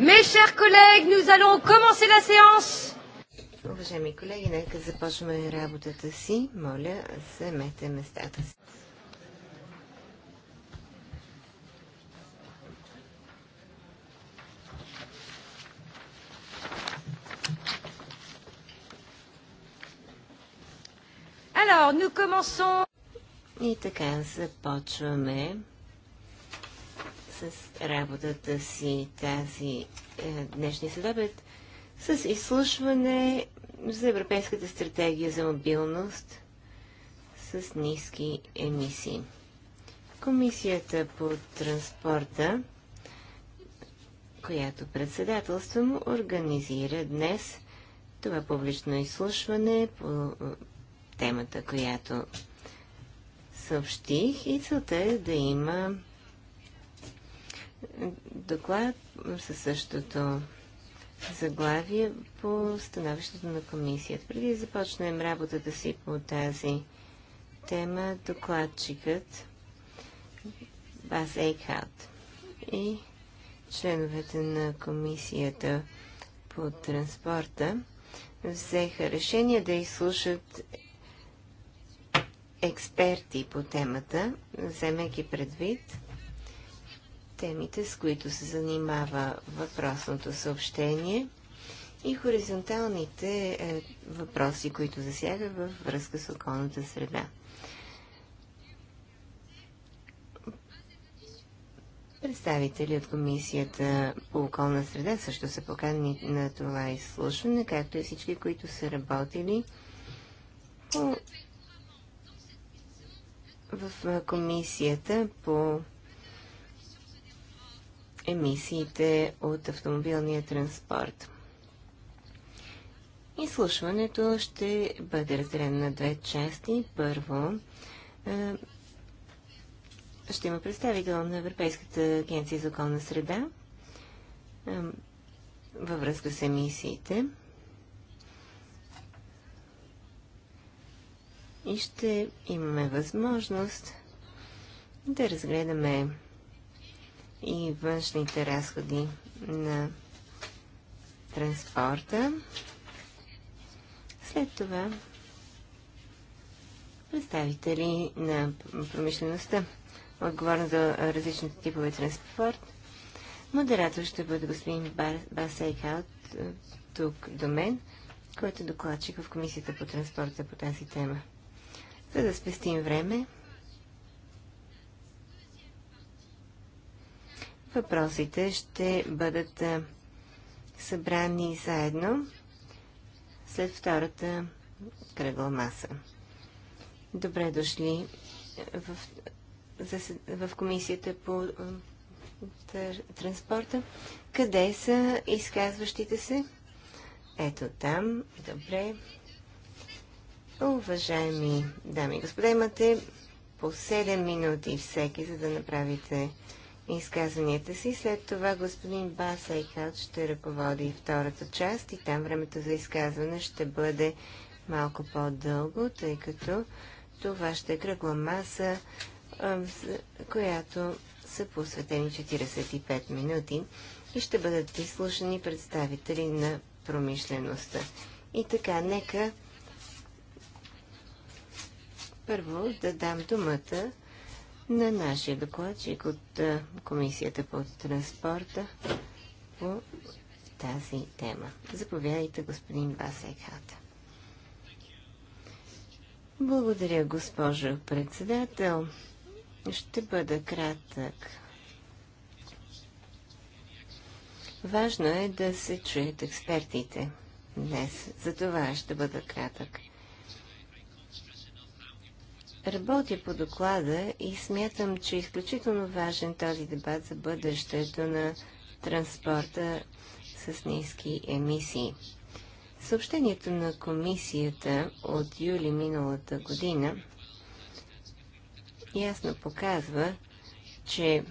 Mes chers collègues, nous allons commencer la séance. Уважаеми колеги, нека започваме работата си. Моля, заемете местата си. Alors, nous commençons. И така започваме с работата си тази е, днешния следобед с изслушване за Европейската стратегия за мобилност с ниски емисии. Комисията по транспорта, която председателства му, организира днес това публично изслушване по е, темата, която съобщих и целта е да има доклад със същото заглавие по становището на комисията. Преди да започнем работата си по тази тема, докладчикът Бас Ейхалт и членовете на комисията по транспорта взеха решение да изслушат експерти по темата, вземайки предвид темите, с които се занимава въпросното съобщение и хоризонталните е, въпроси, които засяга във връзка с околната среда. Представители от Комисията по околна среда също са поканени на това изслушване, както и всички, които са работили по... в е, комисията по емисиите от автомобилния транспорт. Изслушването ще бъде разделено на две части. Първо, е, ще има представител на Европейската агенция за околна среда е, във връзка с емисиите. И ще имаме възможност да разгледаме и външните разходи на транспорта. След това представители на промишлеността, отговорна за различните типове транспорт. Модератор ще бъде господин Басейхаут е, тук до мен, който е докладчик в Комисията по транспорта по тази тема. За да спестим време, Въпросите ще бъдат събрани заедно след втората кръгла маса. Добре дошли в, в комисията по транспорта. Къде са изказващите се? Ето там. Добре. Уважаеми дами и господа, имате по 7 минути всеки, за да направите изказванията си. След това господин Бас Айкат ще ръководи втората част и там времето за изказване ще бъде малко по-дълго, тъй като това ще е кръгла маса, която са посветени 45 минути и ще бъдат изслушани представители на промишлеността. И така, нека първо да дам думата на нашия докладчик от Комисията по транспорта по тази тема. Заповядайте, господин Басеката. Благодаря, госпожо председател. Ще бъда кратък. Важно е да се чуят експертите днес. За това ще бъда кратък. Работя по доклада и смятам, че е изключително важен този дебат за бъдещето на транспорта с ниски емисии. Съобщението на комисията от юли миналата година ясно показва, че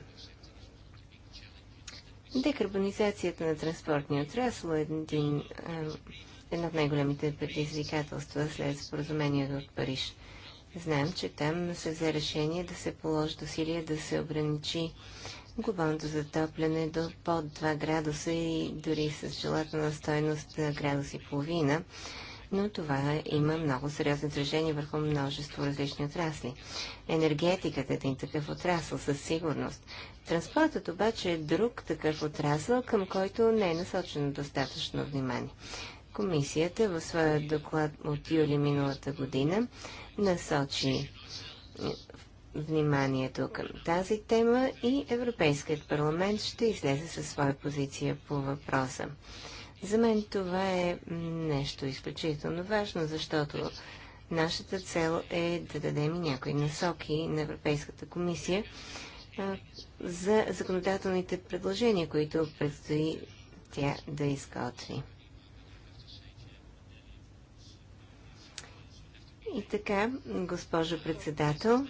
декарбонизацията на транспортния отрасъл е един, е, едно от най-големите предизвикателства след споразумението от Париж – Знаем, че там се взе решение да се положи усилия да се ограничи глобалното затопляне до под 2 градуса и дори с желателна стойност градус и половина. Но това има много сериозно отражение върху множество различни отрасли. Енергетиката е един такъв отрасъл със сигурност. Транспортът обаче е друг такъв отрасъл, към който не е насочено достатъчно внимание. Комисията в своя доклад от юли миналата година насочи вниманието към тази тема и Европейският парламент ще излезе със своя позиция по въпроса. За мен това е нещо изключително важно, защото нашата цел е да дадем и някои насоки на Европейската комисия за законодателните предложения, които предстои тя да изготви. И така, госпожо председател,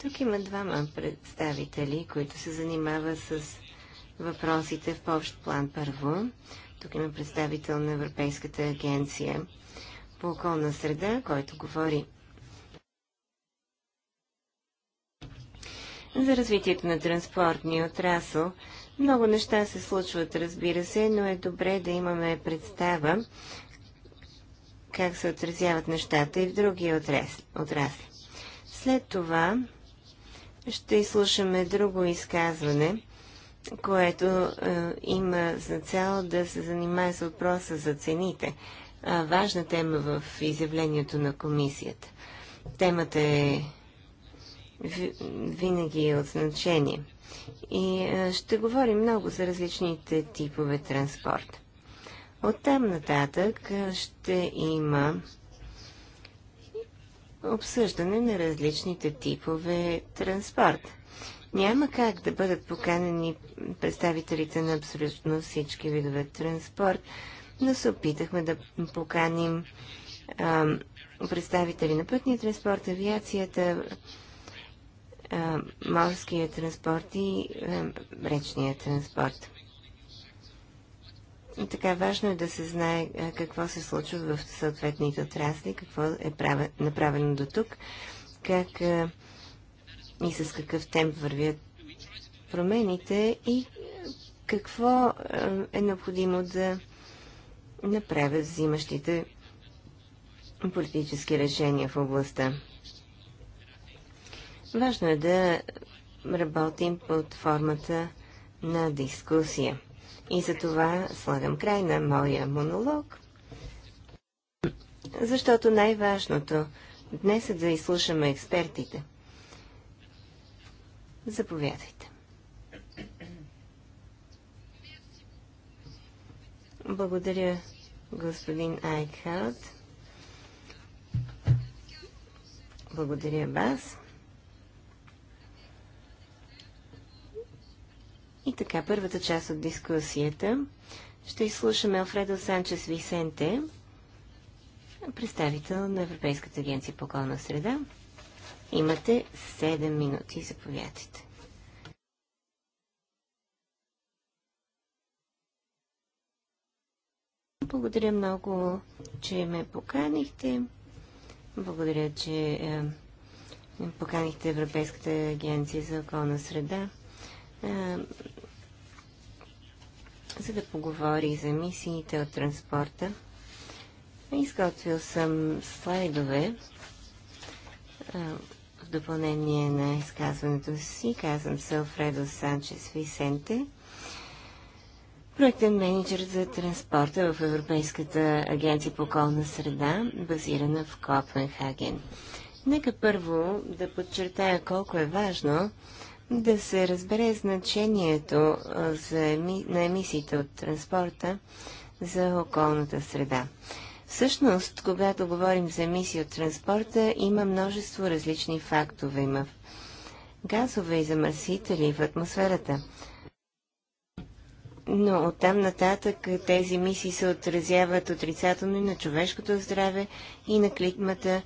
тук има двама представители, които се занимават с въпросите в общ план първо. Тук има представител на Европейската агенция по околна среда, който говори за развитието на транспортния отрасъл много неща се случват, разбира се, но е добре да имаме представа как се отразяват нещата и в други отрасли. След това ще изслушаме друго изказване, което е, има за цел да се занимае с въпроса за цените. А, важна тема в изявлението на комисията. Темата е винаги е от значение. И е, ще говорим много за различните типове транспорт. От там нататък е, ще има обсъждане на различните типове транспорт. Няма как да бъдат поканени представителите на абсолютно всички видове транспорт, но се опитахме да поканим а, представители на пътния транспорт, авиацията, морския транспорт и речния транспорт. Така важно е да се знае какво се случва в съответните отрасли, какво е направено до тук, как и с какъв темп вървят промените и какво е необходимо да направят взимащите политически решения в областта. Важно е да работим под формата на дискусия. И за това слагам край на моя монолог, защото най-важното днес е да изслушаме експертите. Заповядайте. Благодаря, господин Айкхаут. Благодаря вас. И така, първата част от дискусията ще изслушаме Алфредо Санчес Висенте, представител на Европейската агенция по околна среда. Имате 7 минути, заповядайте. Благодаря много, че ме поканихте. Благодаря, че е, поканихте Европейската агенция за околна среда. Е, за да поговори за мисиите от транспорта. Изготвил съм слайдове а, в допълнение на изказването си. Казвам се Алфредо Санчес Висенте, проектен менеджер за транспорта в Европейската агенция по околна среда, базирана в Копенхаген. Нека първо да подчертая колко е важно да се разбере значението за еми... на емисиите от транспорта за околната среда. Всъщност, когато говорим за емисии от транспорта, има множество различни фактове. Има газове и замърсители в атмосферата. Но оттам нататък тези мисии се отразяват отрицателно и на човешкото здраве, и на климата,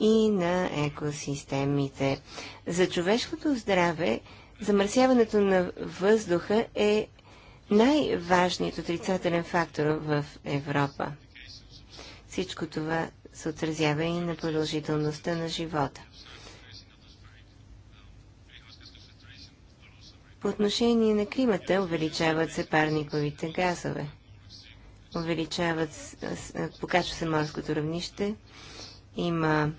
и на екосистемите. За човешкото здраве замърсяването на въздуха е най-важният отрицателен фактор в Европа. Всичко това се отразява и на продължителността на живота. По отношение на климата увеличават се парниковите газове. Увеличават, покачва се морското равнище, има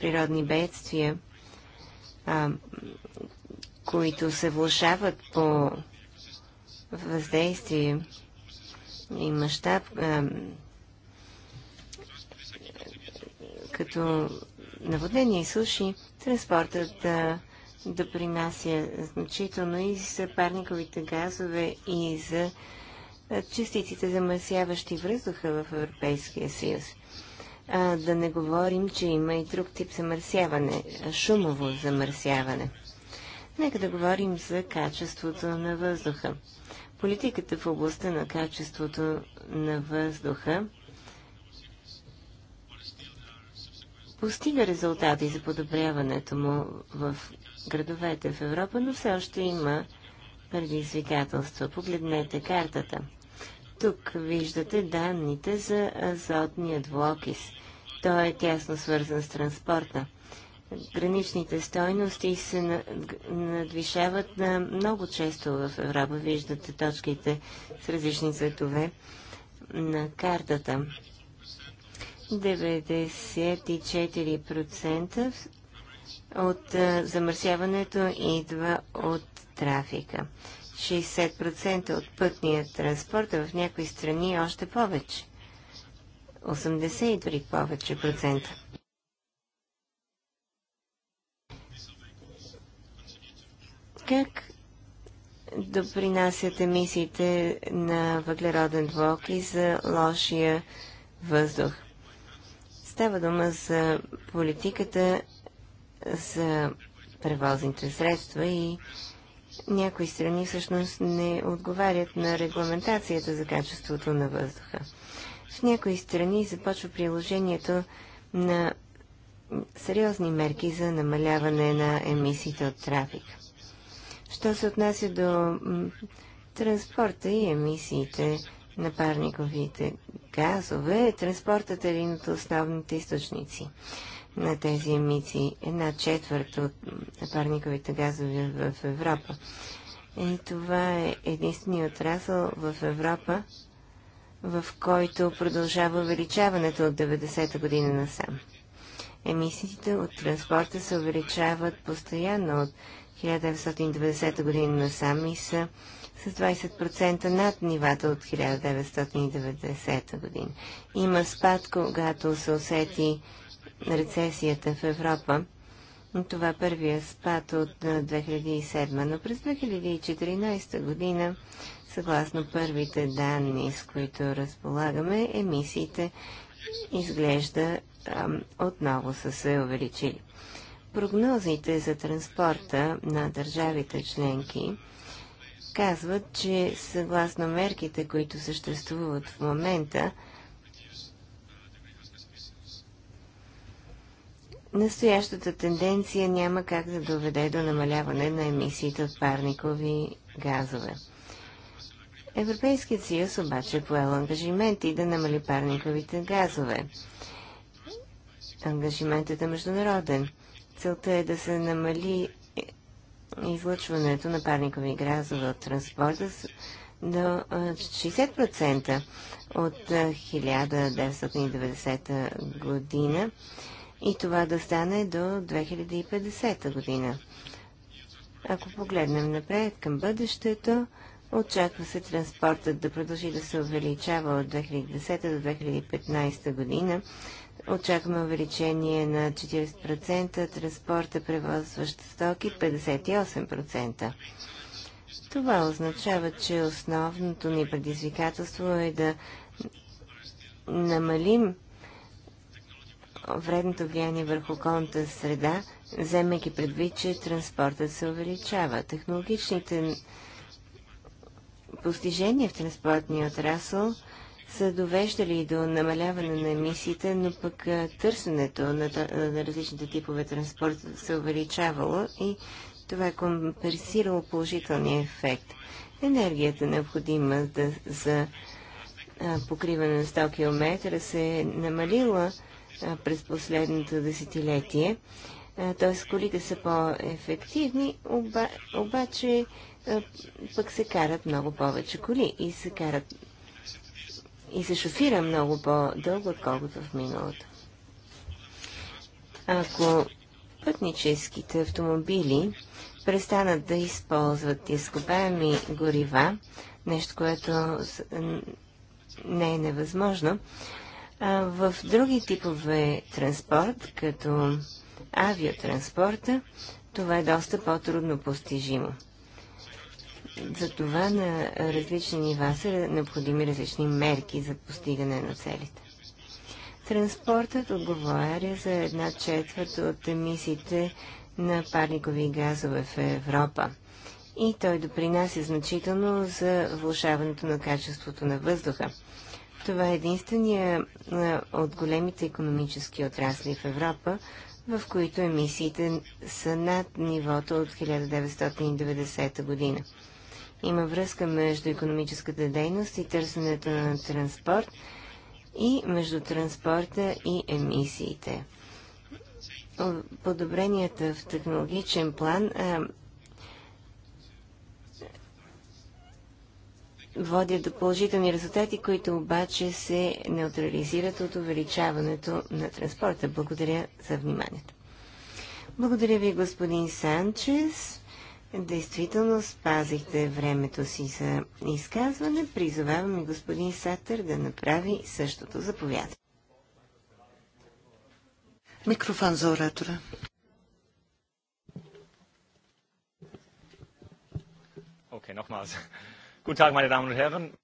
природни бедствия, а, които се влушават по въздействие и мащаб, като наводнение и суши, транспортът да да принася значително и за парниковите газове и за частиците замърсяващи въздуха в Европейския съюз. А, да не говорим, че има и друг тип замърсяване, шумово замърсяване. Нека да говорим за качеството на въздуха. Политиката в областта на качеството на въздуха постига резултати за подобряването му в градовете в Европа, но все още има предизвикателства. Погледнете картата. Тук виждате данните за азотният Влокис. Той е тясно свързан с транспорта. Граничните стойности се надвишават на много често в Европа. Виждате точките с различни цветове на картата. 94% от замърсяването идва от трафика. 60% от пътния транспорт, а в някои страни още повече. 80 и дори повече процента. Как допринасят емисиите на въглероден и за лошия въздух? Става дума за политиката за превозните средства и някои страни всъщност не отговарят на регламентацията за качеството на въздуха. В някои страни започва приложението на сериозни мерки за намаляване на емисиите от трафик. Що се отнася до транспорта и емисиите на парниковите газове, транспортът е един от основните източници на тези емисии. Една четвърта от парниковите газове в Европа. И това е единствения отрасъл в Европа, в който продължава увеличаването от 90-та година насам. Емисиите от транспорта се увеличават постоянно от 1990 година насам и са с 20% над нивата от 1990 година. Има спад, когато се усети рецесията в Европа. Това е първия спад от 2007, но през 2014 година, съгласно първите данни, с които разполагаме, емисиите изглежда отново са се увеличили. Прогнозите за транспорта на държавите членки казват, че съгласно мерките, които съществуват в момента, Настоящата тенденция няма как да доведе до намаляване на емисиите от парникови газове. Европейският съюз обаче е поел ангажименти да намали парниковите газове. Ангажиментът е международен. Целта е да се намали излъчването на парникови газове от транспорта до 60% от 1990 година и това да стане до 2050 година. Ако погледнем напред към бъдещето, очаква се транспортът да продължи да се увеличава от 2010 до 2015 година. Очакваме увеличение на 40%, транспорта превозващ стоки 58%. Това означава, че основното ни предизвикателство е да намалим вредното влияние върху околната среда, вземайки предвид, че транспортът се увеличава. Технологичните постижения в транспортния отрасъл са довеждали до намаляване на емисиите, но пък търсенето на, различните типове транспорт се увеличавало и това е компенсирало положителния ефект. Енергията, необходима да, за покриване на 100 км, се е намалила през последното десетилетие. Т.е. колите са по-ефективни, оба, обаче пък се карат много повече коли и се карат и се шофира много по-дълго, отколкото в миналото. Ако пътническите автомобили престанат да използват изкопаеми горива, нещо, което не е невъзможно, а в други типове транспорт, като авиотранспорта, това е доста по-трудно постижимо. За това на различни нива са необходими различни мерки за постигане на целите. Транспортът отговаря за една четвърт от емисиите на парникови газове в Европа. И той допринася значително за влушаването на качеството на въздуха. Това е единствения от големите економически отрасли в Европа, в които емисиите са над нивото от 1990 година. Има връзка между економическата дейност и търсенето на транспорт и между транспорта и емисиите. Подобренията в технологичен план а, водят до положителни резултати, които обаче се неутрализират от увеличаването на транспорта. Благодаря за вниманието. Благодаря ви, господин Санчес. Действително спазихте времето си за изказване. Призовавам и господин Сатър да направи същото. заповядане. Микрофон за оратора. Okay, nochmals.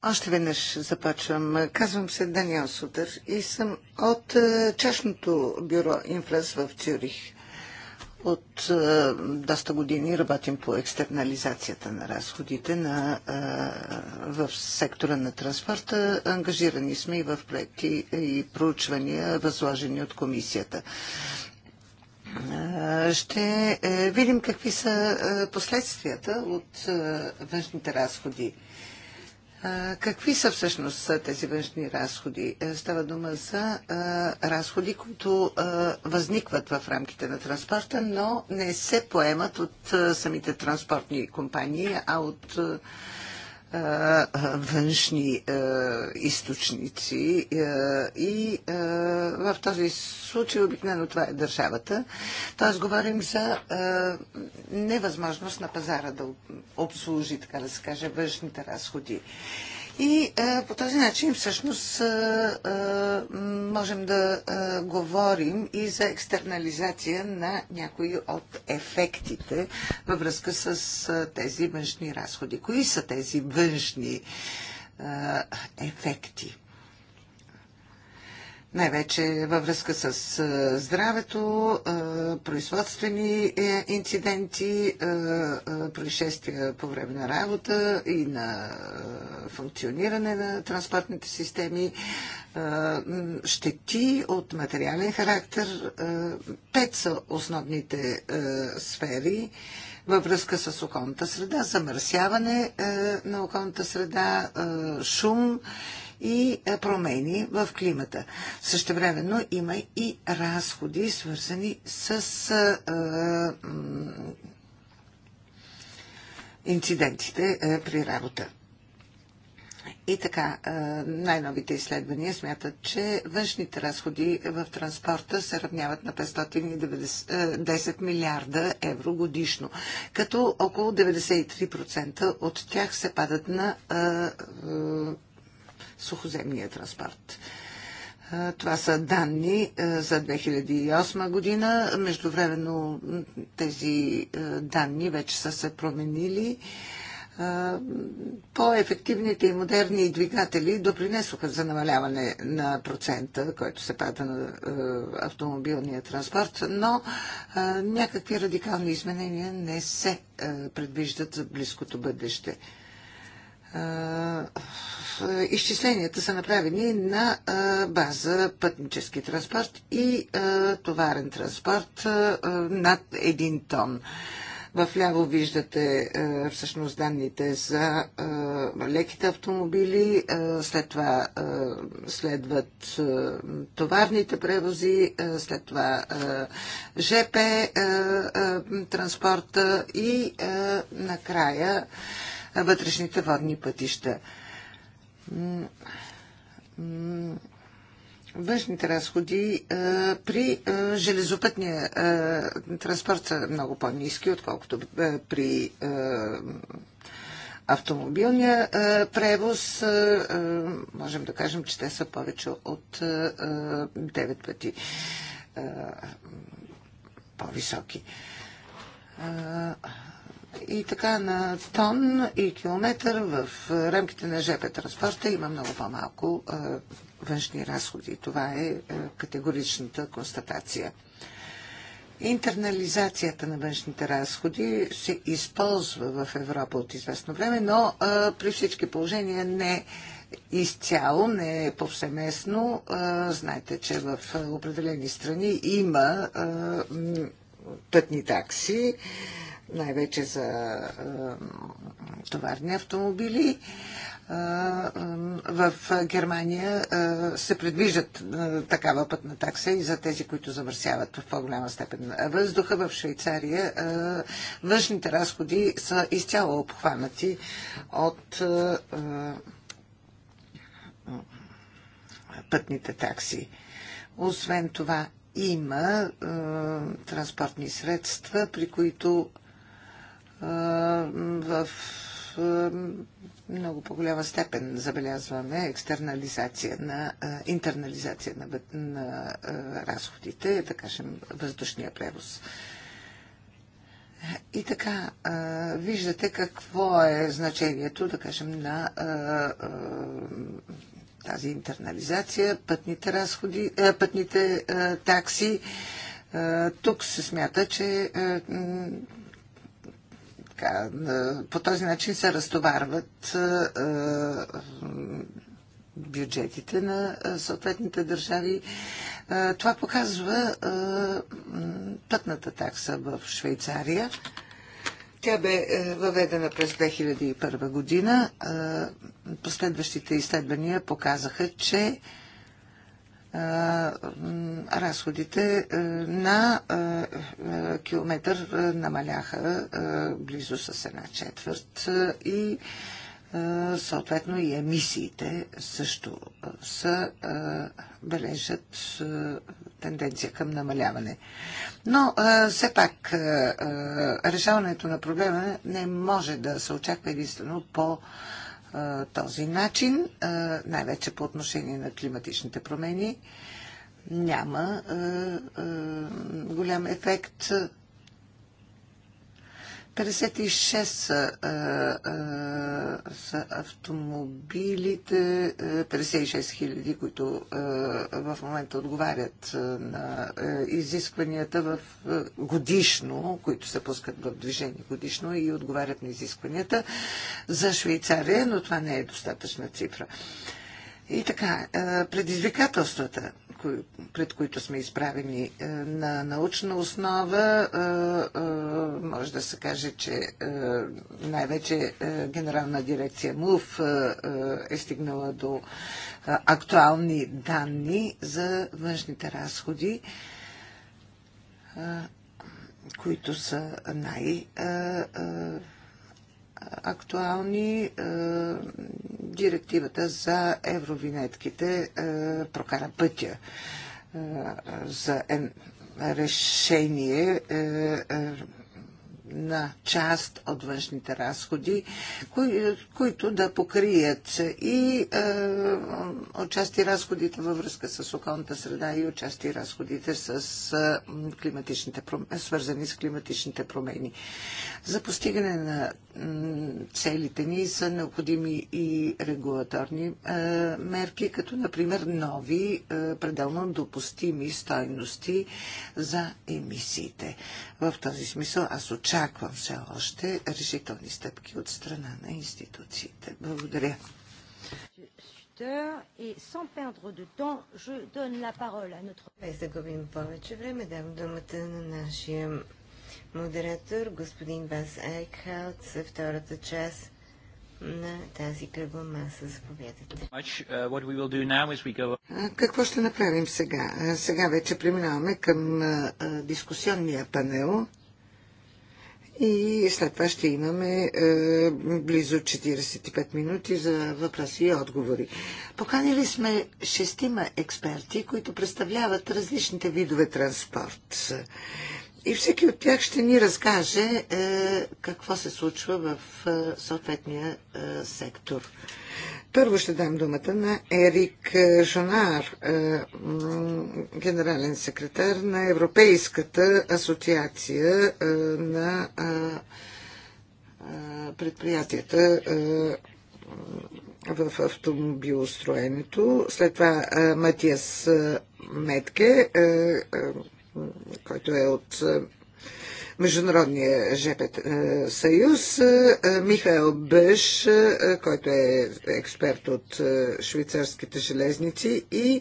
Още веднъж започвам. Казвам се Даниел Сутър и съм от е, частното бюро Инфлес в Цюрих. От е, доста години работим по екстернализацията на разходите на, е, в сектора на транспорта. Ангажирани сме и в проекти и проучвания, възложени от комисията. Ще видим какви са последствията от външните разходи Какви са всъщност тези външни разходи? Е, става дума за разходи, които възникват в рамките на транспорта, но не се поемат от самите транспортни компании, а от външни източници и в този случай обикновено това е държавата. Т.е. говорим за невъзможност на пазара да обслужи, така да се каже, външните разходи. И е, по този начин всъщност е, е, можем да говорим и за екстернализация на някои от ефектите във връзка с тези външни разходи. Кои са тези външни ефекти? най-вече във връзка с здравето, производствени е, инциденти, происшествия по време на работа и на функциониране на транспортните системи, щети от материален характер. Пет са основните сфери във връзка с околната среда, замърсяване на околната среда, шум, и е, промени в климата. Същевременно има и разходи, свързани с е, е, инцидентите при работа. И така, най-новите изследвания смятат, че външните разходи в транспорта се равняват на 510 милиарда евро годишно, като около 93% от тях се падат на сухоземния транспорт. Това са данни за 2008 година. Междувременно тези данни вече са се променили. По-ефективните и модерни двигатели допринесоха за намаляване на процента, който се пада на автомобилния транспорт, но някакви радикални изменения не се предвиждат за близкото бъдеще изчисленията са направени на база пътнически транспорт и товарен транспорт над един тон. В ляво виждате всъщност данните за леките автомобили, след това следват товарните превози, след това ЖП транспорта и накрая вътрешните водни пътища. Външните разходи е, при е, железопътния е, транспорт са много по-низки, отколкото при автомобилния превоз. Можем да кажем, че те са повече от 9 пъти по-високи и така на тон и километър в е, рамките на ЖП транспорта има много по-малко е, външни разходи. Това е, е категоричната констатация. Интернализацията на външните разходи се използва в Европа от известно време, но при всички положения не изцяло, не повсеместно. А, знаете, че в определени страни има пътни такси най-вече за товарни автомобили. Е, в Германия е, се предвиждат е, такава пътна такса и за тези, които замърсяват в по-голяма степен въздуха. В Швейцария външните разходи са изцяло обхванати от пътните такси. Освен това, има е, транспортни средства, при които в много по-голяма степен забелязваме екстернализация на интернализация на, на разходите, да кажем, въздушния превоз. И така, виждате какво е значението, да кажем, на тази интернализация, пътните разходи, пътните такси. Тук се смята, че така, по този начин се разтоварват бюджетите на съответните държави. Това показва пътната такса в Швейцария. Тя бе е, въведена през 2001 година. Последващите изследвания показаха, че разходите на километър намаляха близо с една четвърт и съответно и емисиите също са, бележат тенденция към намаляване. Но все пак решаването на проблема не може да се очаква единствено по този начин, най-вече по отношение на климатичните промени, няма голям ефект 56 са, а, а, са автомобилите, 56 хиляди, които а, в момента отговарят на изискванията в годишно, които се пускат в движение годишно и отговарят на изискванията за Швейцария, но това не е достатъчна цифра. И така, предизвикателствата пред които сме изправени е, на научна основа. Е, е, може да се каже, че най-вече генерална дирекция МУФ е стигнала до актуални данни за външните разходи които са най- актуални. Е, директивата за евровинетките е, прокара пътя е, за решение на част от външните разходи, кои, които да покрият и е, отчасти разходите във връзка с околната среда и отчасти разходите с, е, климатичните, свързани с климатичните промени. За постигане на целите ни са необходими и регулаторни мерки, като например нови пределно допустими стойности за емисиите. В този смисъл аз очаквам все още решителни стъпки от страна на институциите. Благодаря. Без да повече време, дам думата на нашия модератор, господин Бас Айкхаут, за втората част на тази кръгла маса. Заповядайте. Uh, какво ще направим сега? Сега вече преминаваме към дискусионния панел. И след това ще имаме е, близо 45 минути за въпроси и отговори. Поканили сме шестима експерти, които представляват различните видове транспорт. И всеки от тях ще ни разкаже е, какво се случва в е, съответния е, сектор. Първо ще дам думата на Ерик е, Жонар, е, генерален секретар на Европейската асоциация е, на е, е предприятията е, в автомобилостроенето. След това Матиас Метке, който е от е, Международния ЖП е, съюз, е, Михаел Бъш, който е експерт от швейцарските железници и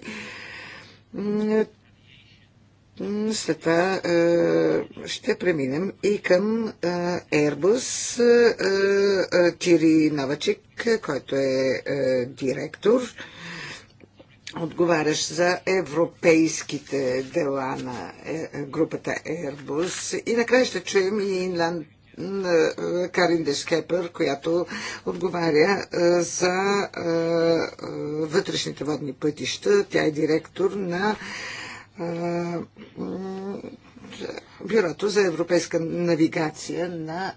след това ще преминем и към Airbus Тири Навачик, който е директор отговарящ за европейските дела на е, групата Airbus. И накрая ще чуем и Инланд е, Карин Дешкепер, която отговаря е, за вътрешните водни пътища. Тя е директор на Бюрото за европейска навигация на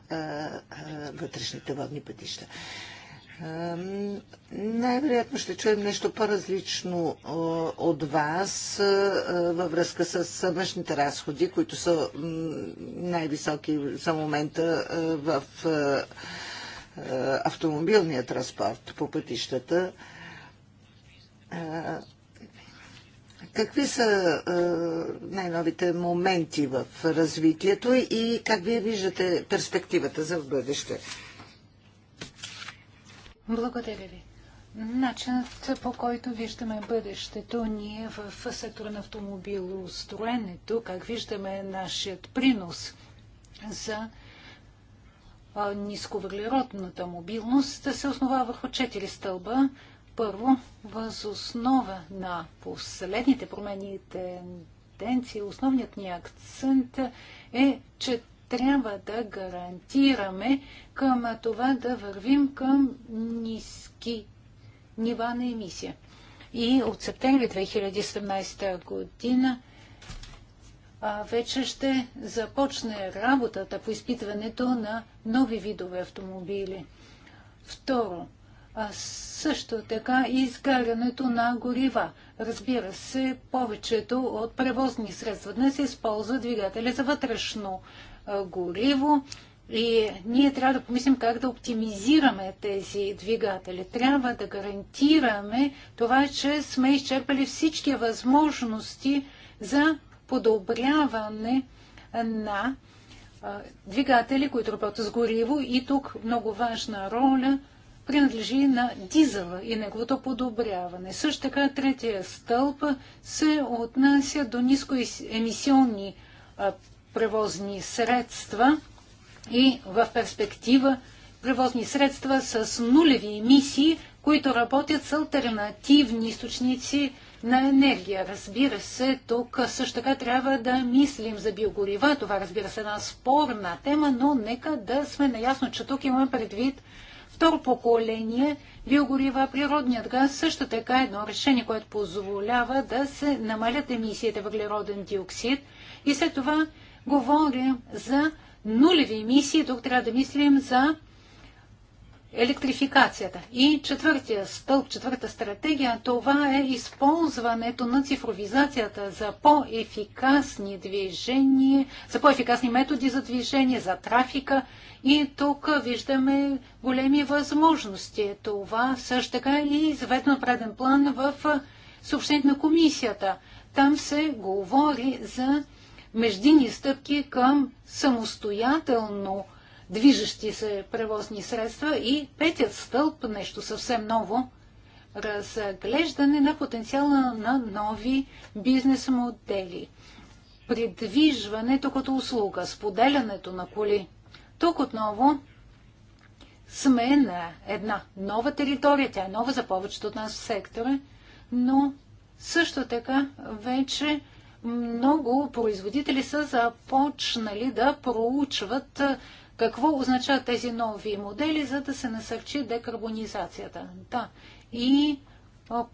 вътрешните водни пътища. Най-вероятно ще чуем нещо по-различно от вас във връзка с външните разходи, които са най-високи за момента в автомобилния транспорт по пътищата. Какви са най-новите моменти в развитието и как вие виждате перспективата за в бъдеще? Благодаря ви. Начинът по който виждаме бъдещето ние в сектора на автомобилостроенето, как виждаме нашият принос за нисковъглеродната мобилност, се основа върху четири стълба. Първо, възоснова на последните промени тенденции, основният ни акцент е, че трябва да гарантираме към това да вървим към ниски нива на емисия. И от септември 2017 година вече ще започне работата по изпитването на нови видове автомобили. Второ, също така и изгарянето на горива. Разбира се, повечето от превозни средства днес използват двигатели за вътрешно гориво. И ние трябва да помислим как да оптимизираме тези двигатели. Трябва да гарантираме това, че сме изчерпали всички възможности за подобряване на двигатели, които работят с гориво. И тук много важна роля принадлежи на дизела и неговото подобряване. Също така третия стълб се отнася до нискоемисионни превозни средства и в перспектива превозни средства с нулеви емисии, които работят с альтернативни източници на енергия. Разбира се, тук също така трябва да мислим за биогорива. Това разбира се е една спорна тема, но нека да сме наясно, че тук имаме предвид второ поколение биогорива, природният газ също така е едно решение, което позволява да се намалят емисиите въглероден диоксид и след това говорим за нулеви емисии, тук трябва да мислим за електрификацията. И четвъртия стълб, четвърта стратегия, това е използването на цифровизацията за по-ефикасни движения, за по-ефикасни методи за движение, за трафика. И тук виждаме големи възможности. Това също така е и заведено преден план в съобщението на комисията. Там се говори за междинни стъпки към самостоятелно движещи се превозни средства и петият стълб, нещо съвсем ново, разглеждане на потенциала на нови бизнес модели, придвижването като услуга, споделянето на коли. Тук отново сме на една нова територия, тя е нова за повечето от нас в сектора, но също така вече много производители са започнали да проучват какво означават тези нови модели, за да се насърчи декарбонизацията. Да. И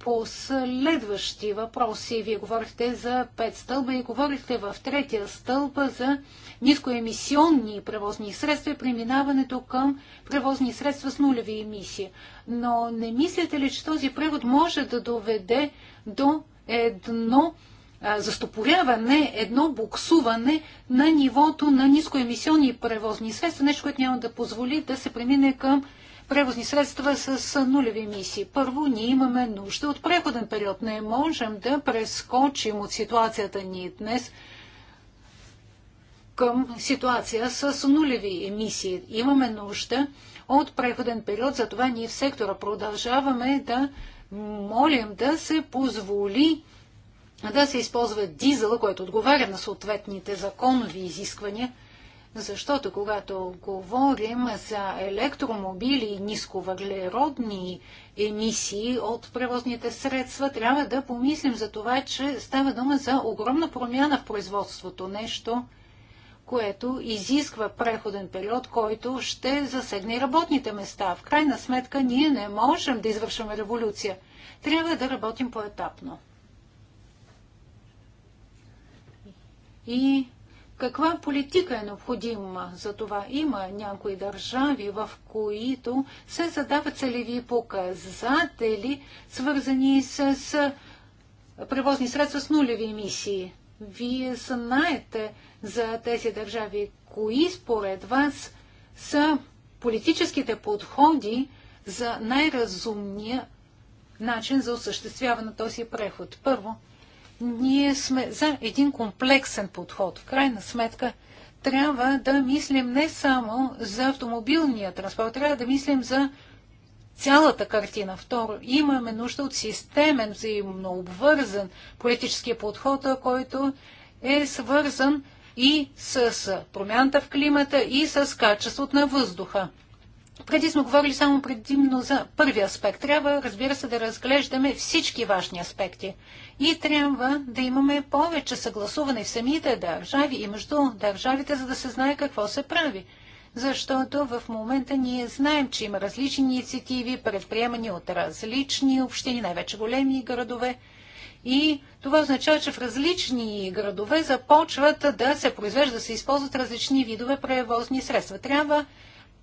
последващи въпроси. Вие говорихте за пет стълба и говорихте в третия стълб за нискоемисионни превозни средства и преминаването към превозни средства с нулеви емисии. Но не мислите ли, че този превод може да доведе до едно застопоряване, едно буксуване на нивото на нискоемисионни превозни средства, нещо, което няма да позволи да се премине към превозни средства с нулеви емисии. Първо, ние имаме нужда от преходен период. Не можем да прескочим от ситуацията ни днес към ситуация с нулеви емисии. Имаме нужда от преходен период, затова ние в сектора продължаваме да молим да се позволи да се използва дизела, който отговаря на съответните законови изисквания, защото когато говорим за електромобили и нисковъглеродни емисии от превозните средства, трябва да помислим за това, че става дума за огромна промяна в производството. Нещо, което изисква преходен период, който ще засегне работните места. В крайна сметка ние не можем да извършваме революция. Трябва да работим поетапно. и каква политика е необходима за това? Има някои държави, в които се задават целеви показатели, свързани с, превозни средства с нулеви емисии. Вие знаете за тези държави, кои според вас са политическите подходи за най-разумния начин за осъществяване на този преход. Първо, ние сме за един комплексен подход. В крайна сметка трябва да мислим не само за автомобилния транспорт, трябва да мислим за цялата картина. Второ, имаме нужда от системен, взаимно обвързан политически подход, който е свързан и с промяната в климата, и с качеството на въздуха. Преди сме говорили само предимно за първи аспект. Трябва, разбира се, да разглеждаме всички важни аспекти и трябва да имаме повече съгласуване в самите държави и между държавите, за да се знае какво се прави. Защото в момента ние знаем, че има различни инициативи, предприемани от различни общини, най-вече големи градове. И това означава, че в различни градове започват да се произвеждат, да се използват различни видове превозни средства. Трябва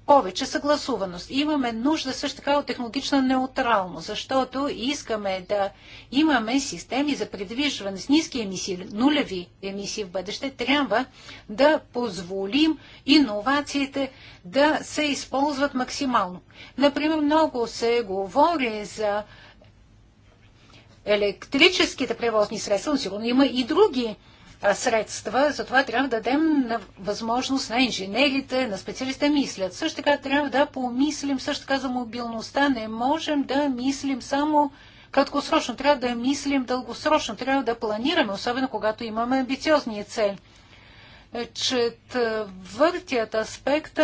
повече съгласуваност. Имаме нужда също така от технологична неутралност, защото искаме да имаме системи за предвижване с ниски емисии, нулеви емисии в бъдеще. Трябва да позволим иновациите да се използват максимално. Например, много се говори за електрическите превозни средства, но сигурно има и други средства, затова трябва да дадем на възможност на инженерите, на специалистите да мислят. Също така трябва да помислим също така за мобилността. Не можем да мислим само краткосрочно, трябва да мислим дългосрочно, трябва да планираме, особено когато имаме амбициозни цели. Четвъртият аспект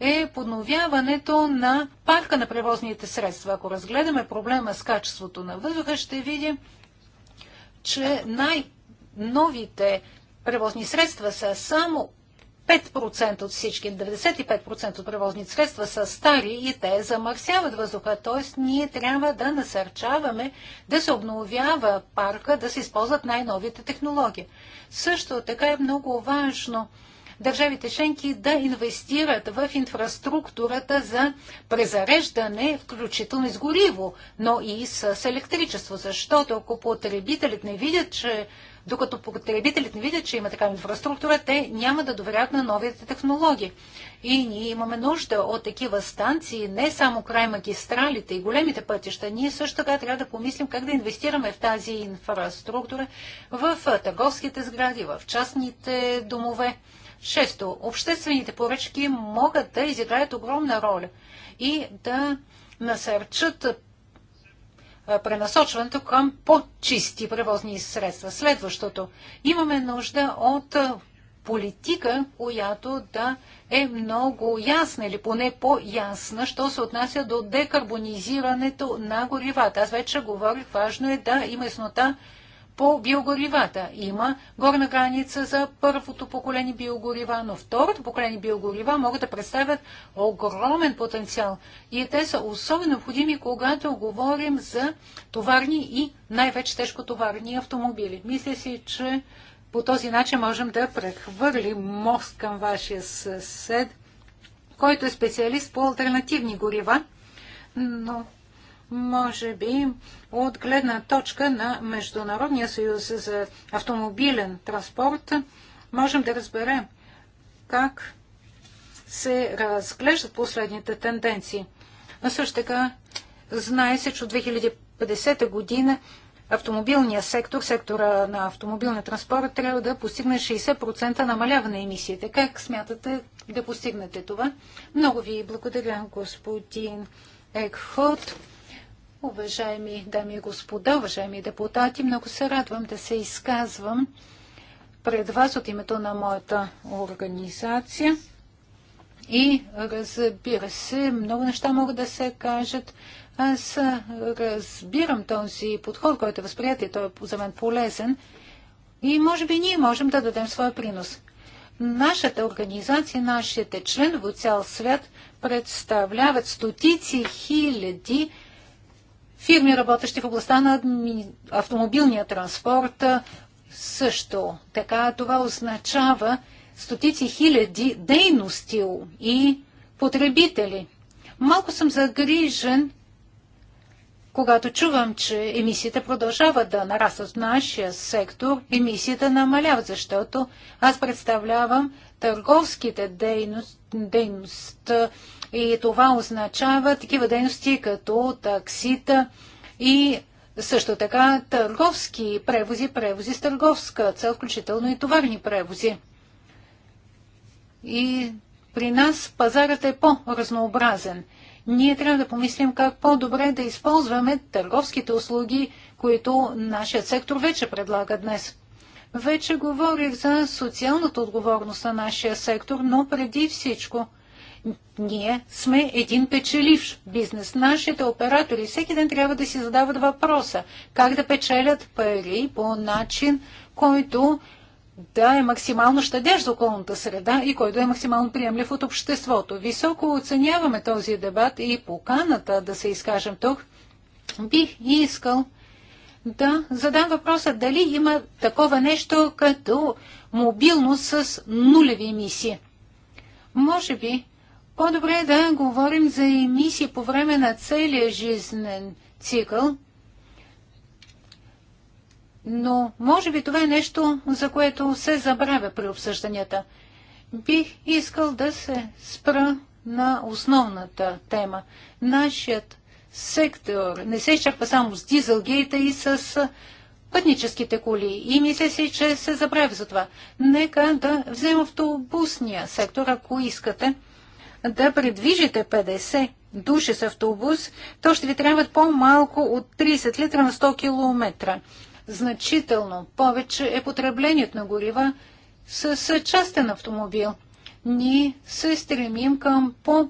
е подновяването на парка на превозните средства. Ако разгледаме проблема с качеството на въздуха, ще видим, че най- новите превозни средства са само 5% от всички, 95% от превозни средства са стари и те замърсяват въздуха. Т.е. ние трябва да насърчаваме да се обновява парка, да се използват най-новите технологии. Също така е много важно държавите членки да инвестират в инфраструктурата за презареждане, включително с гориво, но и с електричество, защото ако потребителите не видят, че докато потребителите не видят, че има такава инфраструктура, те няма да доверят на новите технологии. И ние имаме нужда от такива станции, не само край магистралите и големите пътища. Ние също така трябва да помислим как да инвестираме в тази инфраструктура в търговските сгради, в частните домове. Шесто, обществените поръчки могат да изиграят огромна роля и да насърчат пренасочването към по-чисти превозни средства. Следващото. Имаме нужда от политика, която да е много ясна или поне по-ясна, що се отнася до декарбонизирането на горивата. Аз вече говорих, важно е да има яснота по биогоривата. Има горна граница за първото поколение биогорива, но второто поколение биогорива могат да представят огромен потенциал. И те са особено необходими, когато говорим за товарни и най-вече тежкотоварни автомобили. Мисля си, че по този начин можем да прехвърлим мост към вашия съсед, който е специалист по альтернативни горива, но може би от гледна точка на Международния съюз за автомобилен транспорт, можем да разберем как се разглеждат последните тенденции. Но също така знае се, че от 2050 година автомобилния сектор, сектора на автомобилния транспорт трябва да постигне 60% намаляване на емисиите. Как смятате да постигнете това? Много ви благодаря, господин Екхот. Уважаеми дами и господа, уважаеми депутати, много се радвам да се изказвам пред вас от името на моята организация. И разбира се, много неща могат да се кажат. Аз разбирам този подход, който е възприят и той е за мен полезен. И може би ние можем да дадем своя принос. Нашата организация, нашите членове от цял свят представляват стотици хиляди Фирми, работещи в областта на автомобилния транспорт, също така това означава стотици хиляди дейности и потребители. Малко съм загрижен, когато чувам, че емисиите продължават да нарастват в нашия сектор, емисиите намаляват, защото аз представлявам търговските дейност, дейност и това означава такива дейности като таксита и също така търговски превози, превози с търговска цел, включително и товарни превози. И при нас пазарът е по-разнообразен. Ние трябва да помислим как по-добре да използваме търговските услуги, които нашият сектор вече предлага днес. Вече говорих за социалната отговорност на нашия сектор, но преди всичко – ние сме един печеливш бизнес. Нашите оператори всеки ден трябва да си задават въпроса как да печелят пари по начин, който да е максимално щадящ за околната среда и който е максимално приемлив от обществото. Високо оценяваме този дебат и поканата да се изкажем тук. Бих искал да задам въпроса дали има такова нещо като мобилност с нулеви емисии. Може би по-добре е да говорим за емисии по време на целия жизнен цикъл, но може би това е нещо, за което се забравя при обсъжданията. Бих искал да се спра на основната тема. Нашият сектор не се изчерпва само с дизелгейта и с пътническите коли. И мисля си, че се забравя за това. Нека да взема автобусния сектор, ако искате да предвижите 50 души с автобус, то ще ви трябват по-малко от 30 литра на 100 км. Значително повече е потреблението на горива с, частен автомобил. Ние се стремим към по-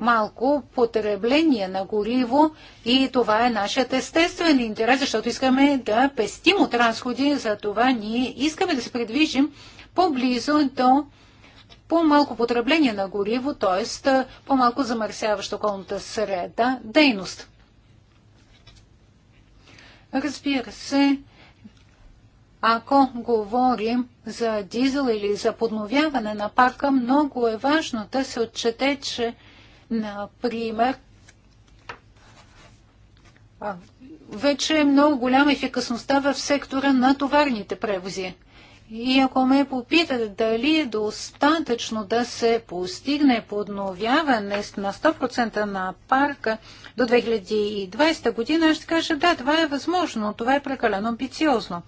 малко потребление на гориво и това е нашият естествен интерес, защото искаме да пестим от разходи, за това ние искаме да се придвижим по-близо до по-малко потребление на гориво, т.е. по-малко замърсяваща околната среда дейност. Разбира се, ако говорим за дизел или за подновяване на парка, много е важно да се отчете, че, например, вече е много голяма ефикасността в сектора на товарните превози. И ако ме попитат дали е достатъчно да се постигне подновяване на 100% на парка до 2020 година, аз ще кажа да, това е възможно, това е прекалено амбициозно.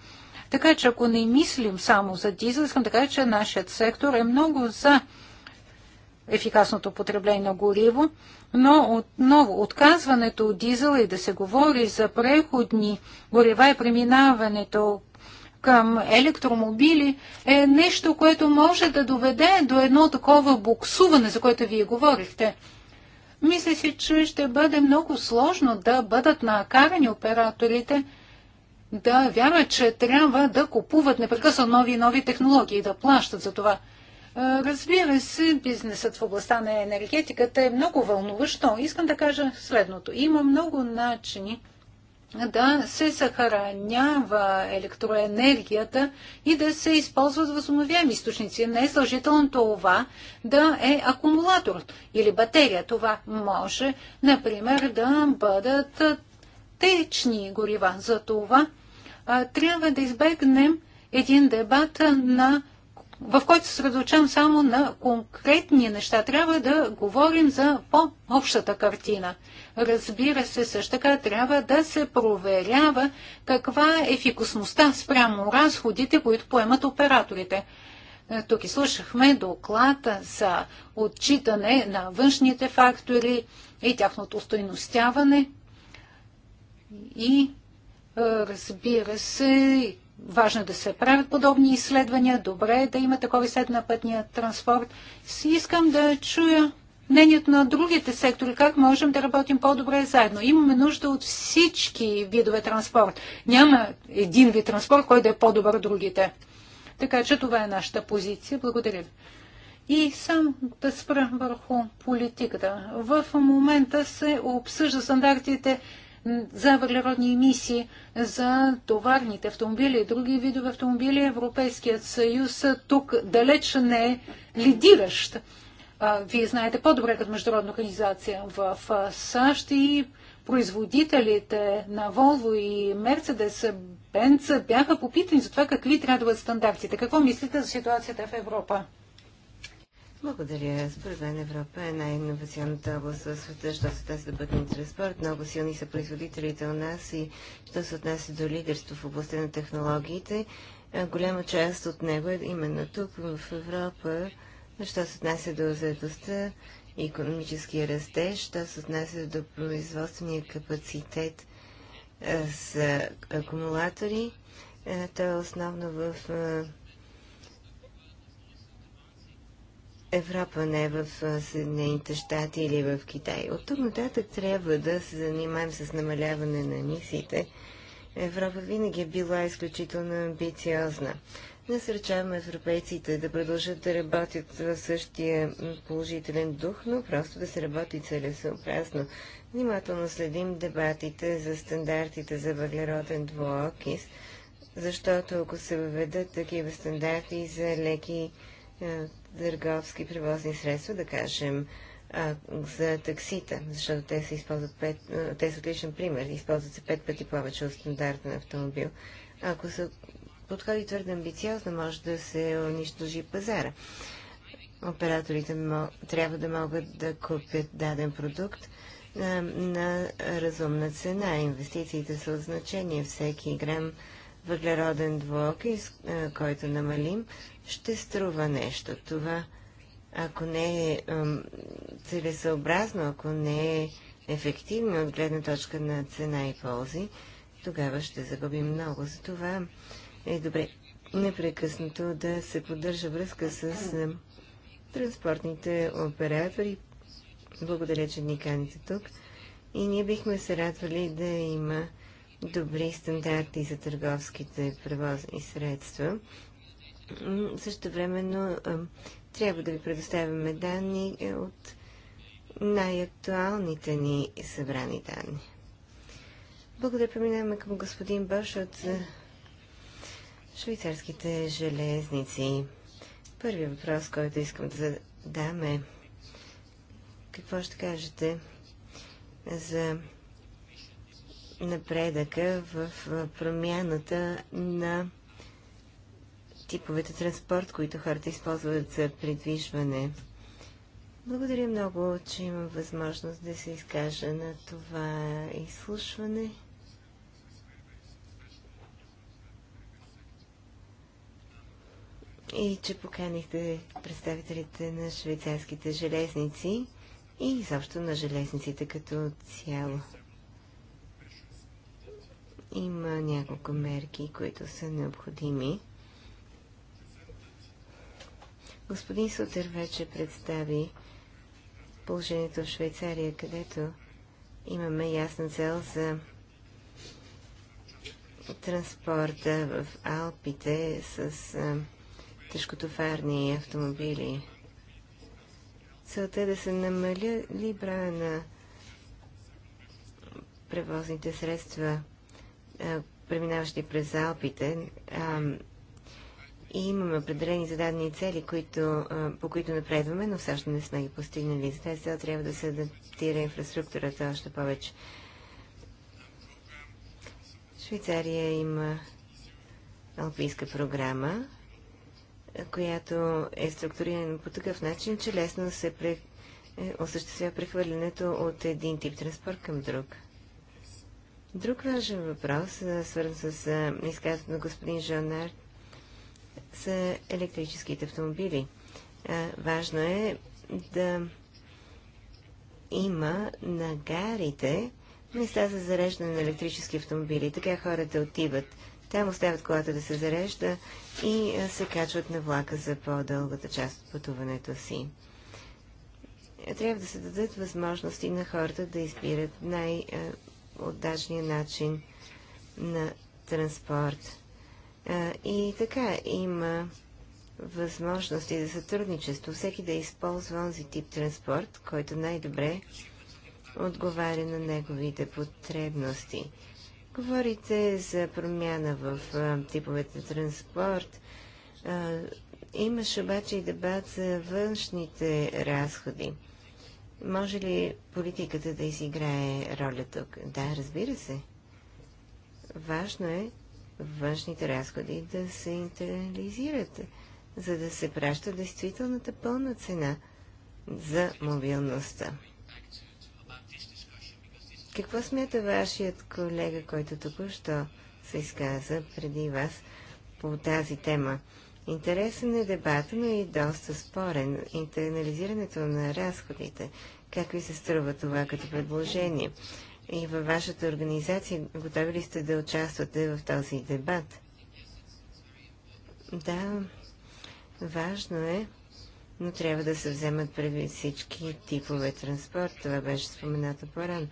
Така че ако не мислим само за дизел, искам да кажа, че нашият сектор е много за ефикасното потребление на гориво, но отново отказването от дизела и да се говори за преходни горива и преминаването към електромобили е нещо, което може да доведе до едно такова буксуване, за което вие говорихте. Мисля си, че ще бъде много сложно да бъдат накарани операторите да вярват, че трябва да купуват непрекъснато нови и нови технологии, да плащат за това. Разбира се, бизнесът в областта на енергетиката е много вълнуващо. Искам да кажа следното. Има много начини да се съхранява електроенергията и да се използват възобновяеми източници. Не е сложително това да е акумулатор или батерия. Това може, например, да бъдат течни горива. За това трябва да избегнем един дебат на в който се средочам само на конкретни неща. Трябва да говорим за по-общата картина. Разбира се, също така трябва да се проверява каква е фикусността спрямо разходите, които поемат операторите. Е, тук и слушахме доклада за отчитане на външните фактори и тяхното стойностяване. И е, разбира се, важно е да се правят подобни изследвания, добре е да има такова изследване на пътния транспорт. Си искам да чуя мнението на другите сектори, как можем да работим по-добре заедно. Имаме нужда от всички видове транспорт. Няма един вид транспорт, който да е по-добър от другите. Така че това е нашата позиция. Благодаря ви. И сам да спра върху политиката. В момента се обсъжда стандартите за въглеродни емисии за товарните автомобили и други видове автомобили, Европейският съюз тук далеч не е лидиращ. Вие знаете по-добре като международна организация в САЩ и производителите на Volvo и Mercedes Benz бяха попитани за това какви трябва да бъдат стандартите. Какво мислите за ситуацията в Европа? Благодаря. Според мен Европа е най-инновационната област в света, що се отнася до пътния транспорт. Много силни са производителите у нас и що се отнася до лидерство в областта на технологиите. Голяма част от него е именно тук, в Европа, що се отнася до заедостта, економическия растеж, що се отнася до производствения капацитет с акумулатори. Той е основно в Европа, не е в Съединените щати или в Китай. От тук нататък трябва да се занимаем с намаляване на емисиите. Европа винаги е била изключително амбициозна. Насръчаваме европейците да продължат да работят в същия положителен дух, но просто да се работи целесообразно. Внимателно следим дебатите за стандартите за въглероден двуокис, защото ако се въведат такива стандарти за леки е, търговски превозни средства, да кажем, а, за таксита, защото те се използват пет, е, те са отличен пример, използват се пет пъти повече от стандартен автомобил. Ако се подходи твърде амбициозно, може да се унищожи пазара. Операторите трябва да могат да купят даден продукт а, е, на разумна цена. Инвестициите са от значение. Всеки грам въглероден двуокис, е, който намалим, ще струва нещо. Това, ако не е целесъобразно, ако не е ефективно от гледна точка на цена и ползи, тогава ще загубим много. Затова е добре непрекъснато да се поддържа връзка с транспортните оператори. Благодаря, че ни каните тук. И ние бихме се радвали да има добри стандарти за търговските превозни средства. Също времено трябва да ви предоставяме данни е, от най-актуалните ни събрани данни. Благодаря, преминаваме към господин Бош от швейцарските железници. Първият въпрос, който искам да задам е какво ще кажете за напредъка в промяната на типовете транспорт, които хората използват за придвижване. Благодаря много, че имам възможност да се изкажа на това изслушване. И че поканихте представителите на швейцарските железници и изобщо на железниците като цяло има няколко мерки, които са необходими. Господин Сутер вече представи положението в Швейцария, където имаме ясна цел за транспорта в Алпите с тежкотоварни автомобили. Целта е да се намали броя на превозните средства е, преминаващи през Алпите, а, е, и имаме определени зададени цели, които, е, по които напредваме, но все още не сме ги постигнали. За тази цел трябва да се адаптира инфраструктурата още повече. Швейцария има алпийска програма, която е структурирана по такъв начин, че лесно се пре... осъществява прехвърлянето от един тип транспорт към друг. Друг важен въпрос, свързан с изказването на господин Жонар, са електрическите автомобили. Важно е да има на гарите места за зареждане на електрически автомобили. Така хората отиват. Там оставят колата да се зарежда и се качват на влака за по-дългата част от пътуването си. Трябва да се дадат възможности на хората да избират най- по-отдачния начин на транспорт. И така, има възможности за сътрудничество. Всеки да използва онзи тип транспорт, който най-добре отговаря на неговите потребности. Говорите за промяна в типовете типовете транспорт. имаше обаче и дебат за външните разходи. Може ли политиката да изиграе роля тук? Да, разбира се. Важно е външните разходи да се интернализират, за да се праща действителната пълна цена за мобилността. Какво смята вашият колега, който току-що се изказа преди вас по тази тема? Интересен е дебат, но и доста спорен. Интернализирането на разходите. Как ви се струва това като предложение? И във вашата организация готови ли сте да участвате в този дебат? Да, важно е, но трябва да се вземат преди всички типове транспорт. Това беше споменато по-рано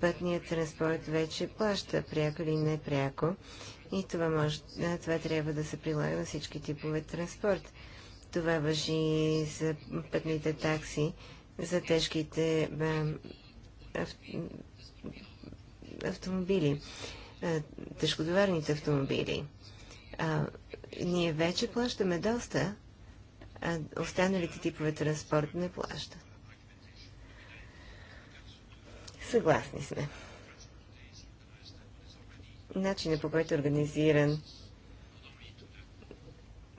пътният транспорт вече плаща, пряко или непряко. И това, може, това трябва да се прилага на всички типове транспорт. Това въжи и за пътните такси, за тежките а, ав, автомобили, а, тежкотоварните автомобили. А, ние вече плащаме доста, а останалите типове транспорт не плащат. Съгласни сме. Начинът по който е организиран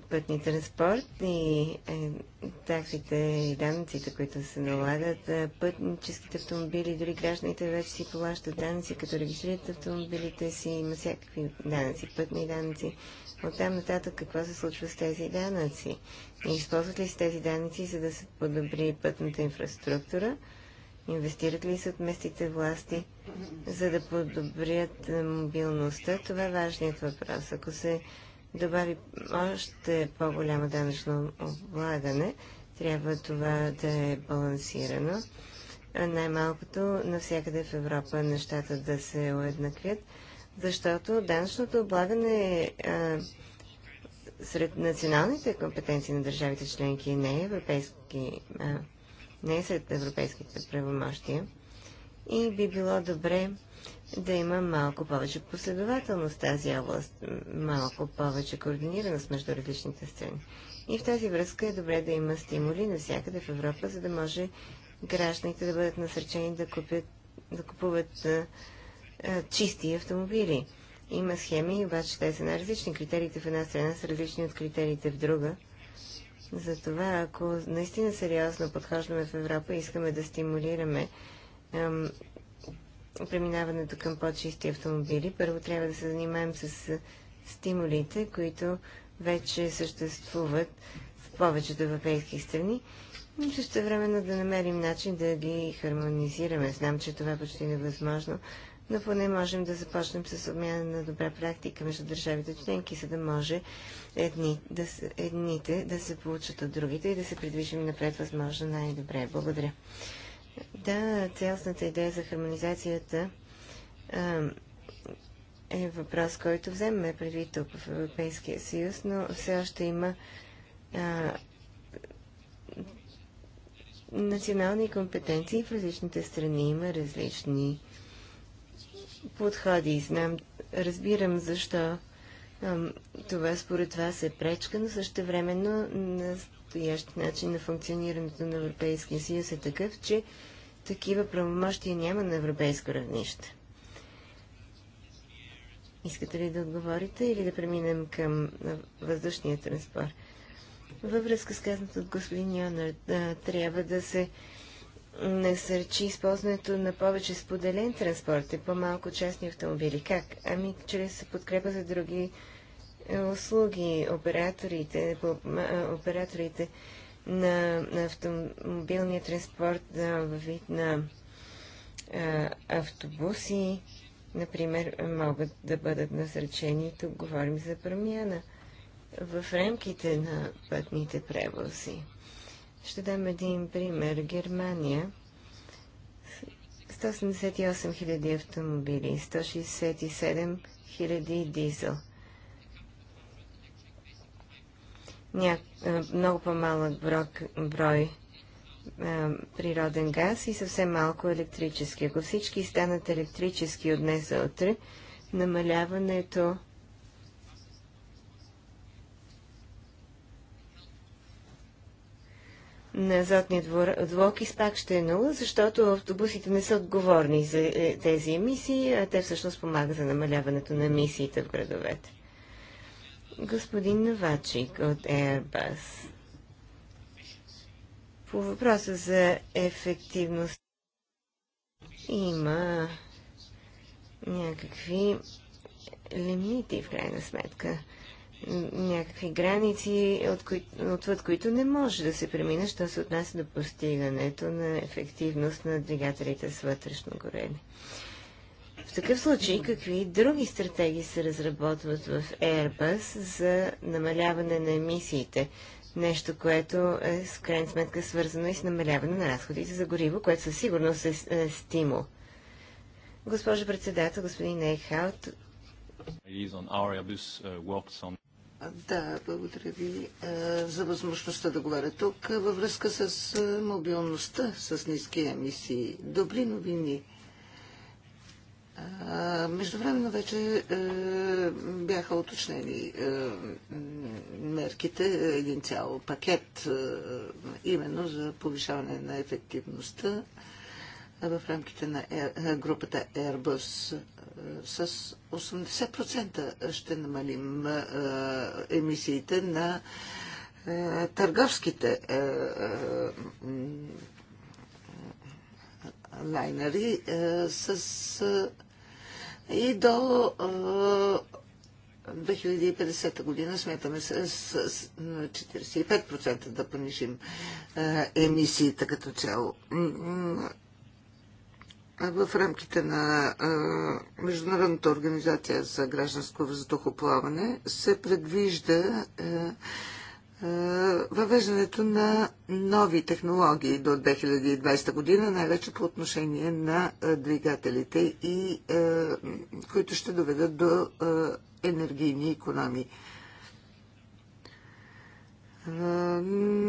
пътни транспорт и е, таксите и данъците, които се налагат, е, пътническите автомобили, дори гражданите вече си плащат данъци, като регистрират автомобилите си, има всякакви данъци, пътни данъци. От там нататък какво се случва с тези данъци? И използват ли се тези данъци, за да се подобри пътната инфраструктура? Инвестират ли се от местните власти, за да подобрят е, мобилността? Това е важният въпрос. Ако се добави още по-голямо данъчно облагане, трябва това да е балансирано. Най-малкото навсякъде в Европа нещата да се уеднаквят, защото данъчното облагане е сред националните компетенции на държавите членки, не е европейски а, не сред европейските правомощия. И би било добре да има малко повече последователност в тази област, малко повече координираност между различните страни. И в тази връзка е добре да има стимули навсякъде в Европа, за да може гражданите да бъдат насърчени да, купят, да купуват а, а, чисти автомобили. Има схеми, обаче те са най-различни. Критериите в една страна са различни от критериите в друга. Затова, ако наистина сериозно подхождаме в Европа и искаме да стимулираме ем, преминаването към по-чисти автомобили, първо трябва да се занимаем с стимулите, които вече съществуват в повечето европейски страни. И също времено да намерим начин да ги хармонизираме. Знам, че това е почти невъзможно, но поне можем да започнем с обмяна на добра практика между държавите членки, за да може едни, да, едните да се получат от другите и да се придвижим напред възможно най-добре. Благодаря. Да, цялостната идея за хармонизацията а, е въпрос, който вземе предвид тук в Европейския съюз, но все още има а, национални компетенции в различните страни. Има различни подходи. Знам, разбирам защо това според вас е пречка, но също времено настоящ начин на функционирането на Европейския съюз е такъв, че такива правомощия няма на европейско равнище. Искате ли да отговорите или да преминем към въздушния транспорт? Във връзка с казаното от господин Йонар, трябва да се насърчи използването на повече споделен транспорт и по-малко частни автомобили. Как? Ами, чрез подкрепа за други е, услуги, операторите, операторите на, на автомобилния транспорт да, в вид на а, автобуси, например, могат да бъдат насречени. Тук говорим за промяна в рамките на пътните превози. Ще дам един пример. Германия 178 000 автомобили, 167 000 дизел. Ня... Много по-малък брок... брой а, природен газ и съвсем малко електрически. Ако всички станат електрически от днес за утре, намаляването на азотния двуокис пак ще е нула, защото автобусите не са отговорни за е, тези емисии, а те всъщност помагат за намаляването на емисиите в градовете. Господин Новачик от Airbus. По въпроса за ефективност има някакви лимити в крайна сметка някакви граници, от кои, отвъд които не може да се премине, що се отнася до постигането на ефективност на двигателите с вътрешно горене. В такъв случай, какви други стратегии се разработват в Airbus за намаляване на емисиите? Нещо, което е с крайна сметка свързано и с намаляване на разходите за гориво, което със сигурност е, е стимул. Госпожо председател, господин Нейхаут. Да, благодаря ви е, за възможността да говоря тук във връзка с е, мобилността с ниски емисии. Добри новини. Е, междувременно вече бяха уточнени мерките, един цял пакет, именно за повишаване на ефективността в рамките на групата Airbus с 80% ще намалим емисиите на търговските лайнери с и до 2050 година смятаме с, с 45% да понижим емисиите като цяло в рамките на Международната организация за гражданско въздухоплаване се предвижда е, е, въвеждането на нови технологии до 2020 година, най-вече по отношение на е, двигателите, и, които ще доведат до енергийни економии.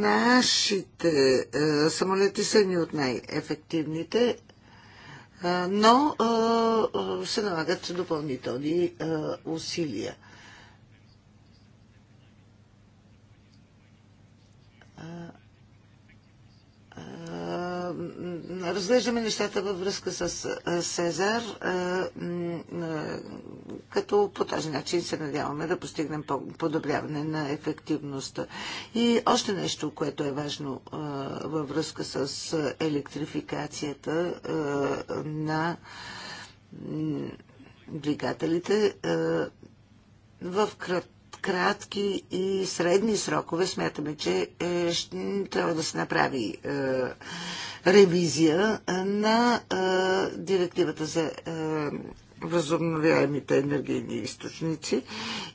Нашите самолети са ни от най-ефективните но се налагат допълнителни усилия. разглеждаме нещата във връзка с Сезар, като по този начин се надяваме да постигнем подобряване на ефективността. И още нещо, което е важно във връзка с електрификацията на двигателите в кръг кратки и средни срокове смятаме, че е, ще, трябва да се направи е, ревизия е, на директивата за възобновяемите енергийни източници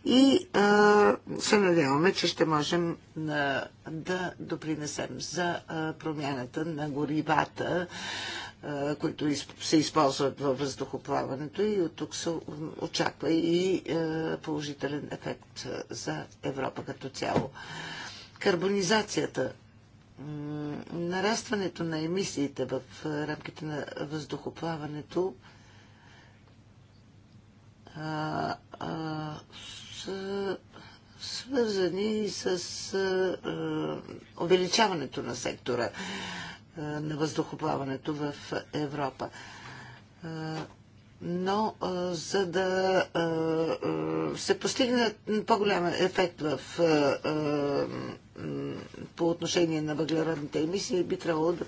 и се надяваме, че ще можем да допринесем за промяната на горивата които се използват във въздухоплаването и от тук се очаква и положителен ефект за Европа като цяло. Карбонизацията, нарастването на емисиите в рамките на въздухоплаването са свързани с увеличаването на сектора на въздухоплаването в Европа. Но за да се постигне по-голям ефект в, по отношение на въглеродните емисии, би трябвало да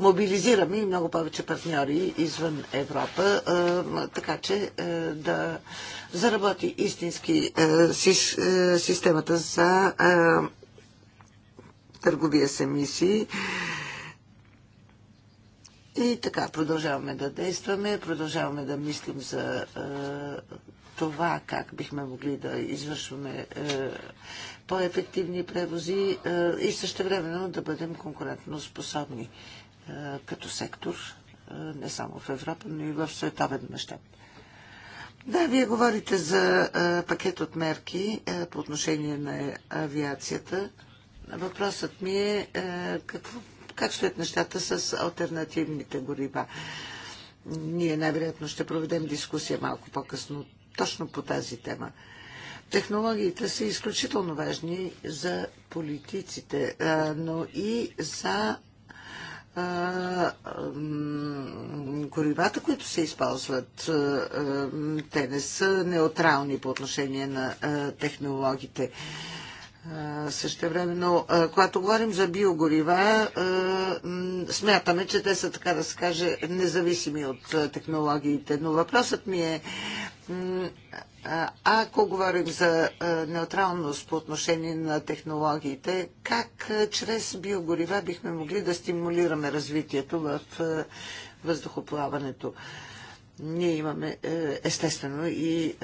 мобилизираме и много повече партньори извън Европа, така че да заработи истински системата за търговия с емисии. И така, продължаваме да действаме, продължаваме да мислим за е, това как бихме могли да извършваме е, по-ефективни превози е, и времено да бъдем конкурентно способни е, като сектор, е, не само в Европа, но и в световен мащаб. Да, вие говорите за е, пакет от мерки е, по отношение на авиацията. Въпросът ми е, е какво, как стоят нещата с альтернативните горива. Ние най-вероятно ще проведем дискусия малко по-късно точно по тази тема. Технологиите са изключително важни за политиците, е, но и за е, горивата, които се използват, те не са неутрални по отношение на технологите. Също време, но когато говорим за биогорива, смятаме, че те са, така да се каже, независими от технологиите. Но въпросът ми е, ако говорим за неутралност по отношение на технологиите, как чрез биогорива бихме могли да стимулираме развитието в въздухоплаването? Ние имаме е, естествено и е,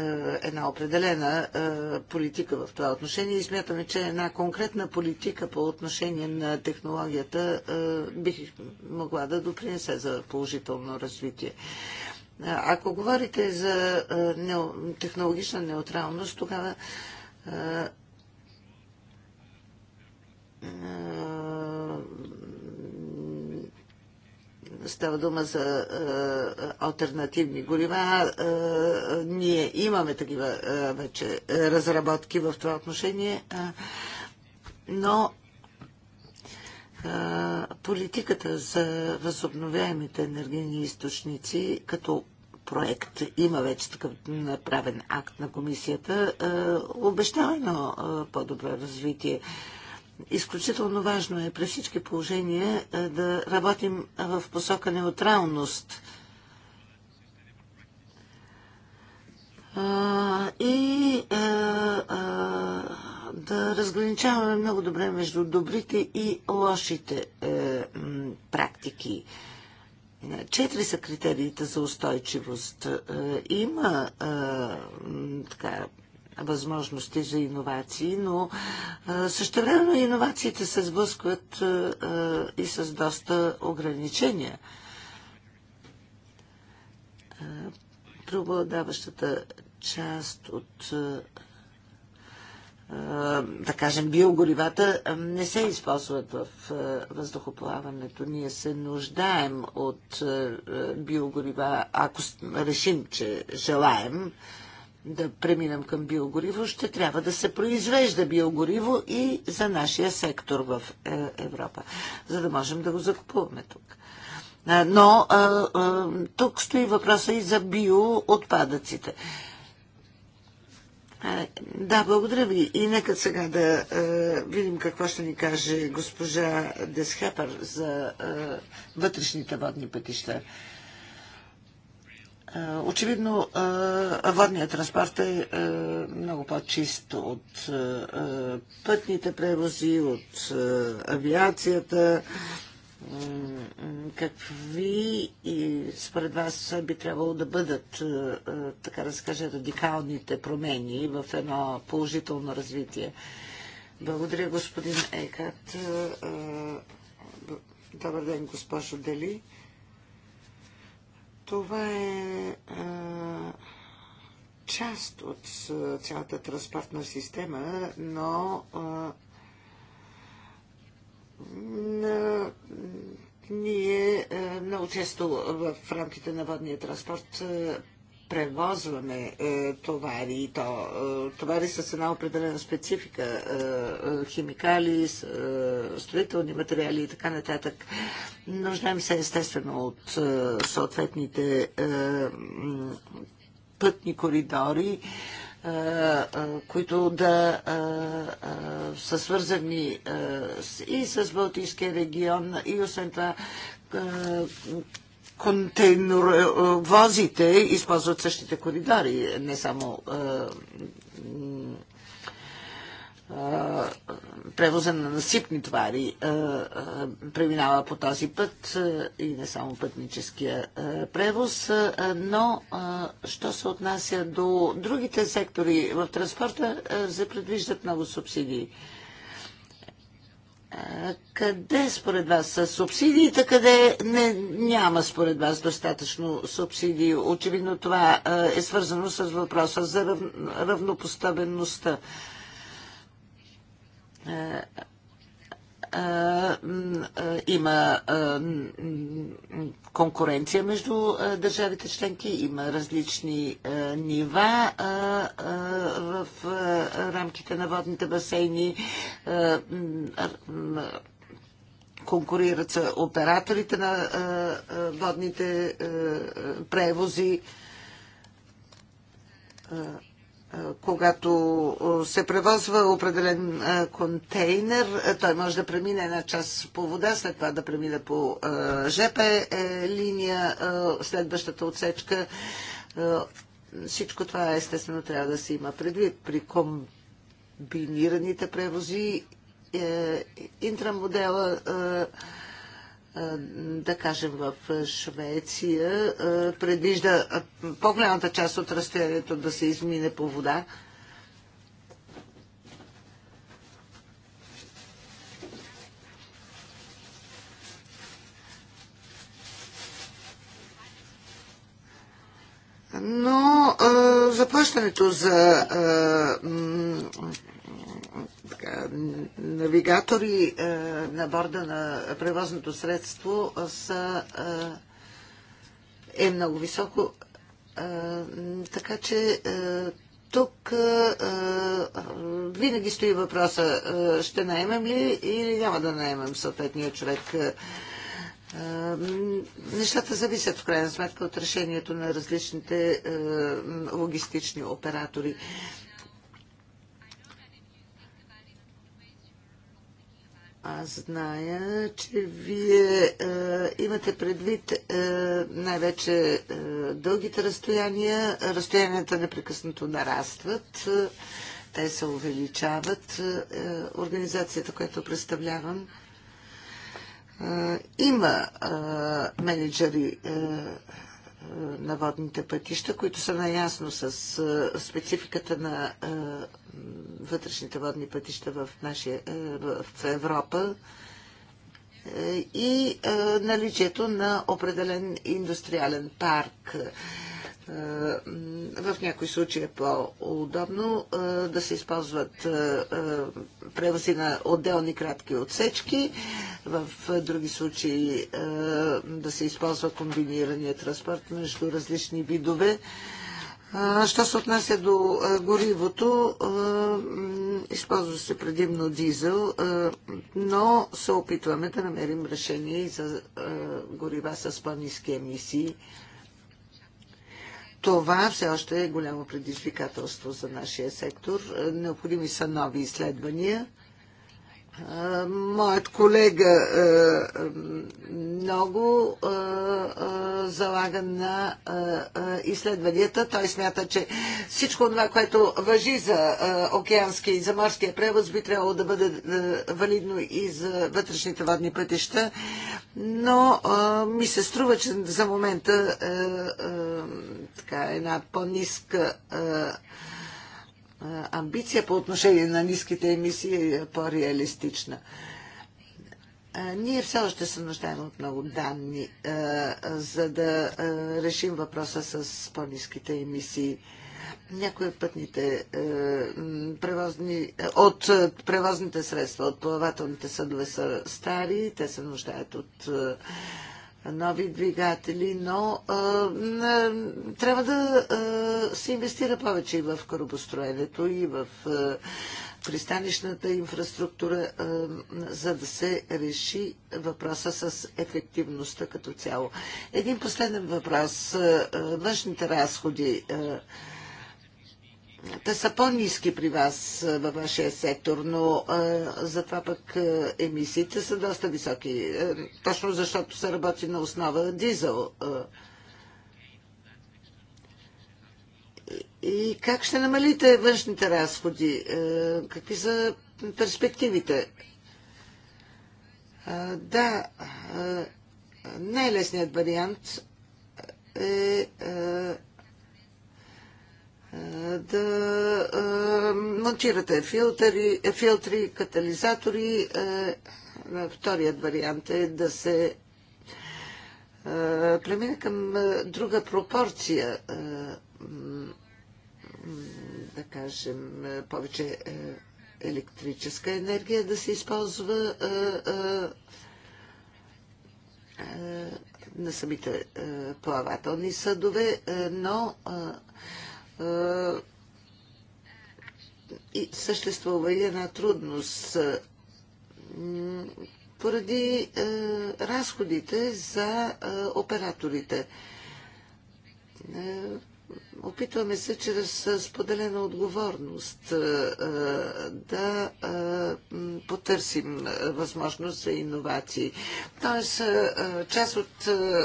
една определена е, политика в това отношение и смятаме, че една конкретна политика по отношение на технологията бих могла да допринесе за положително развитие. Ако говорите за технологична неутралност, тогава става дума за е, е альтернативни горива. А, е, е, ние имаме такива е, вече разработки в това отношение, е, но е, политиката за възобновяемите енергийни източници като проект, има вече такъв направен акт на комисията, е, обещава едно е, по-добро развитие. Е, Изключително важно е при всички положения е, да работим в посока неутралност. И е, е, да разграничаваме много добре между добрите и лошите практики. Четири са критериите за устойчивост. Има така, възможности за иновации, но същевременно иновациите се сблъскват и с доста ограничения. Преобладаващата част от да кажем, биогоривата не се използват в въздухоплаването. Ние се нуждаем от биогорива, ако решим, че желаем да преминем към биогориво, ще трябва да се произвежда биогориво и за нашия сектор в е, Европа, за да можем да го закупуваме тук. Но тук стои въпроса и за биоотпадъците. Да, благодаря ви. И нека сега да видим какво ще ни каже госпожа Десхепър за вътрешните водни пътища. Е, очевидно, е, водният транспорт е, е много по-чист от пътните превози, от авиацията. Какви и според вас би трябвало да бъдат, така да се каже, радикалните промени в едно положително развитие? Благодаря, господин Екат. Добър ден, госпожо Дели. Това е част от цялата транспортна система, но ние много често в рамките на водния транспорт превозваме е, товари и то е, товари с една определена специфика, е, е химикали, е, строителни материали и така нататък. Нуждаем се естествено от е, съответните е, пътни коридори, е, е, които да е, е, са свързани е, и с Балтийския регион и освен това е, контейнеровозите използват същите коридори, не само превоза на насипни товари преминава по този път и не само пътническия превоз, но що се отнася до другите сектори в транспорта, се предвиждат много субсидии. Къде според вас са субсидиите, къде не, няма според вас достатъчно субсидии? Очевидно това е свързано с въпроса за рав, равнопоставеността има конкуренция между държавите членки, има различни нива в рамките на водните басейни конкурират се операторите на а, водните а, превози. А, когато се превозва определен контейнер, той може да премине една част по вода, след това да премине по ЖП е, линия, следващата отсечка. Всичко това естествено трябва да се има предвид при комбинираните превози. Е, интрамодела да кажем в Швеция, предвижда по-голямата част от разстоянието да се измине по вода. Но а, за а, така, навигатори а, е, на борда на превозното средство са, а, е, е много високо. А, е, така че а, тук а, а, винаги стои въпроса а, ще наемем ли или няма да наемем съответния човек. А, Нещата зависят в крайна сметка от решението на различните логистични оператори. Аз зная, че вие е, имате предвид е, най-вече е, дългите разстояния. Разстоянията непрекъснато нарастват, е, те се увеличават. Е, организацията, която представлявам, е, има е, менеджери. Е, е, на водните пътища, които са наясно с е, спецификата на е, вътрешните водни пътища в, нашия, в Европа и наличието на определен индустриален парк. Е, в някои случаи е по-удобно е, да се използват е, превози на отделни кратки отсечки, в други случаи да се използва комбинирания транспорт между различни видове. Що се отнася до горивото, използва се предимно дизел, но се опитваме да намерим решение и за горива с по-низки емисии това все още е голямо предизвикателство за нашия сектор. Необходими са нови изследвания Моят колега е, много е, е, залага на изследванията. Той смята, че всичко това, което въжи за океанския и за морския превоз, би трябвало да бъде валидно и за вътрешните водни пътища. Но ми се струва, че за момента така, една по-ниска амбиция по отношение на ниските емисии е по-реалистична. Ние все още се нуждаем от много данни, за да решим въпроса с по-низките емисии. Някои от пътните превозни, от превозните средства, от плавателните съдове са стари, те се нуждаят от нови двигатели, но а, а, трябва да а, се инвестира повече и в корабостроенето, и в а, пристанищната инфраструктура, а, за да се реши въпроса с ефективността като цяло. Един последен въпрос. А, външните разходи. А, те са по-низки при вас във вашия сектор, но а, затова пък емисиите са доста високи. А, точно защото се работи на основа дизел. А, и как ще намалите външните разходи? А, какви са перспективите? А, да, най-лесният вариант е. А, да монтирате филтри, филтри катализатори. Вторият вариант е да се премина към друга пропорция, да кажем, повече електрическа енергия да се използва на самите плавателни съдове, но и съществува и една трудност поради е, разходите за е, операторите. Е, опитваме се чрез споделена отговорност е, да е, потърсим възможност за иновации. Тоест, е, част от е,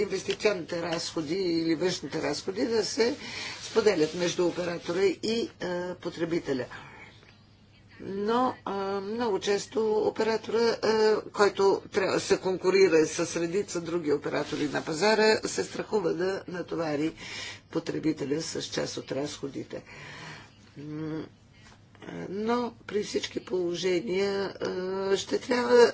инвестиционните разходи или външните разходи да се споделят между оператора и е, потребителя но а, е, много често оператора, а, е, който трябва да се конкурира с редица други оператори на пазара, се страхува да натовари потребителя с част от разходите. Но при всички положения ще трябва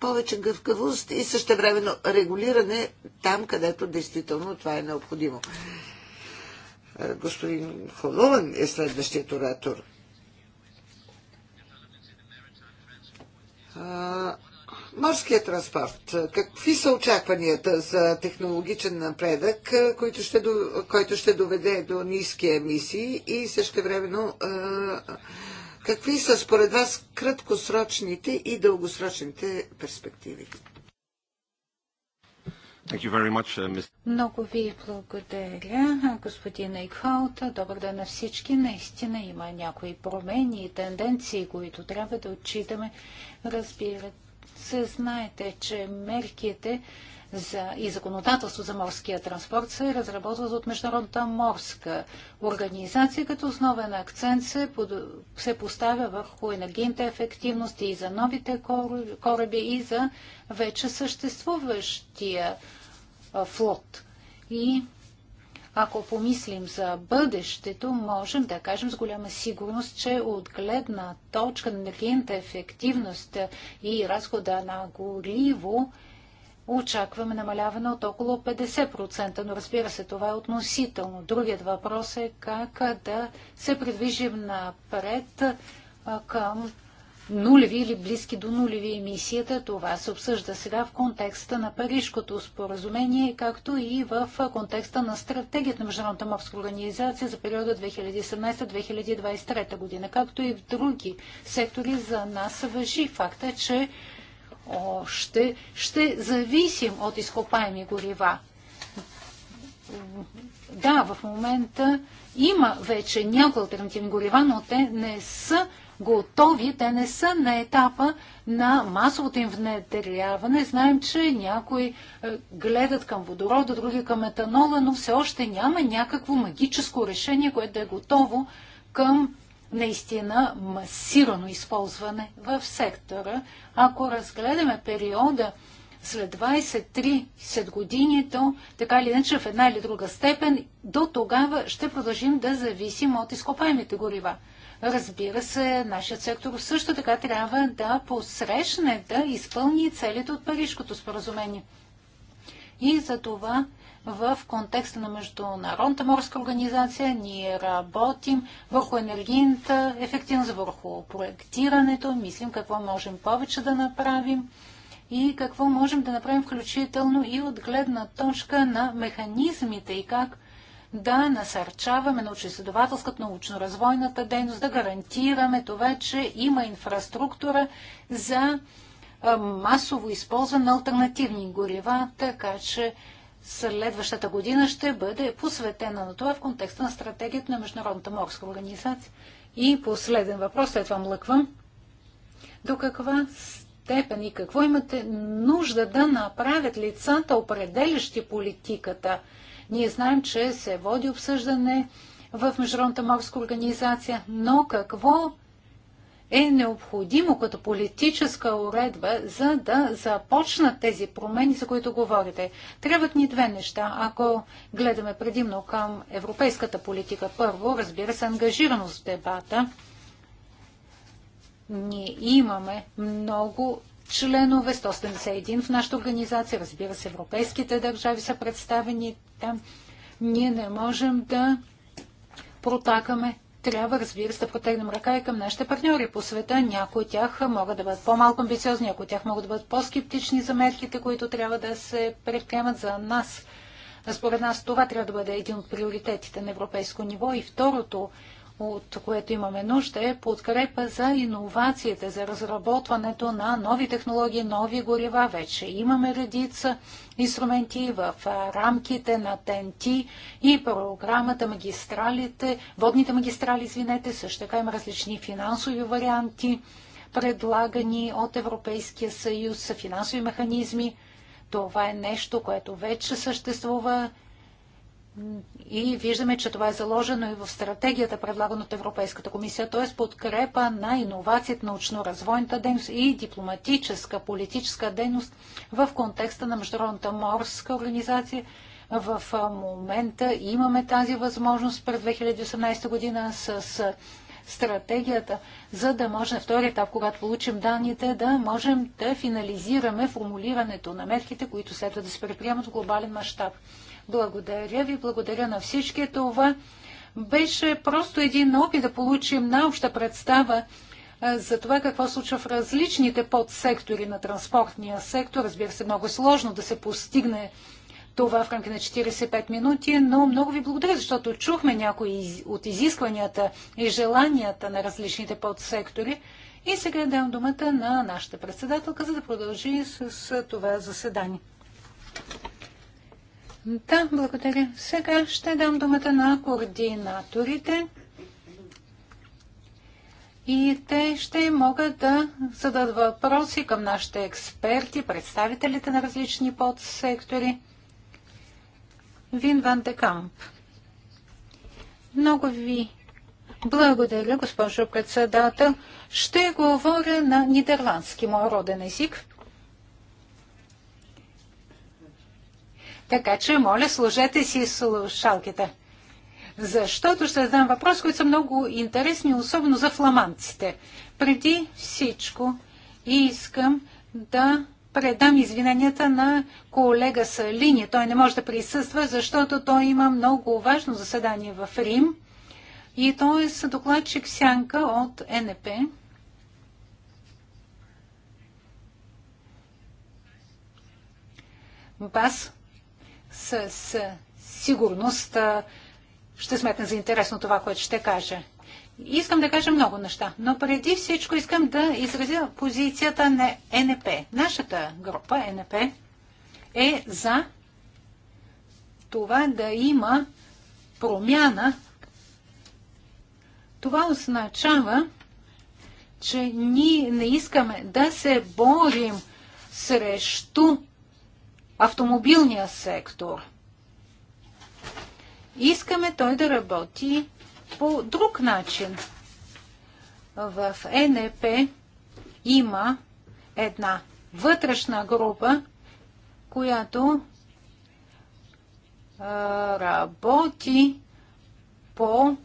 повече гъвкавост и същевременно регулиране там, където действително това е необходимо. Е, господин Холулан е следващият оратор. Морският транспорт. Какви са очакванията за технологичен напредък, е, който ще, който ще доведе до ниски емисии и също времено е, какви са според вас краткосрочните и дългосрочните перспективи? Uh, Много ви благодаря, господин Ейкхаут. Добър ден на всички. Наистина има някои промени и тенденции, които трябва да отчитаме. Разбира се, знаете, че мерките за, и законодателство за морския транспорт се разработват от Международната морска организация, като основен акцент се, под, се поставя върху енергийната ефективност и за новите кораби, и за вече съществуващия флот. И ако помислим за бъдещето, можем да кажем с голяма сигурност, че от гледна точка на енергийната ефективност и разхода на гориво, очакваме намаляване от около 50%, но разбира се, това е относително. Другият въпрос е как да се придвижим напред към нулеви или близки до нулеви емисията. Това се обсъжда сега в контекста на Парижкото споразумение, както и в контекста на стратегията на Международната морска организация за периода 2017-2023 година, както и в други сектори за нас въжи факта, че още ще зависим от изкопаеми горива. Да, в момента има вече някои альтернативни горива, но те не са готови, те не са на етапа на масовото им внедряване. Знаем, че някои е, гледат към водорода, други към етанола, но все още няма някакво магическо решение, което да е готово към наистина масирано използване в сектора. Ако разгледаме периода след 20-30 години, то така или иначе в една или друга степен, до тогава ще продължим да зависим от изкопаемите горива. Разбира се, нашият сектор също така трябва да посрещне, да изпълни целите от Парижкото споразумение. И за това в контекста на Международната морска организация ние работим върху енергийната ефективност, върху проектирането, мислим какво можем повече да направим и какво можем да направим включително и от гледна точка на механизмите и как – да насърчаваме научно-изследователската, научно-развойната дейност, да гарантираме това, че има инфраструктура за масово използване на альтернативни горива, така че следващата година ще бъде посветена на това в контекста на стратегията на Международната морска организация. И последен въпрос, след това млъквам. До каква степен и какво имате нужда да направят лицата, определящи политиката – ние знаем, че се води обсъждане в Международната морска организация, но какво е необходимо като политическа уредба, за да започнат тези промени, за които говорите. Трябват ни две неща, ако гледаме предимно към европейската политика. Първо, разбира се, ангажираност в дебата. Ние имаме много членове, 171 в нашата организация, разбира се, европейските държави са представени там. Ние не можем да протакаме. Трябва, разбира се, да протегнем ръка и към нашите партньори по света. Някои от тях могат да бъдат по-малко амбициозни, някои от тях могат да бъдат по-скептични за мерките, които трябва да се предприемат за нас. Според нас това трябва да бъде един от приоритетите на европейско ниво. И второто от което имаме нужда, е подкрепа за иновациите, за разработването на нови технологии, нови горива. Вече имаме редица инструменти в рамките на ТНТ и програмата магистралите, водните магистрали, извинете, също така има различни финансови варианти, предлагани от Европейския съюз, финансови механизми. Това е нещо, което вече съществува и виждаме, че това е заложено и в стратегията, предлагана от Европейската комисия, т.е. подкрепа на иновацията, научно-развойната дейност и дипломатическа, политическа дейност в контекста на Международната морска организация. В момента имаме тази възможност през 2018 година с стратегията, за да може на втори етап, когато получим данните, да можем да финализираме формулирането на мерките, които следва да се предприемат в глобален мащаб. Благодаря ви, благодаря на всички. Това беше просто един опит да получим наобща представа за това какво случва в различните подсектори на транспортния сектор. Разбира се, много е сложно да се постигне това в рамките на 45 минути, но много ви благодаря, защото чухме някои от изискванията и желанията на различните подсектори. И сега дам думата на нашата председателка, за да продължи с това заседание. Да, благодаря. Сега ще дам думата на координаторите и те ще могат да зададат въпроси към нашите експерти, представителите на различни подсектори. Вин Ван Декамп. Много ви благодаря, госпожо председател. Ще говоря на нидерландски, мой роден език. Така че, моля, сложете си слушалките. Защото ще задам въпрос, които са много интересни, особено за фламандците. Преди всичко искам да предам извиненията на колега Салини. Той не може да присъства, защото той има много важно заседание в Рим. И той е докладчик Сянка от НП. Бас с сигурност ще сметна за интересно това, което ще кажа. Искам да кажа много неща, но преди всичко искам да изразя позицията на НП. Нашата група НП е за това да има промяна. Това означава, че ние не искаме да се борим срещу автомобилния сектор. Искаме той да работи по друг начин. В е НЕП има една вътрешна група, която работи по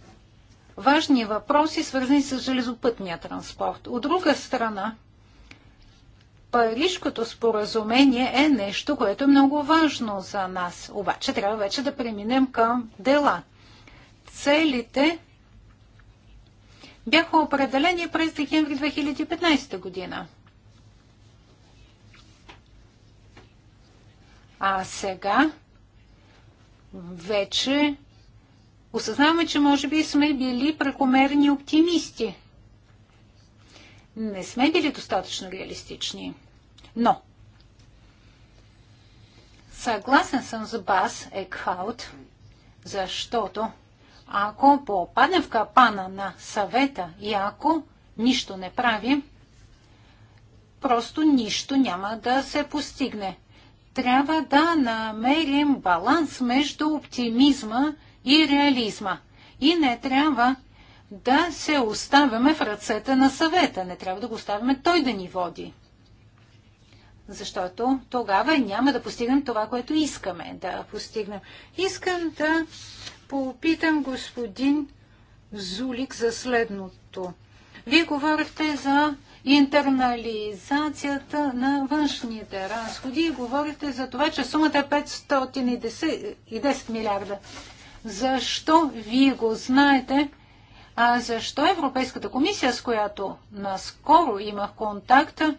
важни въпроси, свързани с железопътния транспорт. От друга страна, Парижкото споразумение е нещо, което е много важно за нас. Обаче трябва вече да преминем към дела. Целите бяха определени през декември 2015 година. А сега вече осъзнаваме, че може би сме били прекомерни оптимисти. Не сме били достатъчно реалистични. Но съгласен съм с Бас Екхаут, защото ако попаднем в капана на съвета и ако нищо не правим, просто нищо няма да се постигне. Трябва да намерим баланс между оптимизма и реализма. И не трябва да се оставяме в ръцете на съвета. Не трябва да го оставяме той да ни води защото тогава няма да постигнем това, което искаме да постигнем. Искам да попитам господин Зулик за следното. Вие говорихте за интернализацията на външните разходи и говорите за това, че сумата е 510 милиарда. Защо вие го знаете? А защо Европейската комисия, с която наскоро имах контакта,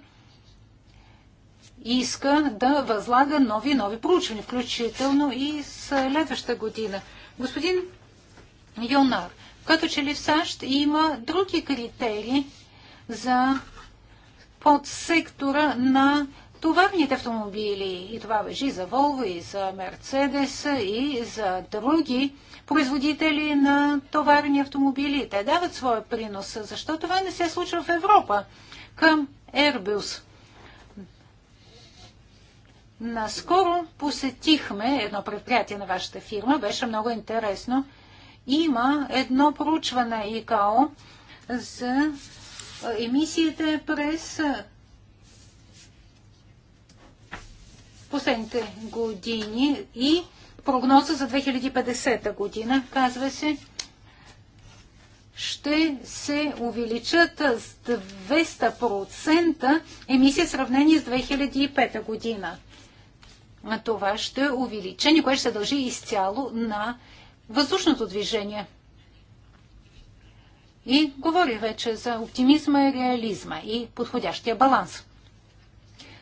иска да възлага нови и нови проучвания, включително и следващата година. Господин Йонар, като че ли в САЩ има други критерии за подсектора на товарните автомобили. И това въжи за Volvo, и за Mercedes, и за други производители на товарни автомобили. Те дават своя принос. Защо това не се случва в Европа? Към Airbus – Наскоро посетихме едно предприятие на вашата фирма, беше много интересно. Има едно проучване ИКАО за емисиите през последните години и прогноза за 2050 година, казва се, ще се увеличат с 200% емисии в сравнение с 2005 година това ще увеличение, което ще се дължи изцяло на въздушното движение. И говори вече за оптимизма и реализма и подходящия баланс.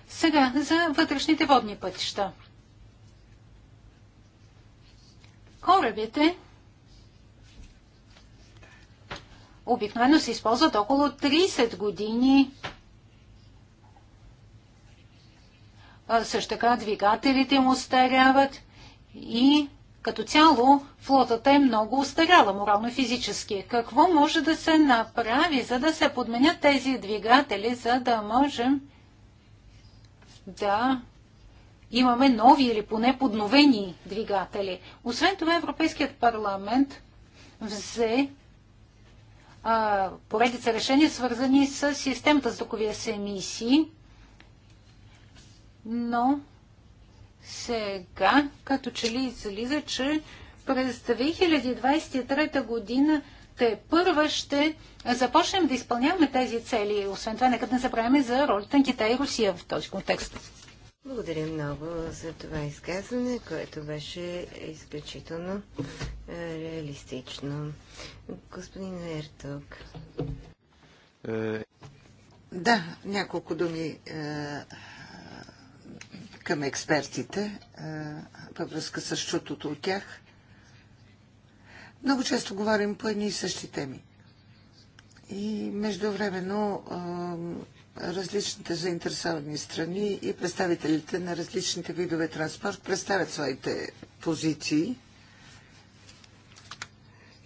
Сега за вътрешните водни пътища. Корабите обикновено се използват около 30 години също така двигателите му устаряват и като цяло флотата е много устаряла морално и физически. Какво може да се направи, за да се подменят тези двигатели, за да можем да имаме нови или поне подновени двигатели? Освен това, Европейският парламент взе а, поредица решения, свързани с системата с доковия с емисии – но сега, като че ли излиза, че през 2023 година те първа ще започнем да изпълняваме тези цели. Освен това, нека да не забравяме за ролята на Китай и Русия в този контекст. Благодаря много за това изказване, което беше изключително е, реалистично. Господин Ерток. Е, да, няколко думи е, към експертите е, във връзка с чутото от тях. Много често говорим по едни и същи теми. И междувременно е, различните заинтересовани страни и представителите на различните видове транспорт представят своите позиции.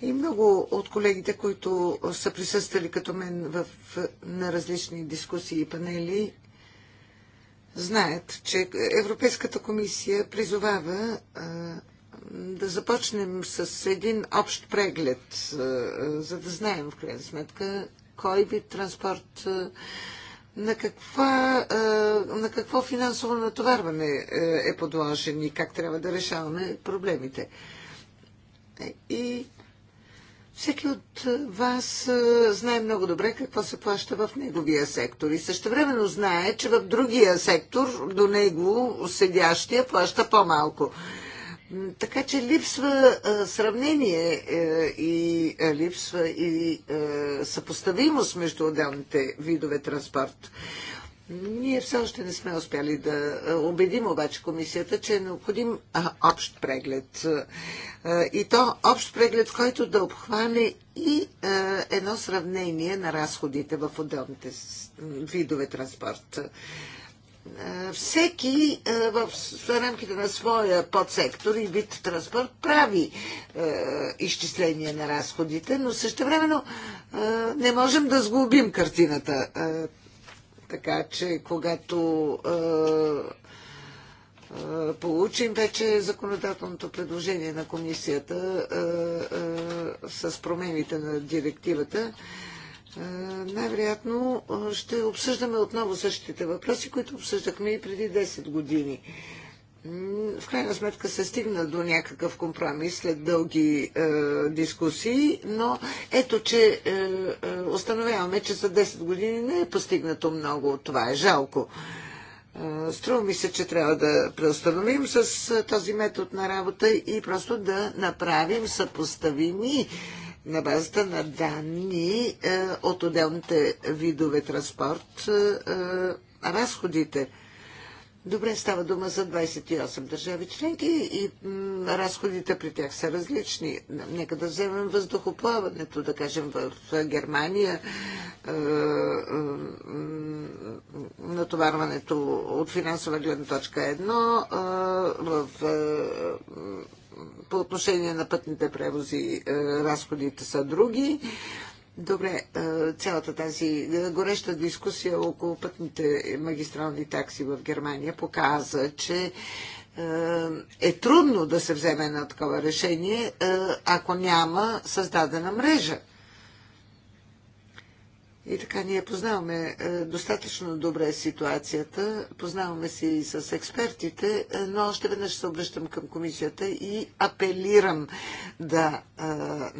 И много от колегите, които са присъствали като мен в, на различни дискусии и панели, знаят, че Европейската комисия призовава да започнем с един общ преглед, за да знаем в крайна сметка кой вид транспорт, на, каква, на какво финансово натоварване е подложен и как трябва да решаваме проблемите. И всеки от вас знае много добре какво се плаща в неговия сектор и същевременно знае, че в другия сектор до него седящия плаща по-малко. Така че липсва сравнение е, и е, липсва и е, съпоставимост между отделните видове транспорт. Ние все още не сме успяли да е, убедим обаче комисията, че е необходим общ преглед. Е, и то общ преглед, който да обхване и е, едно сравнение на разходите в отделните видове транспорт. Всеки в рамките на своя подсектор и вид транспорт прави изчисления на разходите, но същевременно не можем да сглобим картината. Така че, когато получим вече законодателното предложение на комисията с промените на директивата, най-вероятно ще обсъждаме отново същите въпроси, които обсъждахме и преди 10 години в крайна сметка се стигна до някакъв компромис след дълги е, дискусии, но ето, че е, е, установяваме, че за 10 години не е постигнато много. Това е жалко. Е, струва ми се, че трябва да преустановим с е, този метод на работа и просто да направим съпоставими на базата на данни е, от отделните видове транспорт е, е, разходите Добре, става дума за 28 държави членки и разходите при тях са различни. Нека да вземем въздухоплаването, да кажем в Германия е, е, натоварването от финансова гледна точка е едно, е, в, е, по отношение на пътните превози е, разходите са други. Добре, цялата тази гореща дискусия около пътните магистрални такси в Германия показа, че е трудно да се вземе на такова решение, ако няма създадена мрежа и така ние познаваме е, достатъчно добре ситуацията, познаваме се и с експертите, е, но още веднъж се обръщам към комисията и апелирам да е,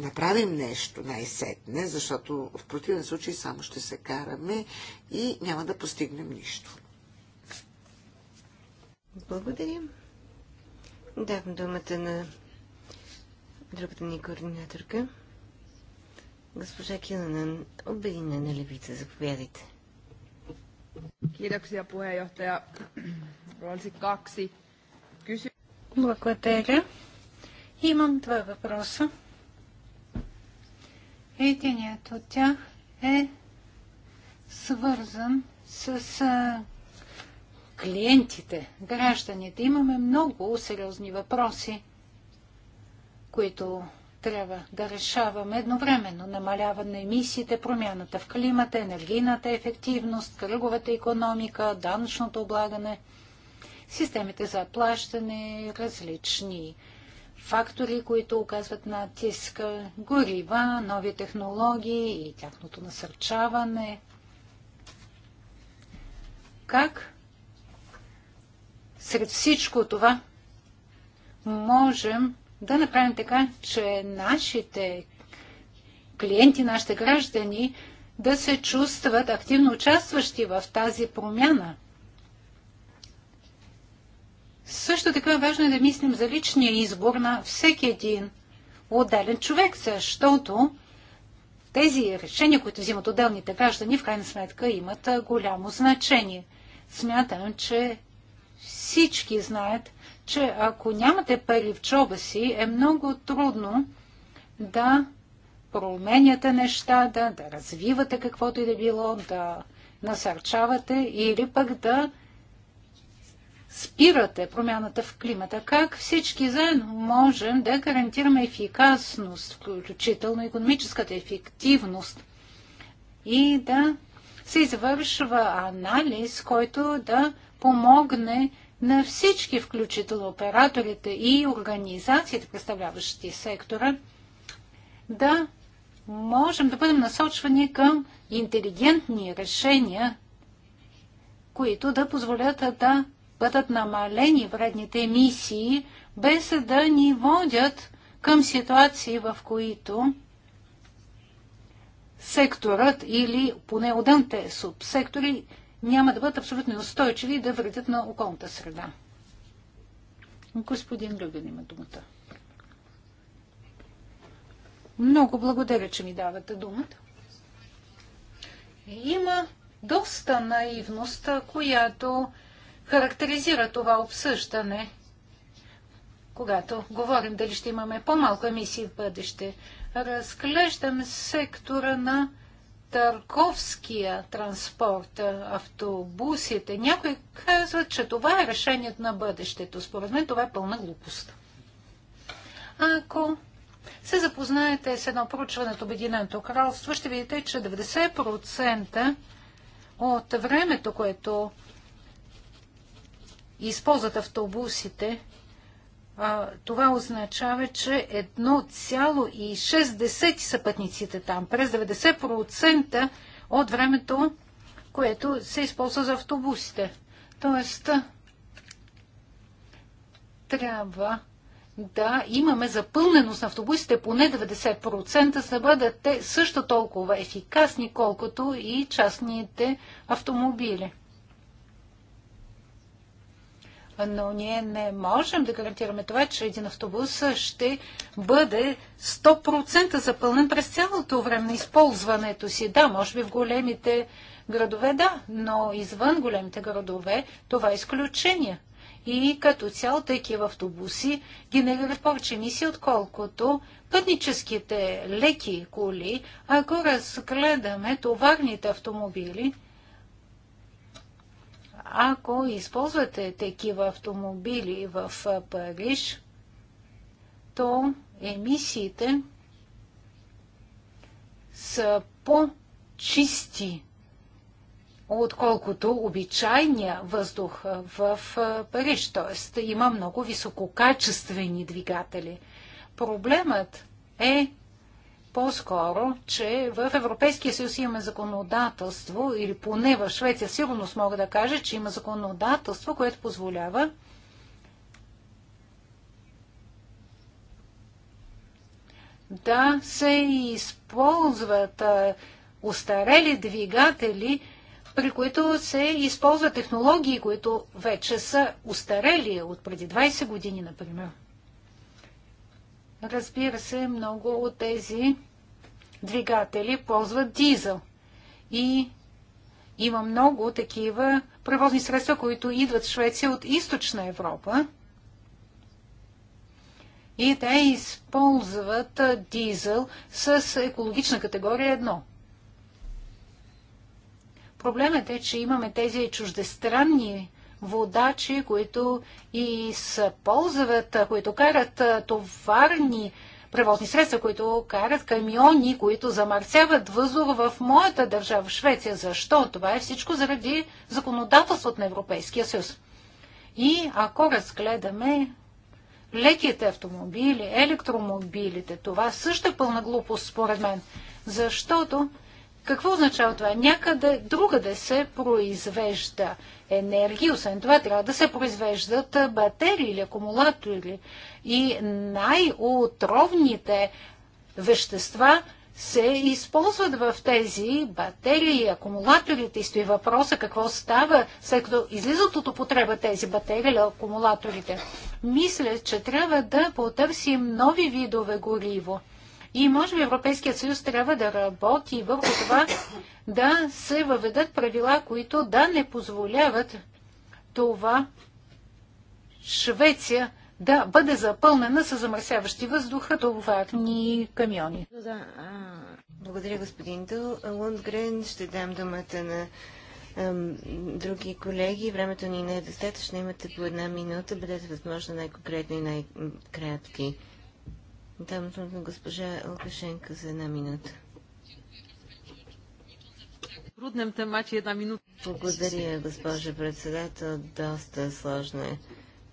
направим нещо най-сетне, защото в противен случай само ще се караме и няма да постигнем нищо. Благодаря. Давам думата на другата ни координаторка. Госпожа Киланен, обединена левица, заповядайте. Kiitoksia puheenjohtaja. Olisi kaksi Благодаря. Имам два въпроса. Единият от тях е свързан с клиентите, гражданите. Имаме много сериозни въпроси, които трябва да решаваме едновременно намаляване на емисиите, промяната в климата, енергийната ефективност, кръговата економика, данъчното облагане, системите за плащане, различни фактори, които оказват натиска, горива, нови технологии и тяхното насърчаване. Как сред всичко това можем да направим така, че нашите клиенти, нашите граждани да се чувстват активно участващи в тази промяна. Също така е важно е да мислим за личния избор на всеки един отделен човек, защото тези решения, които взимат отделните граждани, в крайна сметка имат голямо значение. Смятам, че всички знаят, че ако нямате пари в чоба си, е много трудно да променяте неща, да, да развивате каквото и да било, да насърчавате или пък да спирате промяната в климата. Как всички заедно можем да гарантираме ефикасност, включително економическата ефективност и да се извършва анализ, който да помогне на всички, включително операторите и организациите, представляващи сектора, да можем да бъдем насочвани към интелигентни решения, които да позволят да бъдат намалени вредните емисии, без да ни водят към ситуации, в които секторът или поне отделните субсектори няма да бъдат абсолютно устойчиви и да вредят на околната среда. Господин Любен има думата. Много благодаря, че ми давате думата. Има доста наивност, която характеризира това обсъждане, когато говорим дали ще имаме по-малко емисии в бъдеще. Разглеждам сектора на Търковския транспорт, автобусите. Някои казват, че това е решението на бъдещето. Според мен това е пълна глупост. Ако се запознаете с едно проучване от Обединеното кралство, ще видите, че 90% от времето, което използват автобусите, това означава, че 1,6 са пътниците там. През 90% от времето, което се използва за автобусите. Тоест, трябва да имаме запълненост на автобусите поне 90%, за да бъдат те също толкова ефикасни, колкото и частните автомобили но ние не можем да гарантираме това, че един автобус ще бъде 100% запълнен през цялото време на използването си. Да, може би в големите градове да, но извън големите градове това е изключение. И като цяло такива автобуси генерират повече емисии, отколкото пътническите леки коли. Ако разгледаме товарните автомобили, ако използвате такива автомобили в Париж, то емисиите са по-чисти, отколкото обичайния въздух в Париж. Т.е. има много висококачествени двигатели. Проблемът е, по-скоро, че в Европейския съюз имаме законодателство, или поне в Швеция сигурно мога да кажа, че има законодателство, което позволява да се използват устарели двигатели, при които се използват технологии, които вече са устарели от преди 20 години, например. Разбира се, много от тези двигатели ползват дизел. И има много такива превозни средства, които идват в Швеция от източна Европа. И те използват дизел с екологична категория 1. Проблемът е, че имаме тези чуждестранни водачи, които използват, които карат товарни превозни средства, които карат камиони, които замърсяват въздуха в моята държава, в Швеция. Защо? Това е всичко заради законодателството на Европейския съюз. И ако разгледаме леките автомобили, електромобилите, това също е пълна глупост, според мен. Защото какво означава това? Някъде другаде се произвежда енергия. Освен това трябва да се произвеждат батерии или акумулатори и най-отровните вещества се използват в тези батерии, акумулаторите и стои въпроса какво става, след като излизат от употреба тези батерии или акумулаторите. Мисля, че трябва да потърсим нови видове гориво. И може би Европейският съюз трябва да работи върху това да се въведат правила, които да не позволяват това Швеция да бъде запълнена с замърсяващи въздуха товарни камиони. Благодаря, господин Дъл. Лундгрен, ще дам думата на други колеги. Времето ни не е достатъчно. Имате по една минута. Бъдете възможно най-конкретни и най-кратки. Дам думата на госпожа Лукашенко за една минута. Благодаря, госпожа председател. Доста сложно е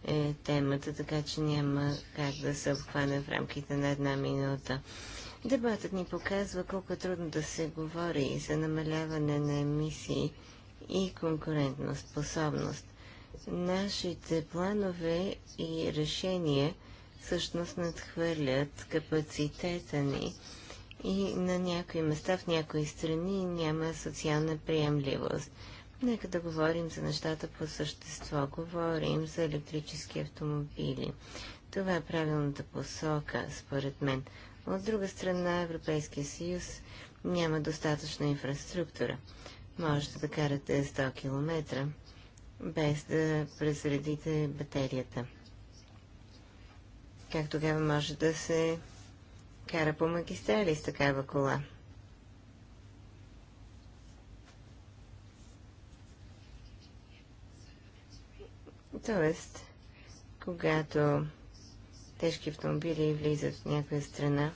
е темата, така че няма как да се обхване в рамките на една минута. Дебатът ни показва колко е трудно да се говори за намаляване на емисии и конкурентна способност. Нашите планове и решения всъщност надхвърлят капацитета ни и на някои места в някои страни няма социална приемливост. Нека да говорим за нещата по същество. Говорим за електрически автомобили. Това е правилната посока, според мен. От друга страна, Европейския съюз няма достатъчна инфраструктура. Можете да карате 100 км, без да презредите батерията. Как тогава може да се кара по магистрали с такава кола? Тоест, когато тежки автомобили влизат в някоя страна,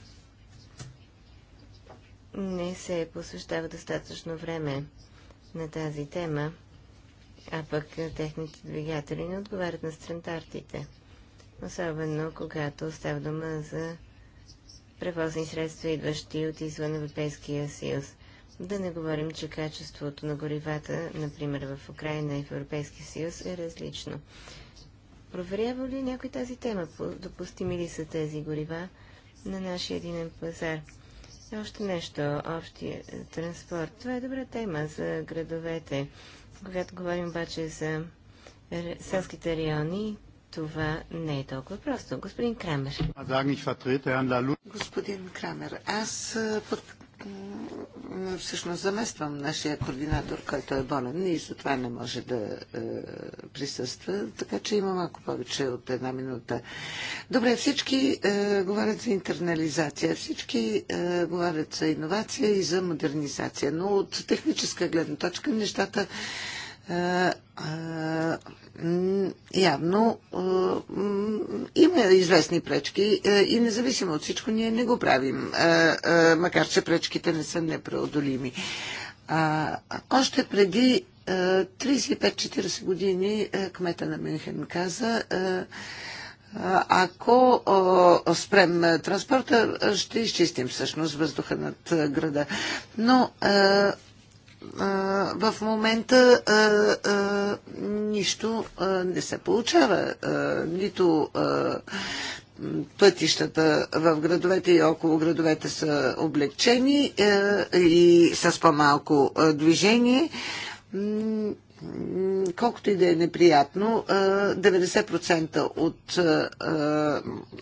не се посвещава достатъчно време на тази тема, а пък техните двигатели не отговарят на стандартите. Особено когато става дума за превозни средства, идващи от извън Европейския съюз. Да не говорим, че качеството на горивата, например в Украина и в Европейския съюз, е различно. Проверява ли някой тази тема? Допустими ли са тези горива на нашия единен пазар? Още нещо, общия транспорт. Това е добра тема за градовете. Когато говорим обаче за селските райони, това не е толкова просто. Господин Крамер. Господин Крамер, аз под всъщност замествам нашия координатор, който е болен и затова не може да е, присъства, така че има малко повече от една минута. Добре, всички е, говорят за интернализация, всички е, говорят за иновация и за модернизация, но от техническа гледна точка нещата е, е, явно има известни пречки и независимо от всичко ние не го правим, макар че пречките не са непреодолими. Още преди 35-40 години кмета на Мюнхен каза, ако спрем транспорта, ще изчистим всъщност въздуха над града. Но в момента а, а, нищо а, не се получава. А, нито а, пътищата в градовете и около градовете са облегчени а, и с по-малко движение колкото и да е неприятно, 90% от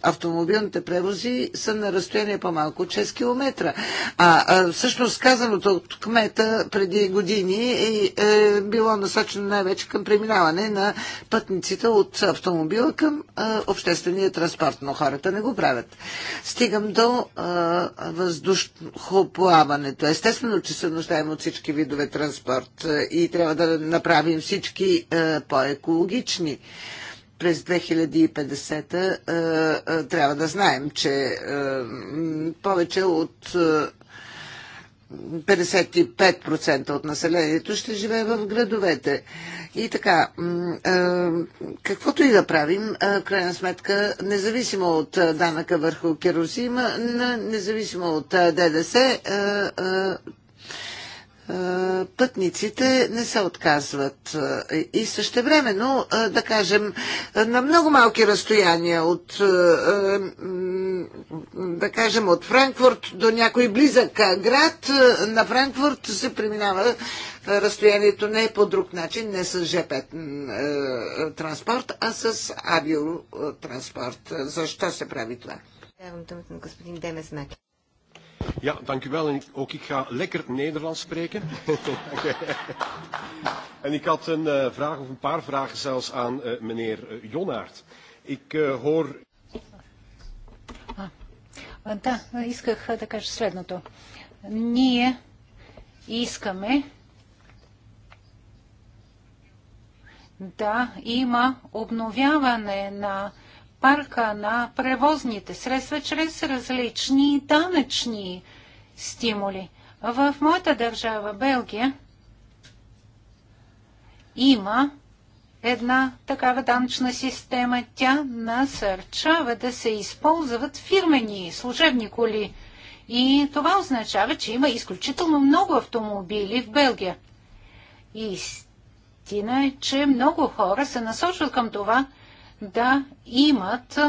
автомобилните превози са на разстояние по-малко от 6 км. А всъщност казаното от кмета преди години е, е било насочено най-вече към преминаване на пътниците от автомобила към обществения транспорт, но хората не го правят. Стигам до въздухоплаването. Естествено, че се нуждаем от всички видове транспорт и трябва да направим направим всички е, по-екологични. През 2050 е, е, трябва да знаем, че повече от 55% от населението ще живее в градовете. И така, каквото и да правим, крайна сметка, независимо от данъка върху керосима, независимо от ДДС, е, пътниците не се отказват. Е, и същевременно, е, да кажем, на много малки разстояния от, да кажем, от Франкфурт до някой близък град, на Франкфурт се преминава разстоянието не по друг начин, не с ЖП транспорт, а с авиотранспорт. Защо се прави това? Давам думата на господин Демес Ja, dank u wel. En ook ik ga lekker Nederlands spreken. en ik had een uh, vraag, of een paar vragen zelfs, aan uh, meneer uh, Jonaert. Ik uh, hoor... А, да, исках да кажа следното. Ние искаме да има обновяване на uh, парка на превозните средства чрез различни данъчни стимули. В моята държава, Белгия, има една такава данъчна система. Тя насърчава да се използват фирмени служебни коли. И това означава, че има изключително много автомобили в Белгия. Истина е, че много хора се насочват към това – да имат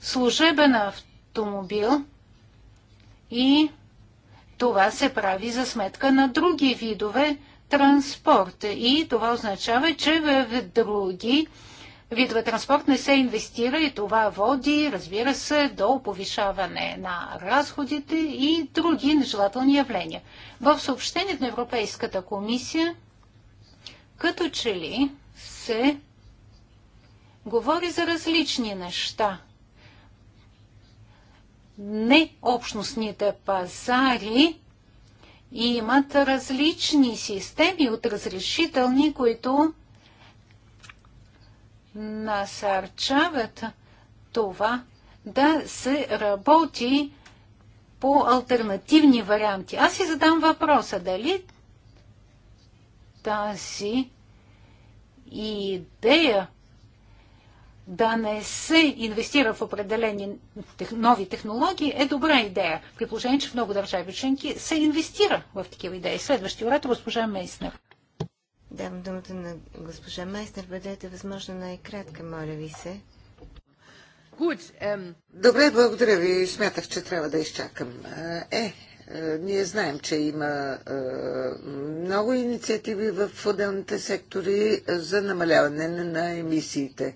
служебен автомобил и това се прави за сметка на други видове транспорт. И това означава, че в други видове транспорт не се инвестира и това води, разбира се, до повишаване на разходите и други нежелателни явления. В съобщението на Европейската комисия като че ли се говори за различни неща. Не общностните пазари имат различни системи от разрешителни, които насърчават това да се работи по альтернативни варианти. Аз си задам въпроса дали тази идея да не се инвестира в определени нови технологии е добра идея. При положение, че в много държави членки се инвестира в такива идеи. Следващия оратор госпожа Мейснер. Давам думата на госпожа Мейснер. Бъдете възможно най-кратка, моля ви се. Добре, благодаря ви. Смятах, че трябва да изчакам. Е, е ние знаем, че има е, много инициативи в отделните сектори за намаляване на емисиите.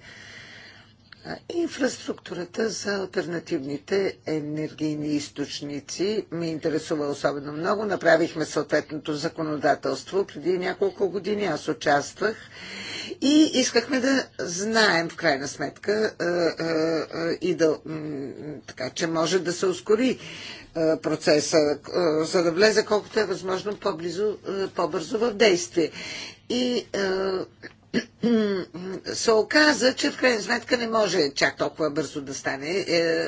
Инфраструктурата за альтернативните енергийни източници ме интересува особено много. Направихме съответното законодателство преди няколко години. Аз участвах и искахме да знаем в крайна сметка и да, така, че може да се ускори процеса, за да влезе колкото е възможно по-близо, по-бързо в действие. И се оказа, че в крайна сметка не може чак толкова бързо да стане е, е,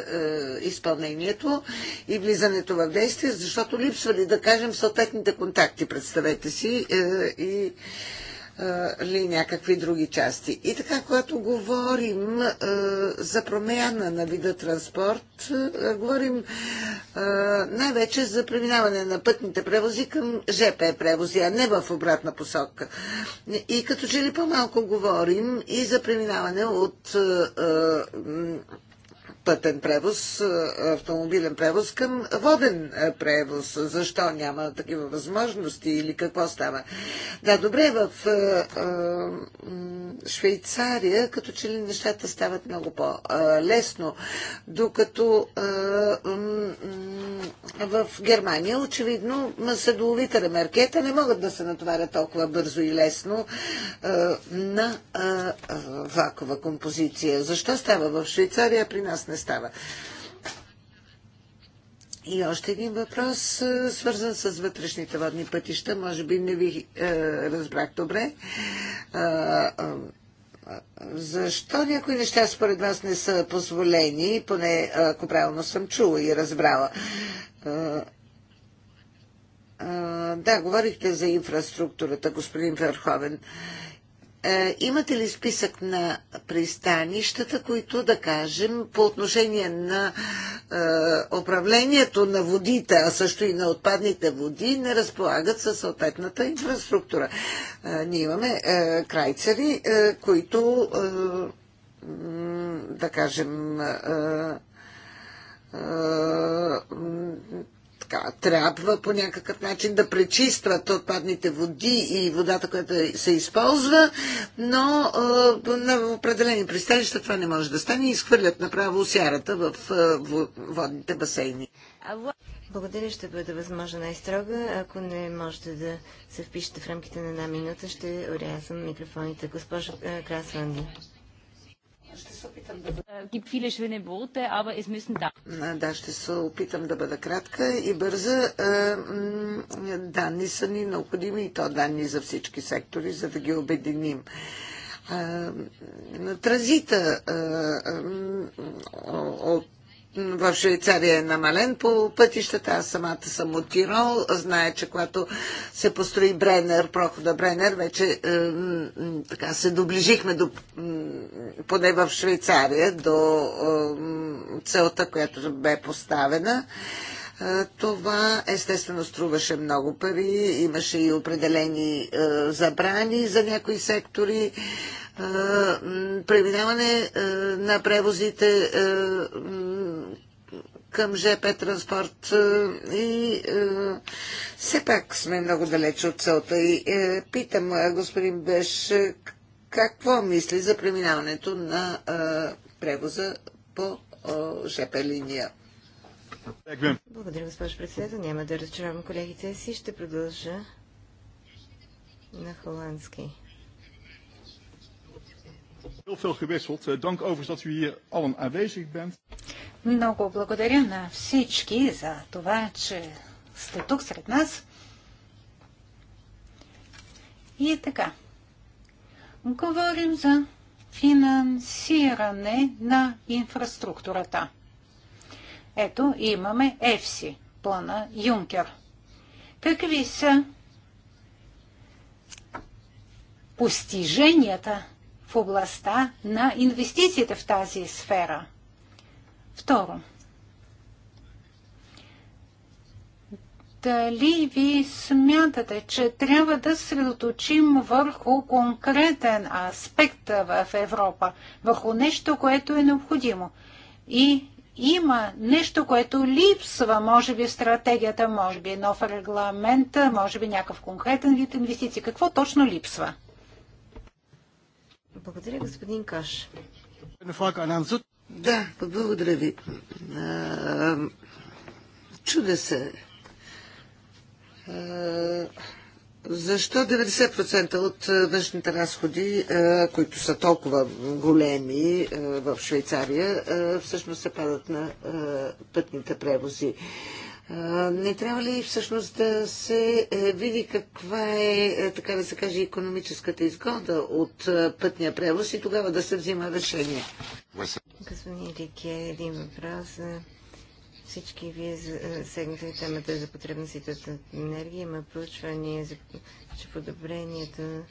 изпълнението и влизането в действие, защото липсвали, да кажем, съответните контакти, представете си, е, и ли някакви други части. И така, когато говорим а, за промяна на вида транспорт, а, говорим най-вече за преминаване на пътните превози към ЖП превози, а не в обратна посока. И като че ли по-малко говорим и за преминаване от пътен превоз, автомобилен превоз към воден превоз. Защо няма такива възможности или какво става? Да, добре, в Швейцария като че ли нещата стават много по-лесно, докато в Германия очевидно седловите ремеркета не могат да се натоварят толкова бързо и лесно на вакова композиция. Защо става в Швейцария, при нас не става. И още един въпрос, е, свързан с вътрешните водни пътища. Може би не ви е, разбрах добре. Е, е, защо някои неща според вас не са позволени, поне ако правилно съм чула и разбрала? Е, е да, говорихте за инфраструктурата, господин Ферховен. Е, е, имате ли списък на пристанищата, които да кажем по отношение на е, управлението на водите, а също и на отпадните води, не разполагат със съответната инфраструктура? Е, ние имаме е, крайцери, е, които, е, да кажем, е, е така, трябва по някакъв начин да пречистват отпадните води и водата, която се използва, но а, на определени пристанища това не може да стане и изхвърлят направо сярата в е, водните басейни. Благодаря, ще бъде възможно най-строга. Ако не можете да се впишете в рамките на една минута, ще урязвам микрофоните. Госпожо Красванди. Ще се опитам да е, Да, ще се опитам да бъда кратка и бърза. Е, данни са ни необходими и то данни за всички сектори, за да ги обединим е, транзита от в Швейцария е намален по пътищата. Аз самата съм от Тирол. Знае, че когато се построи Бренер, прохода Бренер, вече е, така се доближихме до, поне в Швейцария до е, целта, която бе поставена. Е, това естествено струваше много пари, имаше и определени е, забрани за някои сектори. Е, преминаване е, на превозите е, към ЖП транспорт е, и е, все пак сме много далеч от целта. И е, питам е, господин Беш, е, какво мисли за преминаването на е, превоза по е, ЖП линия? Благодаря, госпожо председател. Няма да разочаровам колегите си. Ще продължа на холандски. Heel veel gewisseld. Eh, dank overigens dat u hier allen aanwezig bent. Много благодаря на всички за това, че сте тук сред нас. И така. Говорим за финансиране на инфраструктурата. Ето имаме ЕФСИ, плана Юнкер. Какви са постиженията в областта на инвестициите в тази сфера. Второ, дали ви смятате, че трябва да средоточим върху конкретен аспект в Европа, върху нещо, което е необходимо? И има нещо, което липсва, може би в стратегията, може би нов регламент, може би някакъв конкретен вид инвестиции. Какво точно липсва? Благодаря, господин Каш. Да, благодаря ви. Чуда се. Защо 90% от външните разходи, които са толкова големи в Швейцария, всъщност се падат на пътните превози? Не трябва ли всъщност да се е, види каква е, е, така да се каже, економическата изгода от е, пътния превоз и тогава да се взима решение? Господин Рике, един въпрос. Всички вие сегнате темата за потребностите от енергия. Има проучвания за че подобрението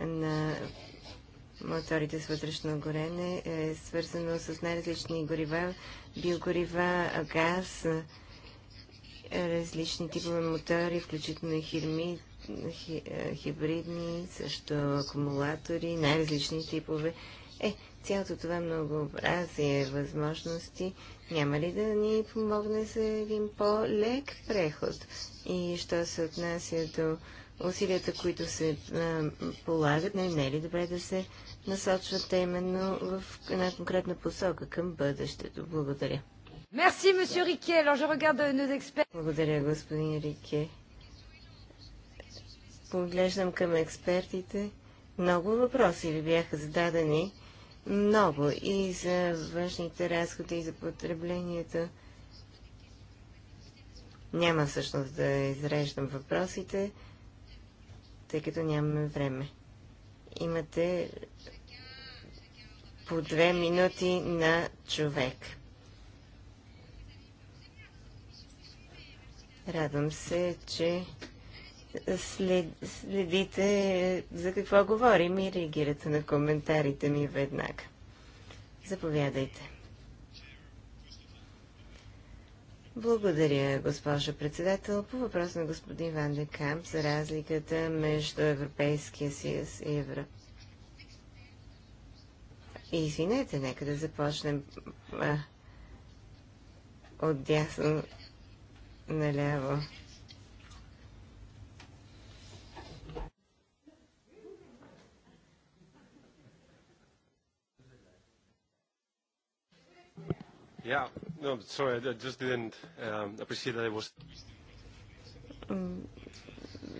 на моторите с вътрешно горене е свързано с най-различни горива, биогорива, газ, различни типове мотори, включително и хирми, е, хибридни, също акумулатори, най-различни типове. Е, цялото това многообразие възможности няма ли да ни помогне за един по-лек преход? И що се отнася до усилията, които се а, полагат, не, не е ли добре да се насочват именно в една конкретна посока към бъдещето? Благодаря. Merci, monsieur Рике. Alors, je regarde nos experts. Благодаря, господин Рике. Поглеждам към експертите. Много въпроси ви бяха зададени. Много. И за външните разходи, и за потреблението. Няма всъщност да изреждам въпросите, тъй като нямаме време. Имате по две минути на човек. Радвам се, че след, следите за какво говорим и реагирате на коментарите ми веднага. Заповядайте. Благодаря, госпожа председател. По въпрос на господин Ван де Камп за разликата между Европейския съюз и Европа. Извинете, нека да започнем а, от дясно наляво. Yeah, no, sorry, I just didn't um, appreciate that it was...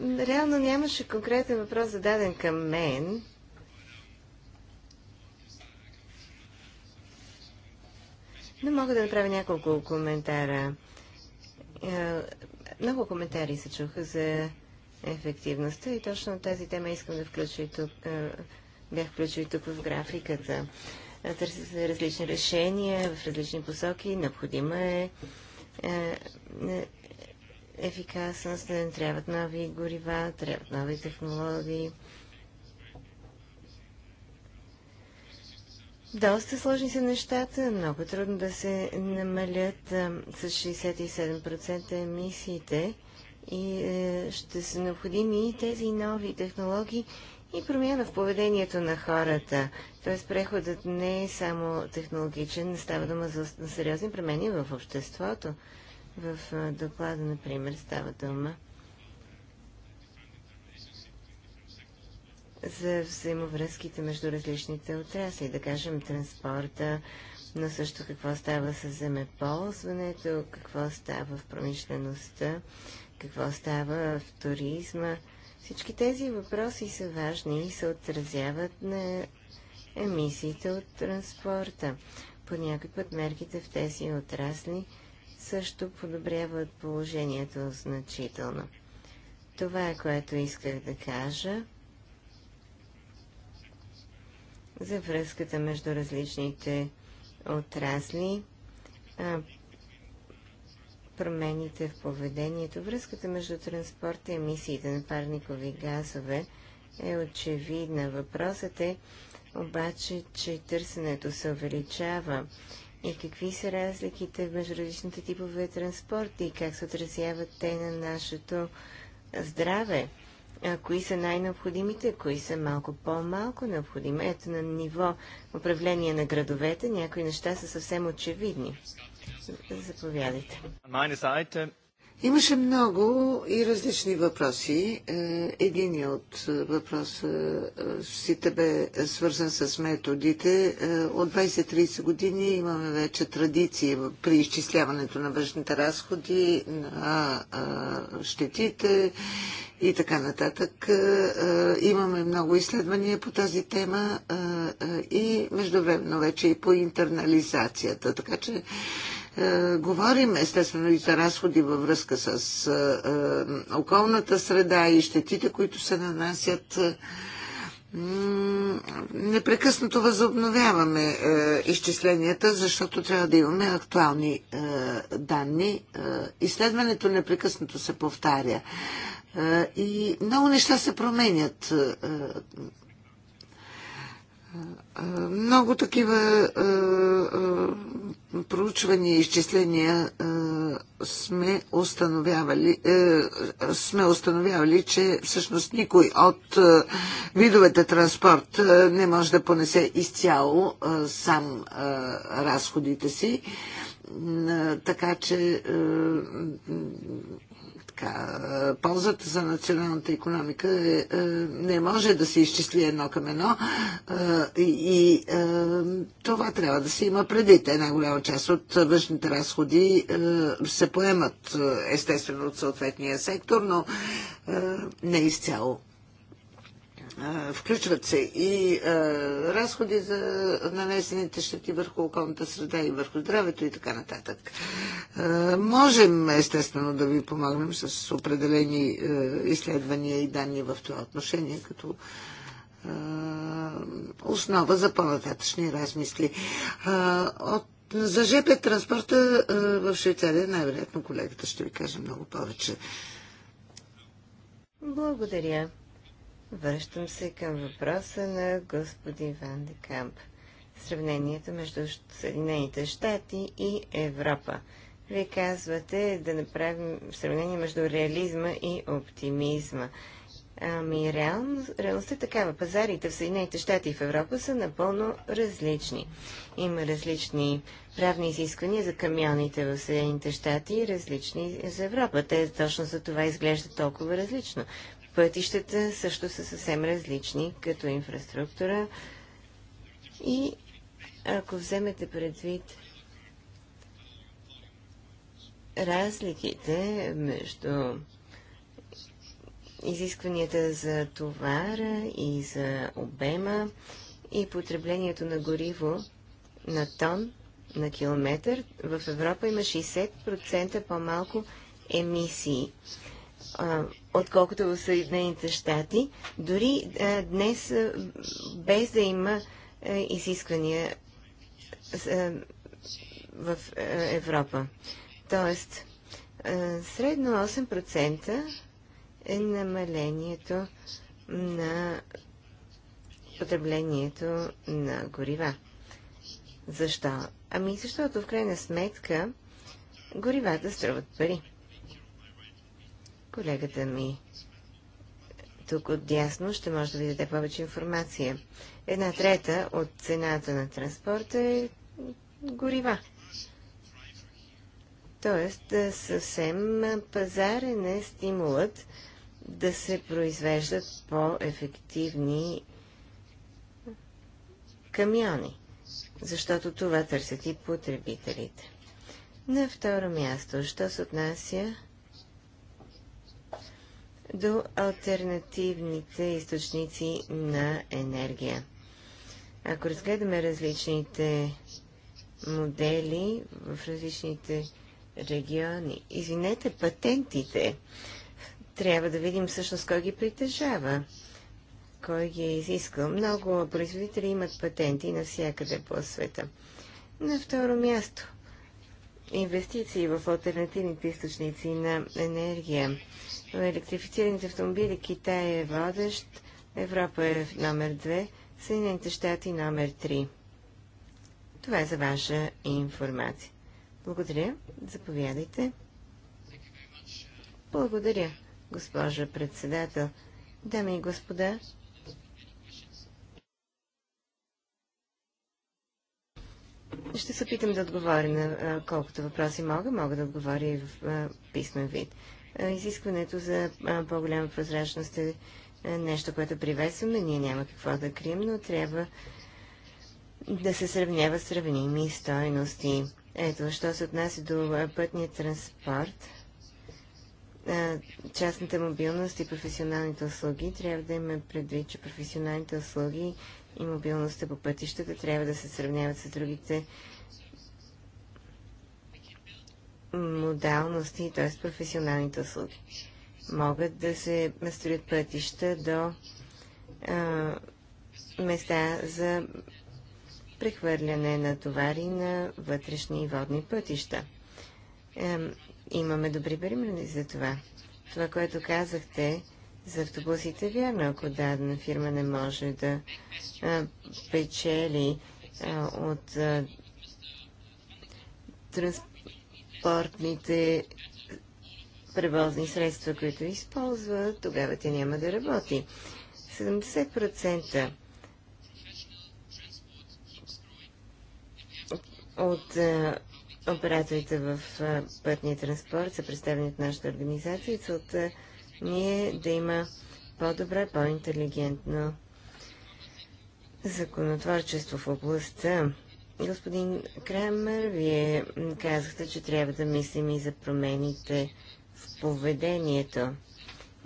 Реално нямаше конкретен въпрос зададен към мен. Не мога да направя няколко коментара. Е, много коментари се чуха за ефективността и точно тази тема искам да включа и тук. Е, бях включил и тук в графиката. Е, търсят се различни решения в различни посоки. Необходима е ефикасност, не трябват нови горива, трябват нови технологии. Доста сложни са нещата, много трудно да се намалят а, с 67% емисиите и е, ще са необходими и тези нови технологии и промяна в поведението на хората. Тоест преходът не е само технологичен, не става дума за сериозни промени в обществото. В а, доклада, например, става дума за взаимовръзките между различните отрасли, да кажем транспорта, но също какво става с земеползването, какво става в промишлеността, какво става в туризма. Всички тези въпроси са важни и се отразяват на емисиите от транспорта. По някой път мерките в тези отрасли също подобряват положението значително. Това е което исках да кажа за връзката между различните отрасли, а, промените в поведението. Връзката между транспорта и емисиите на парникови газове е очевидна. Въпросът е обаче, че търсенето се увеличава. И какви са разликите между различните типове транспорти и как се отразяват те на нашето здраве? кои са най-необходимите, кои са малко по-малко необходими. Ето на ниво управление на градовете някои неща са съвсем очевидни. Заповядайте. Имаше много и различни въпроси. Е, Един от въпроса е, си бе е свързан с методите. От 20-30 години имаме вече традиции при изчисляването на външните разходи, на щетите и така нататък. Имаме много изследвания по тази тема и междувременно вече и по интернализацията. Така че е, говорим естествено и за разходи във връзка с е, е, околната среда и щетите, които се нанасят. Непрекъснато възобновяваме изчисленията, защото трябва да имаме актуални данни. изследването непрекъснато се повтаря. и много неща се променят много такива проучвания и изчисления сме установявали, сме установявали, че всъщност никой от видовете транспорт не може да понесе изцяло сам разходите си. така че така. Е, ползата за националната економика е, е, не може да се изчисли едно към едно е, и е, това трябва да се има Те Една голяма част от външните разходи е, се поемат е, естествено от съответния сектор, но е, не изцяло. Включват се и разходи за нанесените щети върху околната среда и върху здравето и така нататък. Можем, естествено, да ви помогнем с определени изследвания и данни в това отношение, като основа за по-нататъчни размисли. От за ЖП транспорта в Швейцария най-вероятно колегата ще ви каже много повече. Благодаря. Връщам се към въпроса на господин Ван де Камп. Сравнението между Съединените щати и Европа. Вие казвате да направим сравнение между реализма и оптимизма. Ами, реално, реалността е такава. Пазарите в Съединените щати и в Европа са напълно различни. Има различни правни изисквания за камионите в Съединените щати и различни за Европа. Те точно за това изглеждат толкова различно. Пътищата също са съвсем различни като инфраструктура. И ако вземете предвид разликите между изискванията за товара и за обема и потреблението на гориво на тон на километър, в Европа има 60% по-малко емисии отколкото в Съединените щати, дори днес без да има изисквания в Европа. Тоест, средно 8% е намалението на потреблението на горива. Защо? Ами защото в крайна сметка горивата струват пари. Колегата ми тук отдясно ще може да ви даде повече информация. Една трета от цената на транспорта е горива. Тоест, съвсем пазарен е стимулът да се произвеждат по-ефективни камиони, защото това търсят и потребителите. На второ място, що се отнася до альтернативните източници на енергия. Ако разгледаме различните модели в различните региони, извинете, патентите, трябва да видим всъщност кой ги притежава, кой ги е изискал. Много производители имат патенти навсякъде по света. На второ място, инвестиции в альтернативните източници на енергия електрифицираните автомобили Китай е водещ, Европа е номер 2, Съединените щати номер 3. Това е за ваша информация. Благодаря. Заповядайте. Благодаря, госпожа председател. Дами и господа, ще се опитам да отговоря на колкото въпроси мога. Мога да отговоря и в писмен вид. Е, изискването за по-голяма прозрачност е, е нещо, което приветстваме. Ние няма какво да крием, но трябва да се сравнява сравними стойности. Ето, що се отнася до пътния транспорт, частната мобилност и професионалните услуги, трябва да има предвид, че професионалните услуги и мобилността по пътищата трябва да се сравняват с другите модалности, т.е. професионалните услуги. Могат да се строят пътища до а, места за прехвърляне на товари на вътрешни и водни пътища. А, имаме добри примери за това. Това, което казахте за автобусите, вярно, ако дадена фирма не може да а, печели а, от транспорт транспортните превозни средства, които използва, тогава тя няма да работи. 70% от е, операторите в е, пътния транспорт са представени от нашата организация и целта ни е да има по-добре, по-интелигентно законотворчество в областта Господин Крамер, вие казахте, че трябва да мислим и за промените в поведението.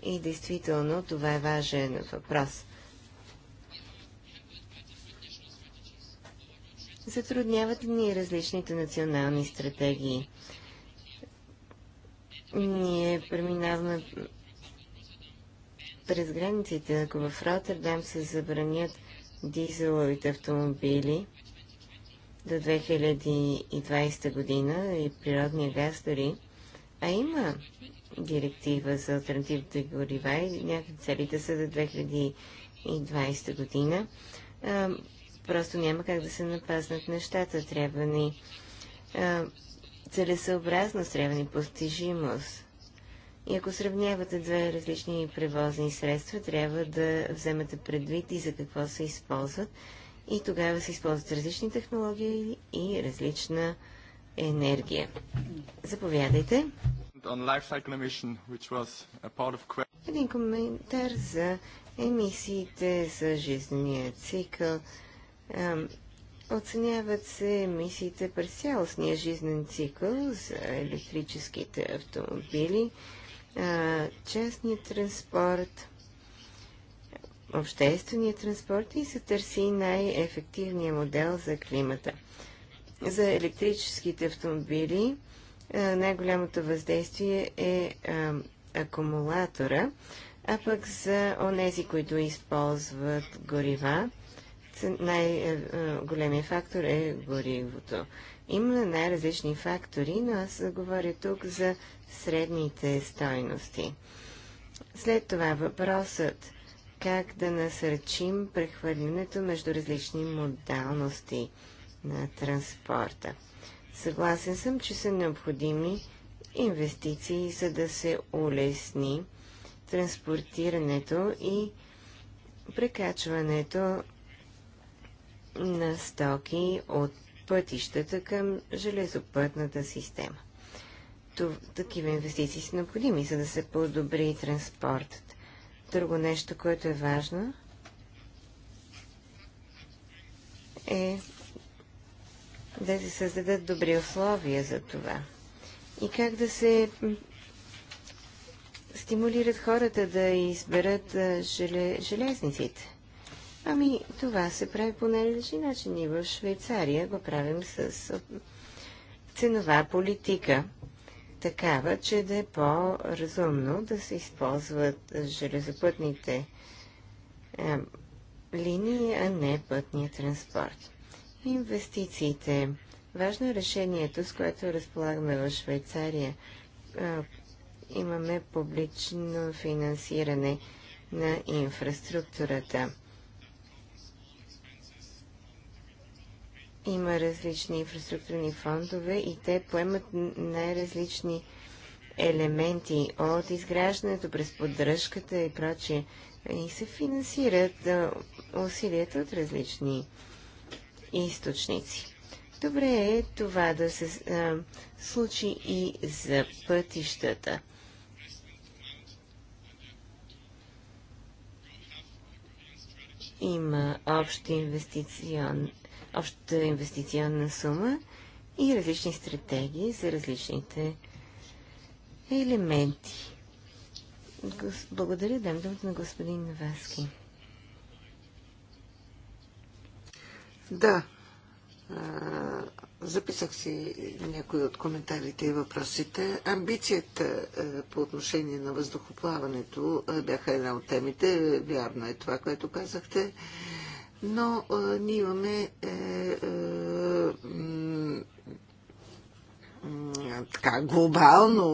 И действително това е важен въпрос. Затрудняват ни различните национални стратегии. Ние преминаваме през границите. Ако в Роттердам се забранят дизеловите автомобили, до 2020 година и природния газ дори, а има директива за альтернативните горива и някакви целите са до 2020 година. А, просто няма как да се напаснат нещата. Трябва ни а, целесъобразност, трябва ни постижимост. И ако сравнявате две различни превозни средства, трябва да вземете предвид и за какво се използват, и тогава се използват различни технологии и различна енергия. Заповядайте. Един коментар за емисиите за жизнения цикъл. оценяват се емисиите през цялостния жизнен цикъл за електрическите автомобили, частния транспорт обществения транспорт и се търси най-ефективният модел за климата. За електрическите автомобили най-голямото въздействие е акумулатора, а пък за онези, които използват горива, най-големият фактор е горивото. Има най-различни фактори, но аз говоря тук за средните стойности. След това въпросът как да насърчим прехвърлянето между различни модалности на транспорта. Съгласен съм, че са необходими инвестиции, за да се улесни транспортирането и прекачването на стоки от пътищата към железопътната система. Такива инвестиции са необходими, за да се подобри транспортът. Друго нещо, което е важно, е да се създадат добри условия за това. И как да се стимулират хората да изберат желе... железниците. Ами, това се прави по най-различни начини. В Швейцария го правим с ценова политика – такава, че да е по-разумно да се използват железопътните е, линии, а не пътния транспорт. Инвестициите. Важно е решението, с което разполагаме в Швейцария. Е, имаме публично финансиране на инфраструктурата. Има различни инфраструктурни фондове и те поемат най-различни елементи от изграждането през поддръжката и прочие. И се финансират усилията от различни източници. Добре е това да се а, случи и за пътищата. Има общ инвестицион, общата инвестиционна сума и различни стратегии за различните елементи. Благодаря, дам думата на господин Наваски. Да, Записах си някои от коментарите и въпросите. Амбицията по отношение на въздухоплаването бяха една от темите. Вярно е това, което казахте но а, ние имаме е, е, така глобално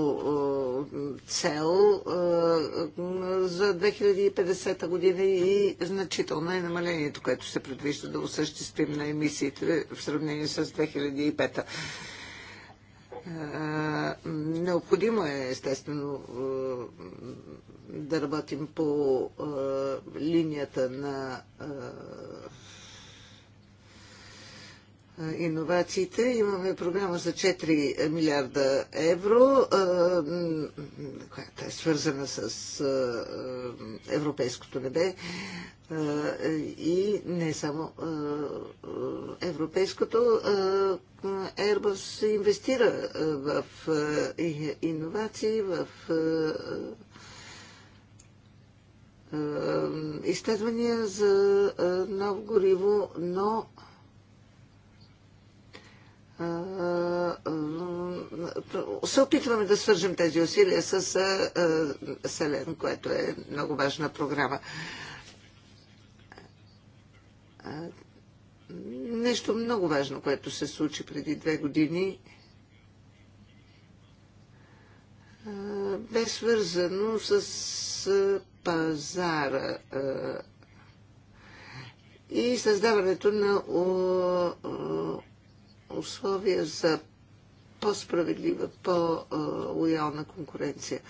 цел за 2050 година и значително е намалението, което се предвижда да осъществим на емисиите в сравнение с 2005. Необходимо е, естествено, да работим по а, линията на иновациите. Имаме програма за 4 милиарда евро, която е свързана с европейското небе и не само европейското. Airbus инвестира в иновации, в е, изследвания за е, ново гориво, но е, се опитваме да свържем тези усилия с Селен, което е много важна програма. Нещо много важно, което се случи преди две години, бе свързано с пазара и създаването на условия за по-справедлива, по-лоялна конкуренция.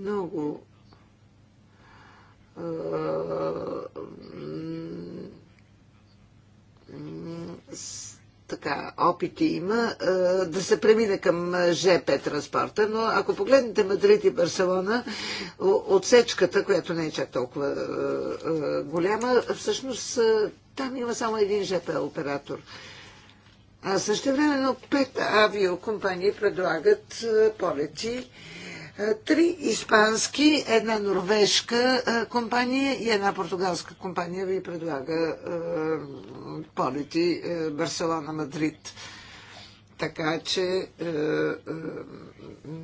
Много така, опити има а, е, да се премине към е, ЖП транспорта, но ако погледнете Мадрид и Барселона, отсечката, която не е чак толкова а, е, а, голяма, всъщност там има само един ЖП оператор. А също времено пет авиокомпании предлагат полети е, три испански, една норвежка е, компания и една португалска компания ви предлага е, полети Барселона-Мадрид. Така че е, е,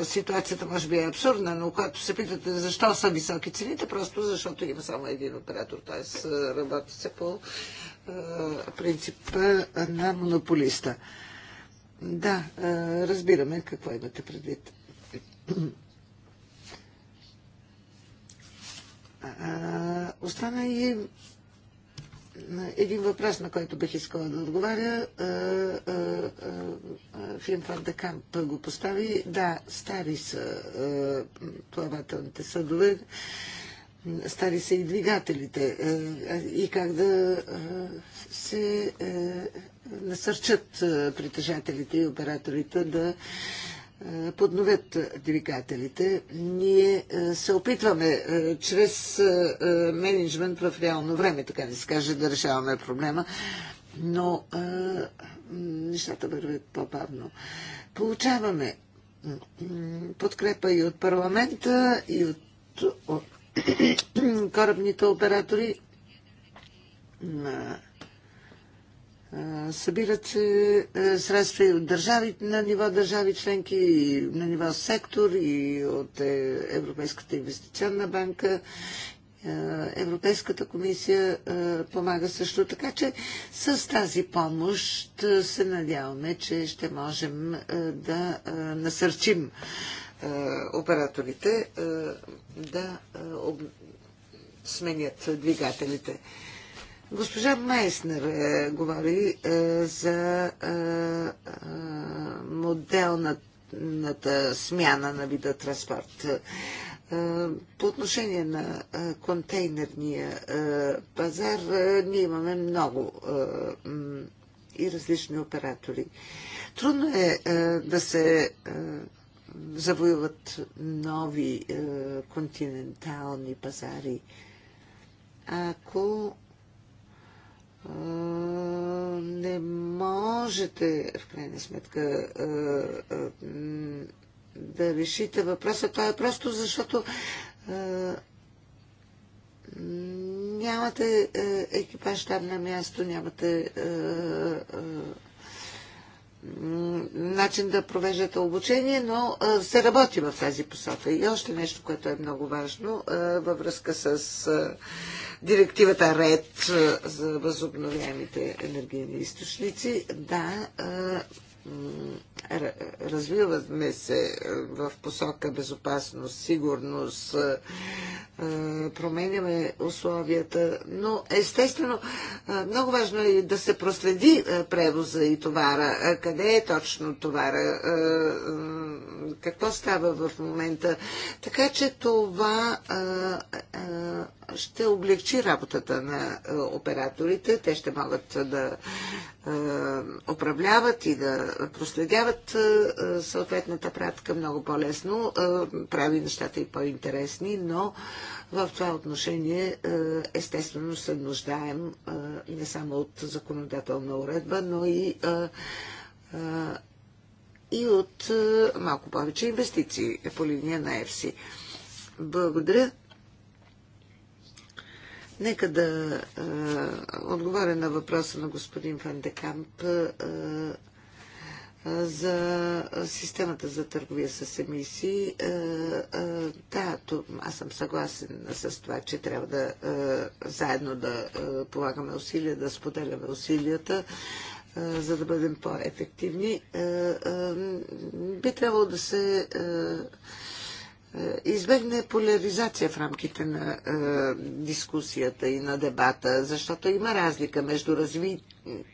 е, ситуацията може би е абсурдна, но когато се питате защо са високи цените, просто защото има само един оператор, т.е. работи се по принципа на монополиста. Да, разбираме какво имате предвид остана и един въпрос, на който бих искала да отговаря. Филм Фан де Камп го постави. Да, стари са плавателните съдове, стари са и двигателите. И как да се насърчат притежателите и операторите да е, подновят двигателите. Ние е, се опитваме е, чрез менеджмент в реално време, така да се каже, да решаваме проблема, но нещата вървят по-бавно. Получаваме подкрепа и от парламента, и от корабните оператори. Събират се средства и от държави, на ниво държави членки, и на ниво сектор, и от е, Европейската инвестиционна банка. Европейската комисия помага също. Така че с тази помощ се надяваме, че ще можем да насърчим операторите да сменят двигателите. Госпожа Мейснер е, говори е, за е, е, моделната смяна на вида транспорт. Е, по отношение на е, контейнерния е, пазар, е, ние имаме много е, и различни оператори. Трудно е, е да се. Е, завоюват нови е, континентални пазари. Ако не можете, в крайна сметка, да решите въпроса. Той е просто защото нямате екипаж там на място, нямате начин да провеждате обучение, но се работи в тази посока. И още нещо, което е много важно във връзка с директивата РЕД за възобновяемите енергийни източници. Да, развиваме се в посока безопасност, сигурност, променяме условията, но естествено много важно е да се проследи превоза и товара. Къде е точно товара? Какво става в момента? Така че това ще облегчи работата на операторите. Те ще могат да управляват и да проследяват е, е, съответната пратка много по-лесно, е, прави нещата и по-интересни, но в това отношение естествено се нуждаем не само от законодателна уредба, но и, и от малко повече инвестиции по линия на ЕФСИ. Благодаря. Нека да е, отговоря на въпроса на господин Фандекамп. е, за системата за търговия с емисии. Да, аз съм съгласен с това, че трябва да заедно да полагаме усилия, да споделяме усилията, за да бъдем по-ефективни. Би трябвало да се избегне поляризация в рамките на дискусията и на дебата, защото има разлика между развитие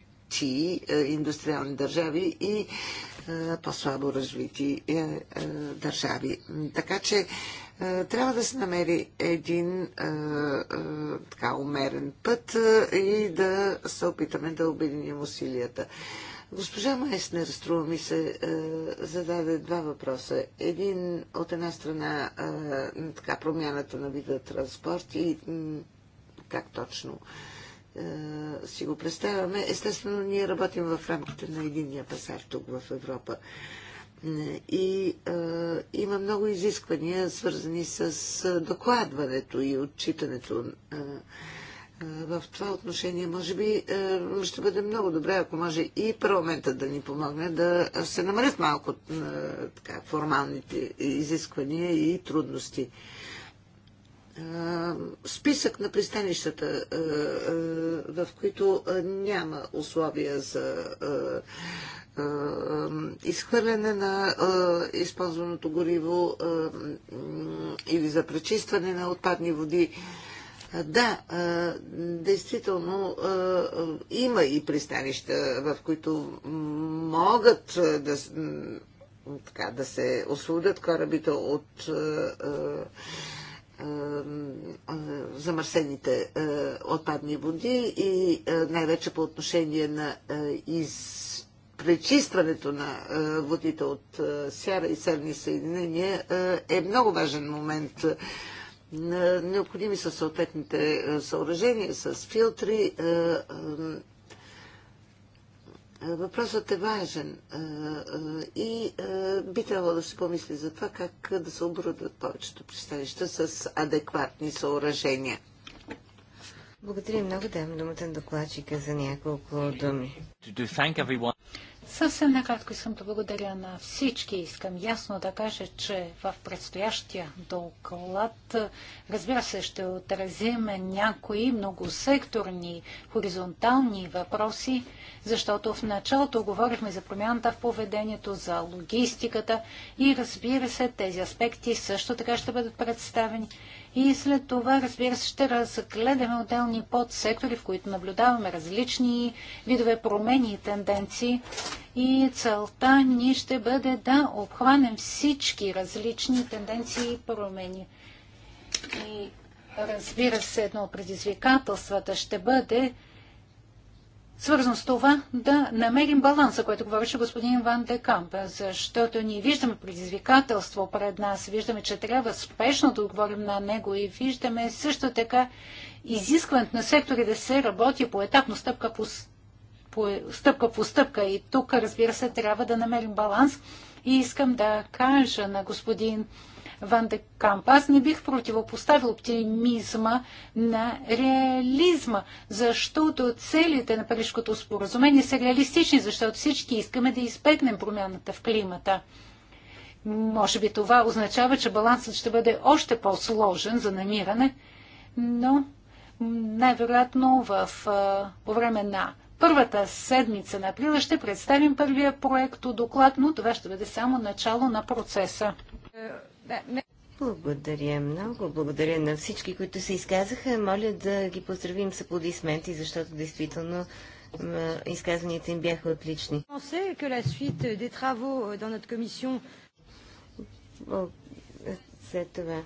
развити е, индустриални държави и е, по-слабо развити е, държави. Така че трябва да се намери един така умерен път и да се опитаме да обединим усилията. Госпожа Майснер, струва ми се, зададе два въпроса. Един от една страна така, промяната на вида транспорт и как точно е, си го представяме. Естествено, ние работим в рамките на единния пазар тук в Европа. Е, и е, има много изисквания, свързани с е, докладването и отчитането. е, в това отношение, може би, ще бъде много добре, ако може и парламента да ни помогне да се намалят малко така, формалните изисквания и трудности. Е, списък на пристанищата, е, е, в които няма условия за изхвърляне на използваното гориво или за пречистване на отпадни води. Да, действително има и пристанища, в които могат да, така, да се освободят корабите от замърсените отпадни води и най-вече по отношение на пречистването на водите от сяра и северни съединения е много важен момент. Необходими са съответните съоръжения с филтри е, въпросът е важен е, е, и би трябвало да се помисли за това как да се оборудват повечето пристанища с адекватни съоръжения. Благодаря много. Дам думата на докладчика за няколко думи. Съвсем накратко искам да благодаря на всички. Искам ясно да кажа, че в предстоящия доклад, разбира се, ще отразим някои многосекторни, хоризонтални въпроси, защото в началото говорихме за промяната в поведението, за логистиката и разбира се, тези аспекти също така ще бъдат представени. И след това, разбира се, ще разгледаме отделни подсектори, в които наблюдаваме различни видове промени и тенденции. И целта ни ще бъде да обхванем всички различни тенденции и промени. И разбира се, едно от предизвикателствата ще бъде свързан с това да намерим баланса, което говореше господин Ван де Камп, защото ние виждаме предизвикателство пред нас, виждаме, че трябва спешно да отговорим на него и виждаме също така изискването на сектори да се работи по етапно стъпка по, по, е- стъпка по стъпка. И тук, разбира се, трябва да намерим баланс. И искам да кажа на господин Ван де Камп. Аз не бих противопоставил оптимизма на реализма, защото целите на Парижското споразумение са реалистични, защото всички искаме да изпекнем промяната в климата. Може би това означава, че балансът ще бъде още по-сложен за намиране, но най-вероятно в, по време на първата седмица на април ще представим първия проект доклад, но това ще бъде само начало на процеса. Е, благодаря много. Благодаря на всички, които се изказаха. Моля да ги поздравим с аплодисменти, защото действително изказванията им бяха отлични. След това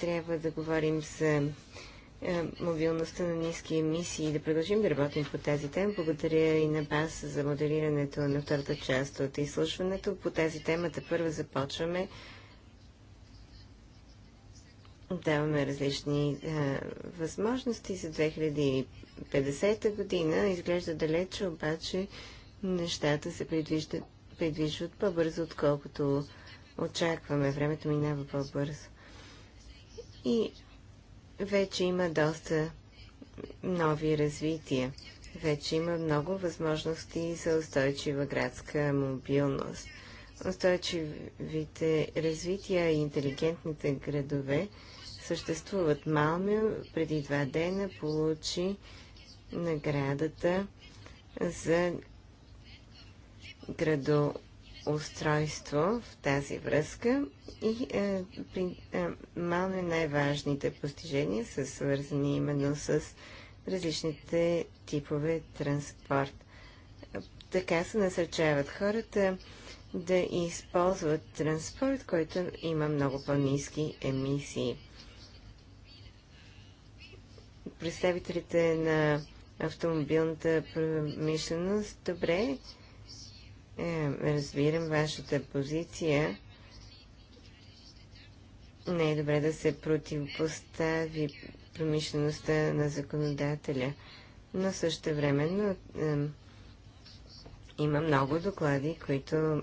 трябва да говорим с мобилността на ниски емисии и да продължим да работим по тази тема. Благодаря и на вас за моделирането на втората част от изслушването. По тази темата първо започваме даваме различни а, е, възможности за 2050 година. Изглежда далече, обаче нещата се предвиждат, предвиждат по-бързо, отколкото очакваме. Времето минава по-бързо. И вече има доста нови развития. Вече има много възможности за устойчива градска мобилност. Устойчивите развития и интелигентните градове – съществуват. Малме преди два дена получи наградата за градоустройство в тази връзка и е, при, е, Малме най-важните постижения са свързани именно с различните типове транспорт. Така се насърчават хората да използват транспорт, който има много по-низки емисии представителите на автомобилната промишленост. Добре, е, разбирам вашата позиция. Не е добре да се противопостави промишлеността на законодателя, но също времено е, има много доклади, които е,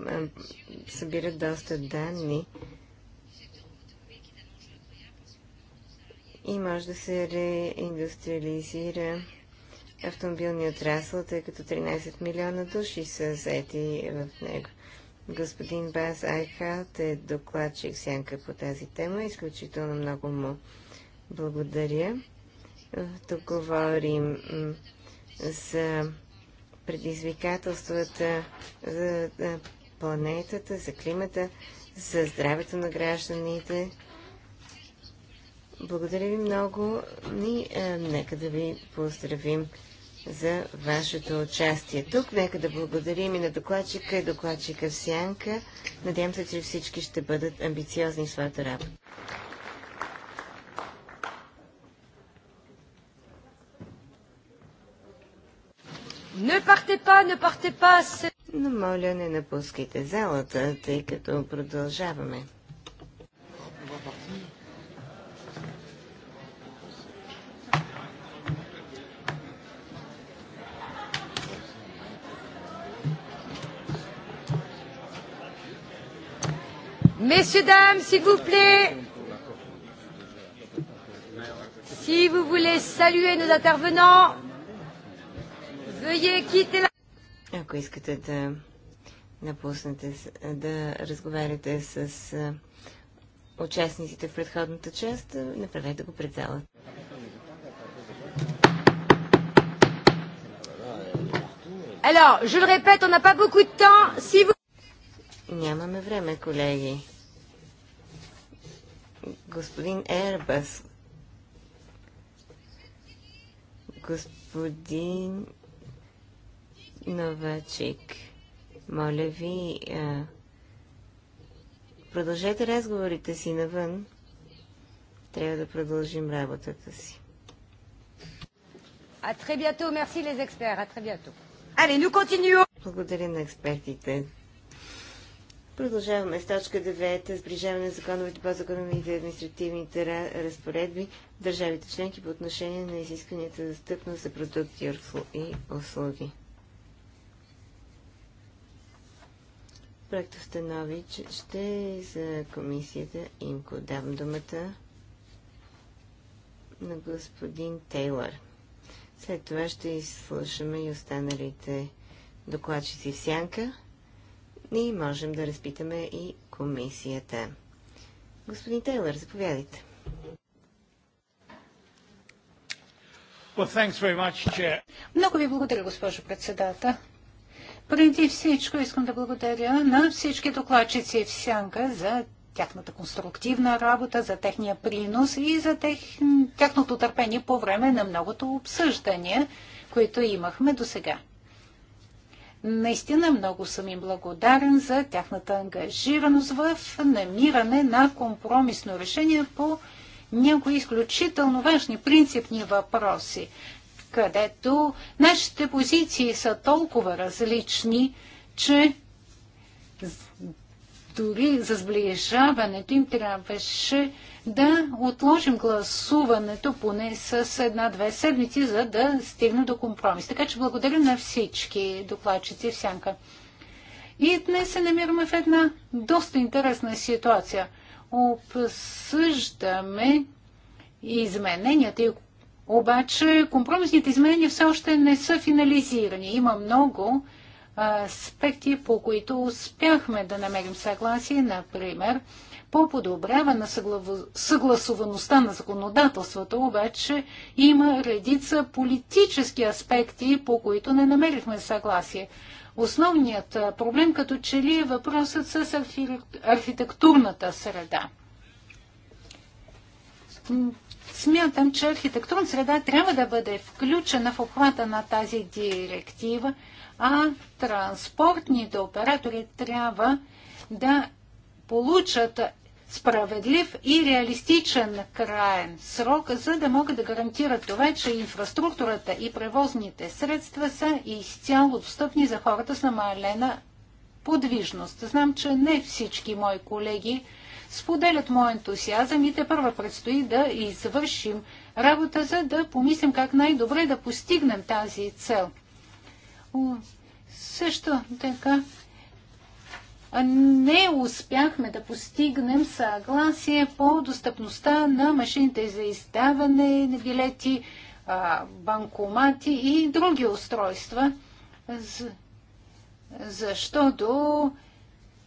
събират доста данни и може да се реиндустриализира автомобилния отрасъл, тъй като 13 милиона души са заети в него. Господин Бас Айхалт е докладчик сянка по тази тема. Изключително много му благодаря. Тук говорим за предизвикателствата за планетата, за климата, за здравето на гражданите, благодаря ви много и е, нека да ви поздравим за вашето участие тук. Нека да благодарим и на докладчика и докладчика в Сянка. Надявам се, че всички ще бъдат амбициозни в своята работа. Не парте па, не парте па! Но моля, не напускайте залата, тъй като продължаваме. Messieurs, dames, s'il vous plaît, si vous voulez saluer nos intervenants, veuillez quitter la... Ако искате да напуснете, да разговаряте с участниците в предходната част, направете го пред залата. Alors, je le répète, on n'a pas beaucoup de temps. Si vous... Нямаме време, колеги. Господин Ербас. Господин Новачик. Моля ви, а... продължете разговорите си навън. Трябва да продължим работата си. А très bientôt, merci les experts, à très bientôt. Allez, nous continuons. Благодаря на експертите. Продължаваме с точка 9. Сближаване на законовите, подзаконовите и административните разпоредби в държавите членки по отношение на изискванията за стъпност за продукти и услуги. Проекто становище ще е за комисията Имко. Давам думата на господин Тейлър. След това ще изслушаме и останалите докладчици в сянка. Ние можем да разпитаме и комисията. Господин Тейлър, заповядайте. Много ви благодаря, госпожо председател. Преди всичко искам да благодаря на всички докладчици в Сянка за тяхната конструктивна работа, за техния принос и за тех... тяхното търпение по време на многото обсъждания, които имахме до сега. Наистина много съм им благодарен за тяхната ангажираност в намиране на компромисно решение по някои изключително важни принципни въпроси, където нашите позиции са толкова различни, че дори за сближаването им трябваше да отложим гласуването поне с една-две седмици, за да стигнем до компромис. Така че благодаря на всички докладчици в Сянка. И днес се намираме в една доста интересна ситуация. Обсъждаме измененията обаче компромисните изменения все още не са финализирани. Има много аспекти, по които успяхме да намерим съгласие. Например, по подобряване на съгласуваността на законодателството обаче има редица политически аспекти, по които не намерихме съгласие. Основният проблем като че ли е въпросът с архи... архитектурната среда смятам, че архитектурна среда трябва да бъде включена в обхвата на тази директива, а транспортните оператори трябва да получат справедлив и реалистичен краен срок, за да могат да гарантират това, че инфраструктурата и превозните средства са изцяло достъпни за хората с намалена подвижност. Знам, че не всички мои колеги споделят моят ентусиазъм и те първа предстои да извършим работа, за да помислим как най-добре да постигнем тази цел. също така не успяхме да постигнем съгласие по достъпността на машините за издаване на билети, банкомати и други устройства, защото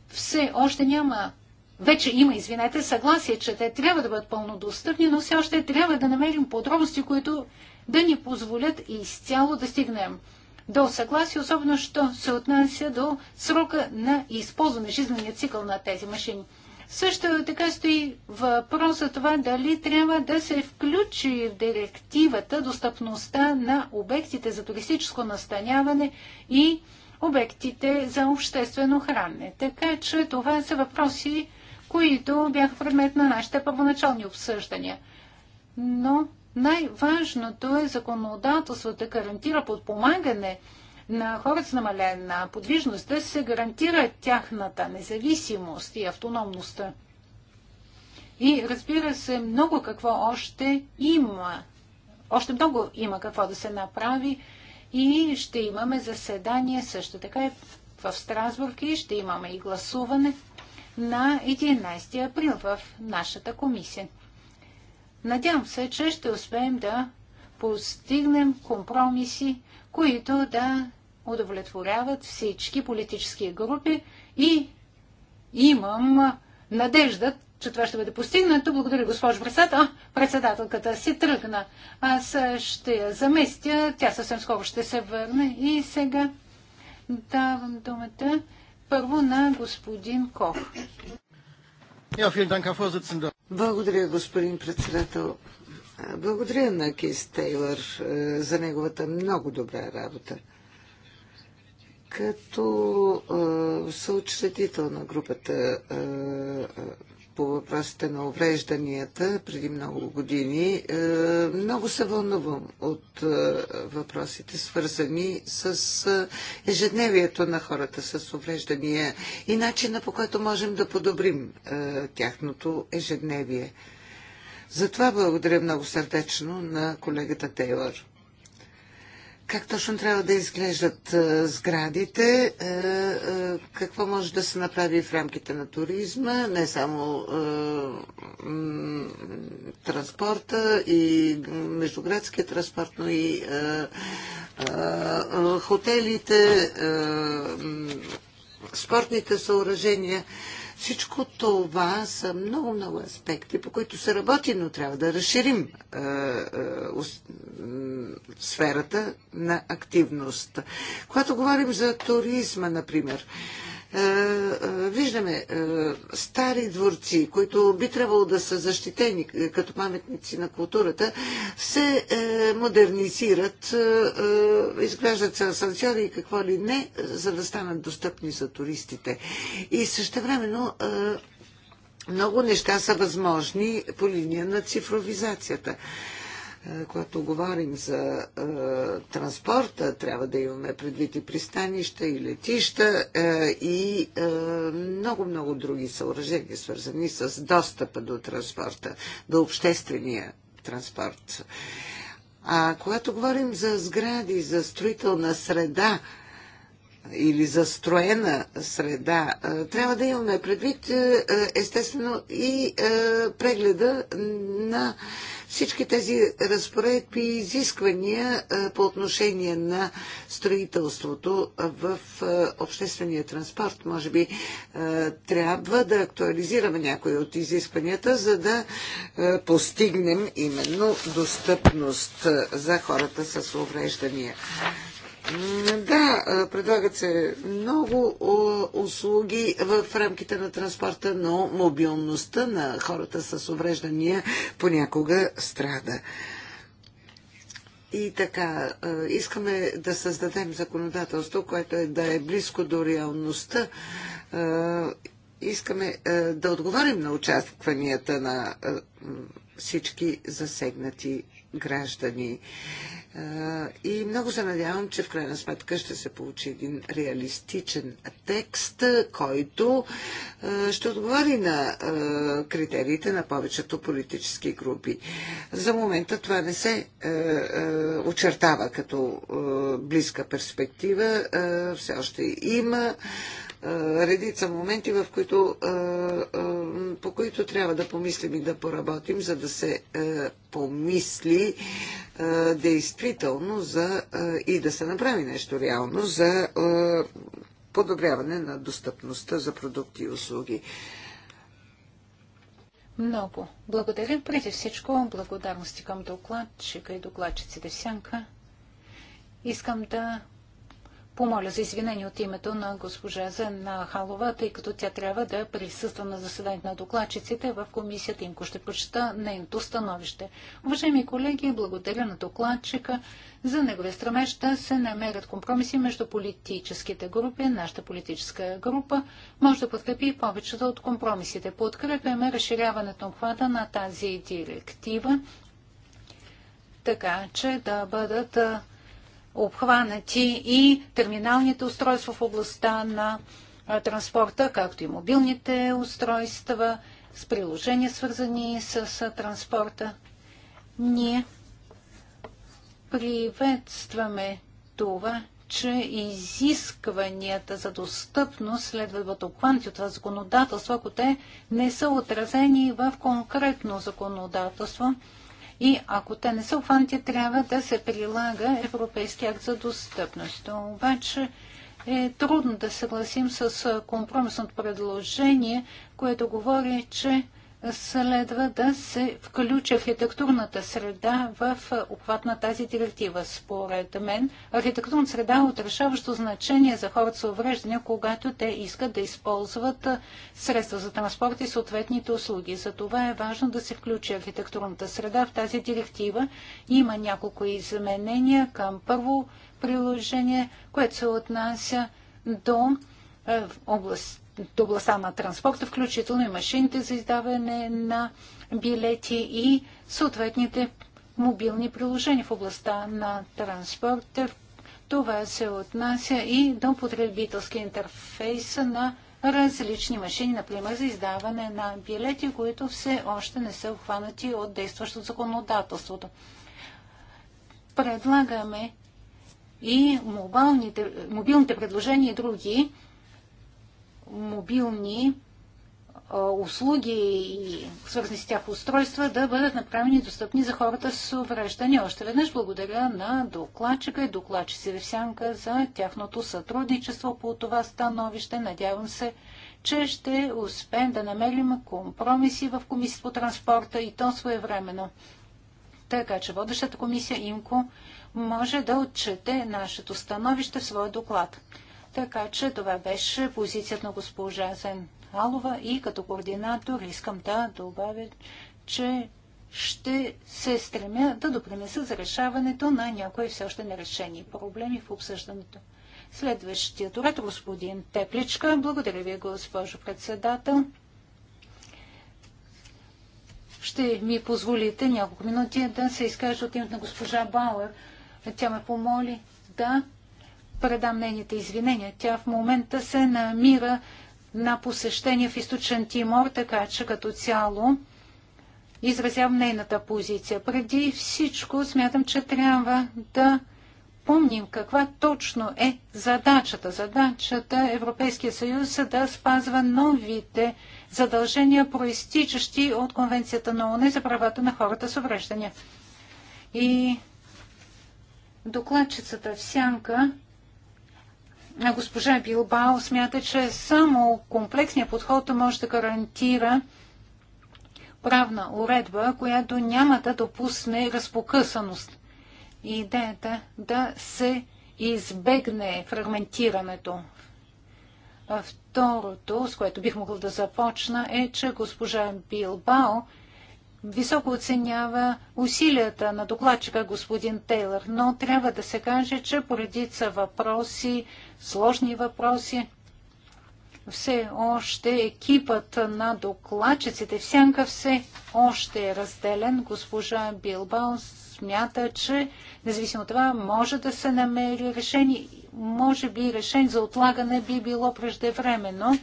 все още няма вече има, извинете, съгласие, че те трябва да бъдат пълнодостъпни, но все още трябва да намерим подробности, които да ни позволят изцяло да стигнем до съгласие, особено що се отнася до срока на използване жизнения цикъл на тези машини. Също така стои въпрос за това дали трябва да се включи в директивата достъпността на обектите за туристическо настаняване и обектите за обществено хранене. Така че това са въпроси, които бяха предмет на нашите първоначални обсъждания. Но най-важното е законодателството да гарантира подпомагане на хората с намалена подвижност, да се гарантира тяхната независимост и автономност. И разбира се, много какво още има. Още много има какво да се направи и ще имаме заседание също така и в Страсбург и ще имаме и гласуване на 11 април в нашата комисия. Надявам се, че ще успеем да постигнем компромиси, които да удовлетворяват всички политически групи и имам надежда, че това ще бъде постигнато. Благодаря, госпожо председател. А, председателката си тръгна. Аз ще я заместя. Тя съвсем скоро ще се върне. И сега давам думата първо на господин Кох. Благодаря, господин председател. Благодаря на Кис Тейлър е, за неговата много добра работа. Като е, съучредител на групата е, по въпросите на уврежданията преди много години, е, много се вълнувам от е, въпросите, свързани с е, ежедневието на хората с увреждания и начина по който можем да подобрим тяхното ежедневие. Затова благодаря много сърдечно на колегата Тейлор как точно трябва да изглеждат сградите, какво може да се направи в рамките на туризма, не само транспорта и междуградския транспорт, но и хотелите, спортните съоръжения. Всичко това са много-много аспекти, по които се работи, но трябва да разширим е, е, сферата на активност. Когато говорим за туризма, например, е, е, е, виждаме е, стари дворци, които би трябвало да са защитени като паметници на културата, се модернизират, изграждат се асансьори и какво ли не, за да станат достъпни за туристите. И същевременно много неща са възможни по линия на цифровизацията. Е, когато говорим за е, транспорта, трябва да имаме предвид и пристанища, и летища, е, и много-много други съоръжения, свързани с достъпа до транспорта, до обществения транспорт. А когато говорим за сгради, за строителна среда, или застроена среда, трябва да имаме предвид естествено и прегледа на всички тези разпоредби и изисквания по отношение на строителството в обществения транспорт. Може би трябва да актуализираме някои от изискванията, за да постигнем именно достъпност за хората с увреждания. Да, предлагат се много услуги в рамките на транспорта, но мобилността на хората с увреждания понякога страда. И така, искаме да създадем законодателство, което е да е близко до реалността. Искаме да отговорим на очакванията на всички засегнати граждани. И много се надявам, че в крайна сметка ще се получи един реалистичен текст, който ще отговори на критериите на повечето политически групи. За момента това не се очертава като близка перспектива. Все още има е, редица моменти, в които, е, е, по които трябва да помислим и да поработим, за да се помисли действително за, и да се направи нещо реално за подобряване на достъпността за продукти и услуги. Много. Благодаря. Преди всичко, благодарности към докладчика и докладчиците Сянка. Искам да помоля за извинение от името на госпожа Зена Халова, тъй като тя трябва да присъства на заседанието на докладчиците в комисията Имко. Ще прочета нейното становище. Уважаеми колеги, благодаря на докладчика за неговия стремеж да се намерят компромиси между политическите групи. Нашата политическа група може да подкрепи повечето от компромисите. Подкрепяме разширяването на обхвата на тази директива, така че да бъдат обхванати и терминалните устройства в областта на транспорта, както и мобилните устройства с приложения, свързани с транспорта. Ние приветстваме това, че изискванията за достъпност следва да бъдат обхванати от това законодателство, ако те не са отразени в конкретно законодателство. И ако те не са обхванати, трябва да се прилага Европейски акт за достъпност. Обаче е трудно да съгласим с компромисното предложение, което говори, че следва да се включи архитектурната среда в е, обхват на тази директива. Според мен, Архитектурна среда е отрешаващо значение за хората с увреждания, когато те искат да използват е, средства за транспорт и съответните услуги. За това е важно да се включи архитектурната среда в тази директива. Има няколко изменения към първо приложение, което се отнася до е, област областта на транспорта, включително и машините за издаване на билети и съответните мобилни приложения в областта на транспорта. Това се отнася и до потребителски интерфейс на различни машини, например, за издаване на билети, които все още не са обхванати от действащото законодателството. Предлагаме и мобилните предложения и други мобилни услуги и свързани с тях устройства да бъдат направени достъпни за хората с увреждане. Още веднъж благодаря на докладчика и докладчи в за тяхното сътрудничество по това становище. Надявам се, че ще успеем да намерим компромиси в Комисията по транспорта и то своевременно. Така че водещата комисия ИМКО може да отчете нашето становище в своя доклад. Така че това беше позицията на госпожа Зен Алова и като координатор искам да добавя, че ще се стремя да допринеса за решаването на някои все още нерешени проблеми в обсъждането. Следващият уред, господин Тепличка. Благодаря ви, госпожо председател. Ще ми позволите няколко минути да се изкажа от името на госпожа Бауер. Тя ме помоли да предам нейните извинения. Тя в момента се намира на посещение в източен Тимор, така че като цяло изразявам нейната позиция. Преди всичко смятам, че трябва да помним каква точно е задачата. Задачата е Европейския съюз е да спазва новите задължения, проистичащи от Конвенцията на ОНЕ за правата на хората с увреждания. И докладчицата в сянка Госпожа Билбао смята, че само комплексният подход може да гарантира правна уредба, която няма да допусне разпокъсаност. Идеята да се избегне фрагментирането. Второто, с което бих могъл да започна, е, че госпожа Билбао високо оценява усилията на докладчика господин Тейлър, но трябва да се каже, че поредица въпроси, сложни въпроси, все още екипът на докладчиците в Сянка все още е разделен. Госпожа Билбао смята, че независимо от това може да се намери решение. Може би решение за отлагане би било преждевременно.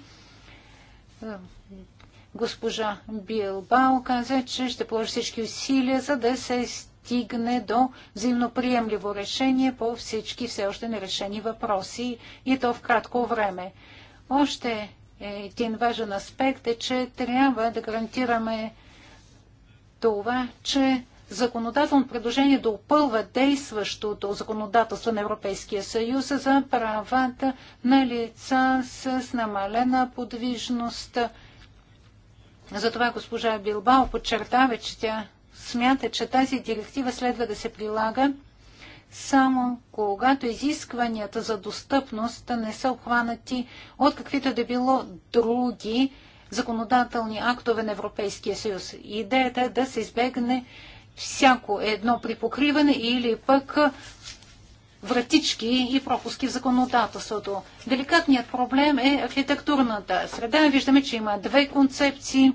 Госпожа Билбао каза, че ще положи всички усилия, за да се стигне до взаимноприемливо решение по всички все още нерешени въпроси и то в кратко време. Още един важен аспект е, че трябва да гарантираме това, че законодателно предложение допълва действащото законодателство на Европейския съюз за правата на лица с намалена подвижност, затова госпожа Билбао подчертава, че тя смята, че тази директива следва да се прилага само когато изискванията за достъпност не са обхванати от каквито да било други законодателни актове на Европейския съюз. Идеята е да се избегне всяко едно припокриване или пък вратички и пропуски в законодателството. Деликатният проблем е архитектурната среда. Виждаме, че има две концепции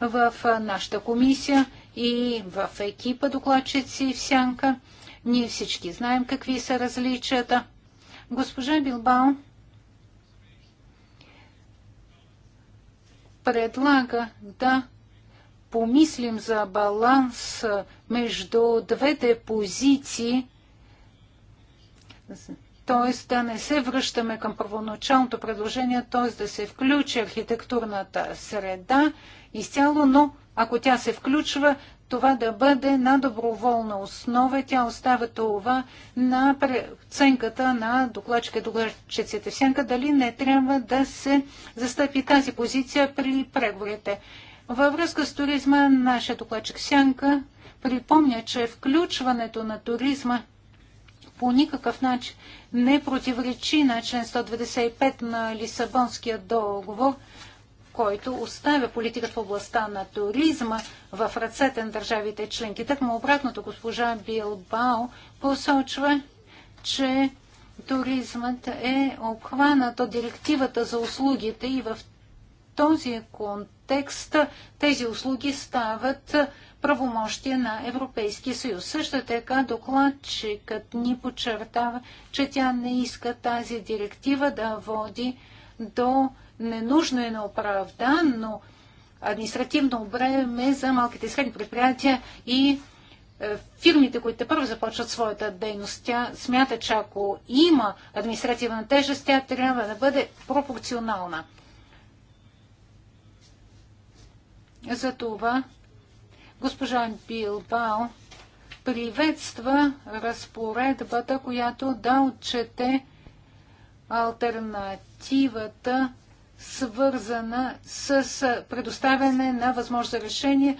в нашата комисия и в екипа докладчици в Сянка. Ние всички знаем какви са различията. Госпожа Билбао предлага да помислим за баланс между двете позиции т.е. да не се връщаме към първоначалното предложение, т.е. да се включи архитектурната среда изцяло, но ако тя се включва, това да бъде на доброволна основа. Тя остава това на преценката на докладчика и докладчиците сянка, дали не трябва да се застъпи тази позиция при преговорите. Във връзка с туризма, нашия докладчик Сянка припомня, че включването на туризма по никакъв начин не противоречи на член 195 на Лисабонския договор, който оставя политиката в областта на туризма в ръцете на държавите членки. Так му обратното госпожа Билбао посочва, че туризмът е обхванат от директивата за услугите и в този контекст тези услуги стават правомощия на Европейския съюз. Също така докладчикът ни подчертава, че тя не иска тази директива да води до ненужно и неоправдано административно бреме за малките и средни предприятия и е, фирмите, които първо започват своята дейност, тя смята, че ако има административна тежест, тя трябва да бъде пропорционална. За това. Госпожа Билбао приветства разпоредбата, която да отчете альтернативата, свързана с предоставяне на възможно решение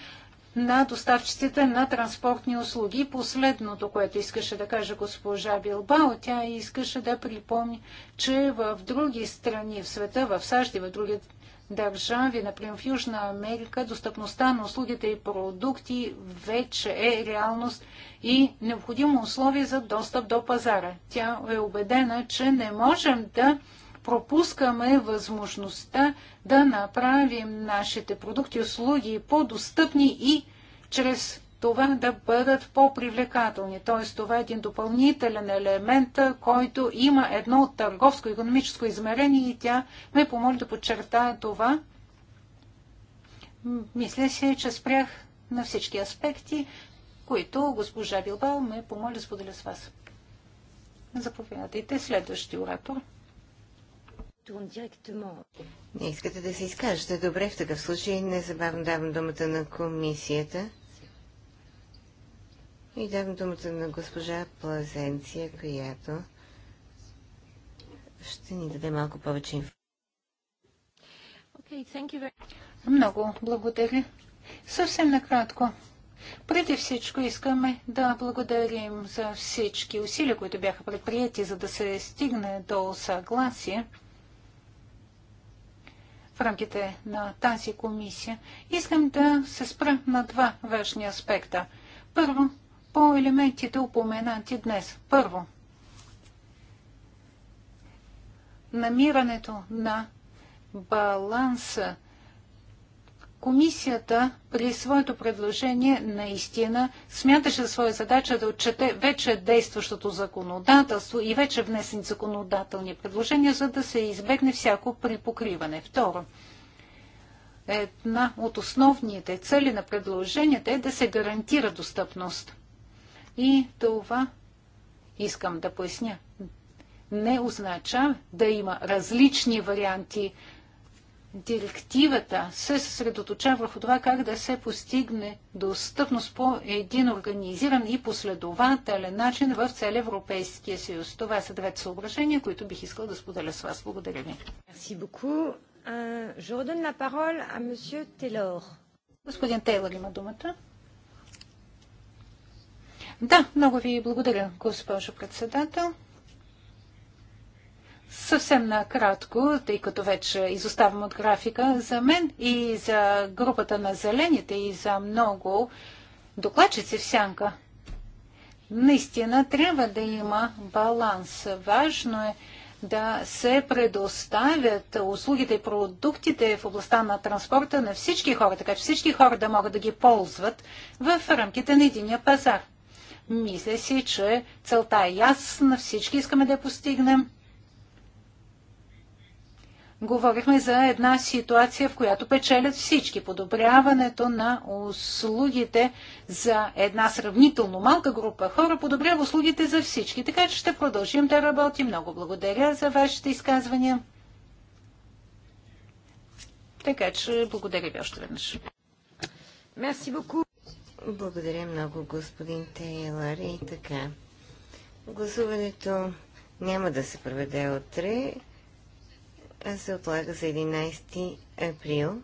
на доставчиците на транспортни услуги. Последното, което искаше да каже госпожа Билбао, тя искаше да припомни, че в други страни в света, в САЩ и в други държави, например в Южна Америка, достъпността на услугите и продукти вече е реалност и необходимо условие за достъп до пазара. Тя е убедена, че не можем да пропускаме възможността да направим нашите продукти и услуги по-достъпни и чрез това да бъдат по-привлекателни. Т.е. това е един допълнителен елемент, който има едно търговско-економическо измерение и тя ме помоли да подчертая това. Мисля си, че спрях на всички аспекти, които госпожа Билбал ме помоли да споделя с вас. Заповядайте, следващи оратор. Не искате да се изкажете. Добре, в такъв случай незабавно давам думата на комисията. И давам думата на госпожа Плазенция, която ще ни даде малко повече информация. Много благодаря. Съвсем накратко. Преди всичко искаме да благодарим за всички усилия, които бяха предприяти, за да се стигне до съгласие в рамките на тази комисия, искам да се спра на два важни аспекта. Първо, по елементите упоменати днес. Първо, намирането на баланса Комисията при своето предложение наистина смяташе за своя задача да отчете вече действащото законодателство и вече внесени законодателни предложения, за да се избегне всяко припокриване. Второ, една от основните цели на предложенията е да се гарантира достъпност. И това искам да поясня. Не означава да има различни варианти директивата се съсредоточава върху това как да се постигне достъпност по един организиран и последователен начин в целия Европейския съюз. Това са двете съображения, които бих искал да споделя с вас. Благодаря ви. Euh, Господин Тейлор има думата. Да, много ви благодаря, госпожо председател. Съвсем накратко, тъй като вече изоставам от графика, за мен и за групата на зелените и за много докладчици в сянка. Наистина трябва да има баланс. Важно е да се предоставят услугите и продуктите в областта на транспорта на всички хора, така че всички хора да могат да ги ползват в рамките на единия пазар. Мисля си, че целта е ясна, всички искаме да я постигнем говорихме за една ситуация, в която печелят всички. Подобряването на услугите за една сравнително малка група хора подобрява услугите за всички. Така че ще продължим да работим. Много благодаря за вашите изказвания. Така че благодаря ви още веднъж. Мерси Благодаря много, господин Тейлър. И така. Гласуването няма да се проведе утре се отлага за 11 април.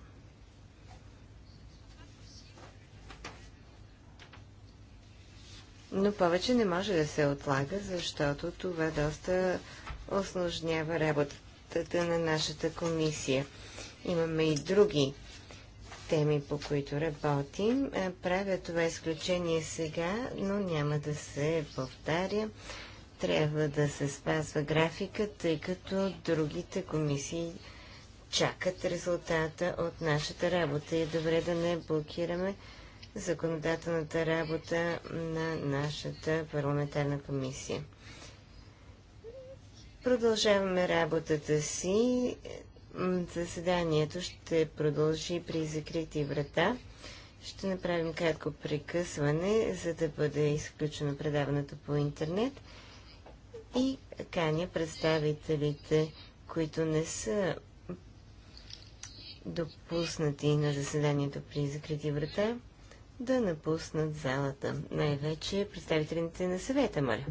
Но повече не може да се отлага, защото това доста осложнява работата на нашата комисия. Имаме и други теми, по които работим. Правя това изключение сега, но няма да се повтаря трябва да се спазва графика, тъй като другите комисии чакат резултата от нашата работа и е добре да не блокираме законодателната работа на нашата парламентарна комисия. Продължаваме работата си. Заседанието ще продължи при закрити врата. Ще направим кратко прекъсване, за да бъде изключено предаването по интернет и каня представителите, които не са допуснати на заседанието при закрити врата, да напуснат залата. Най-вече представителите на съвета, моля.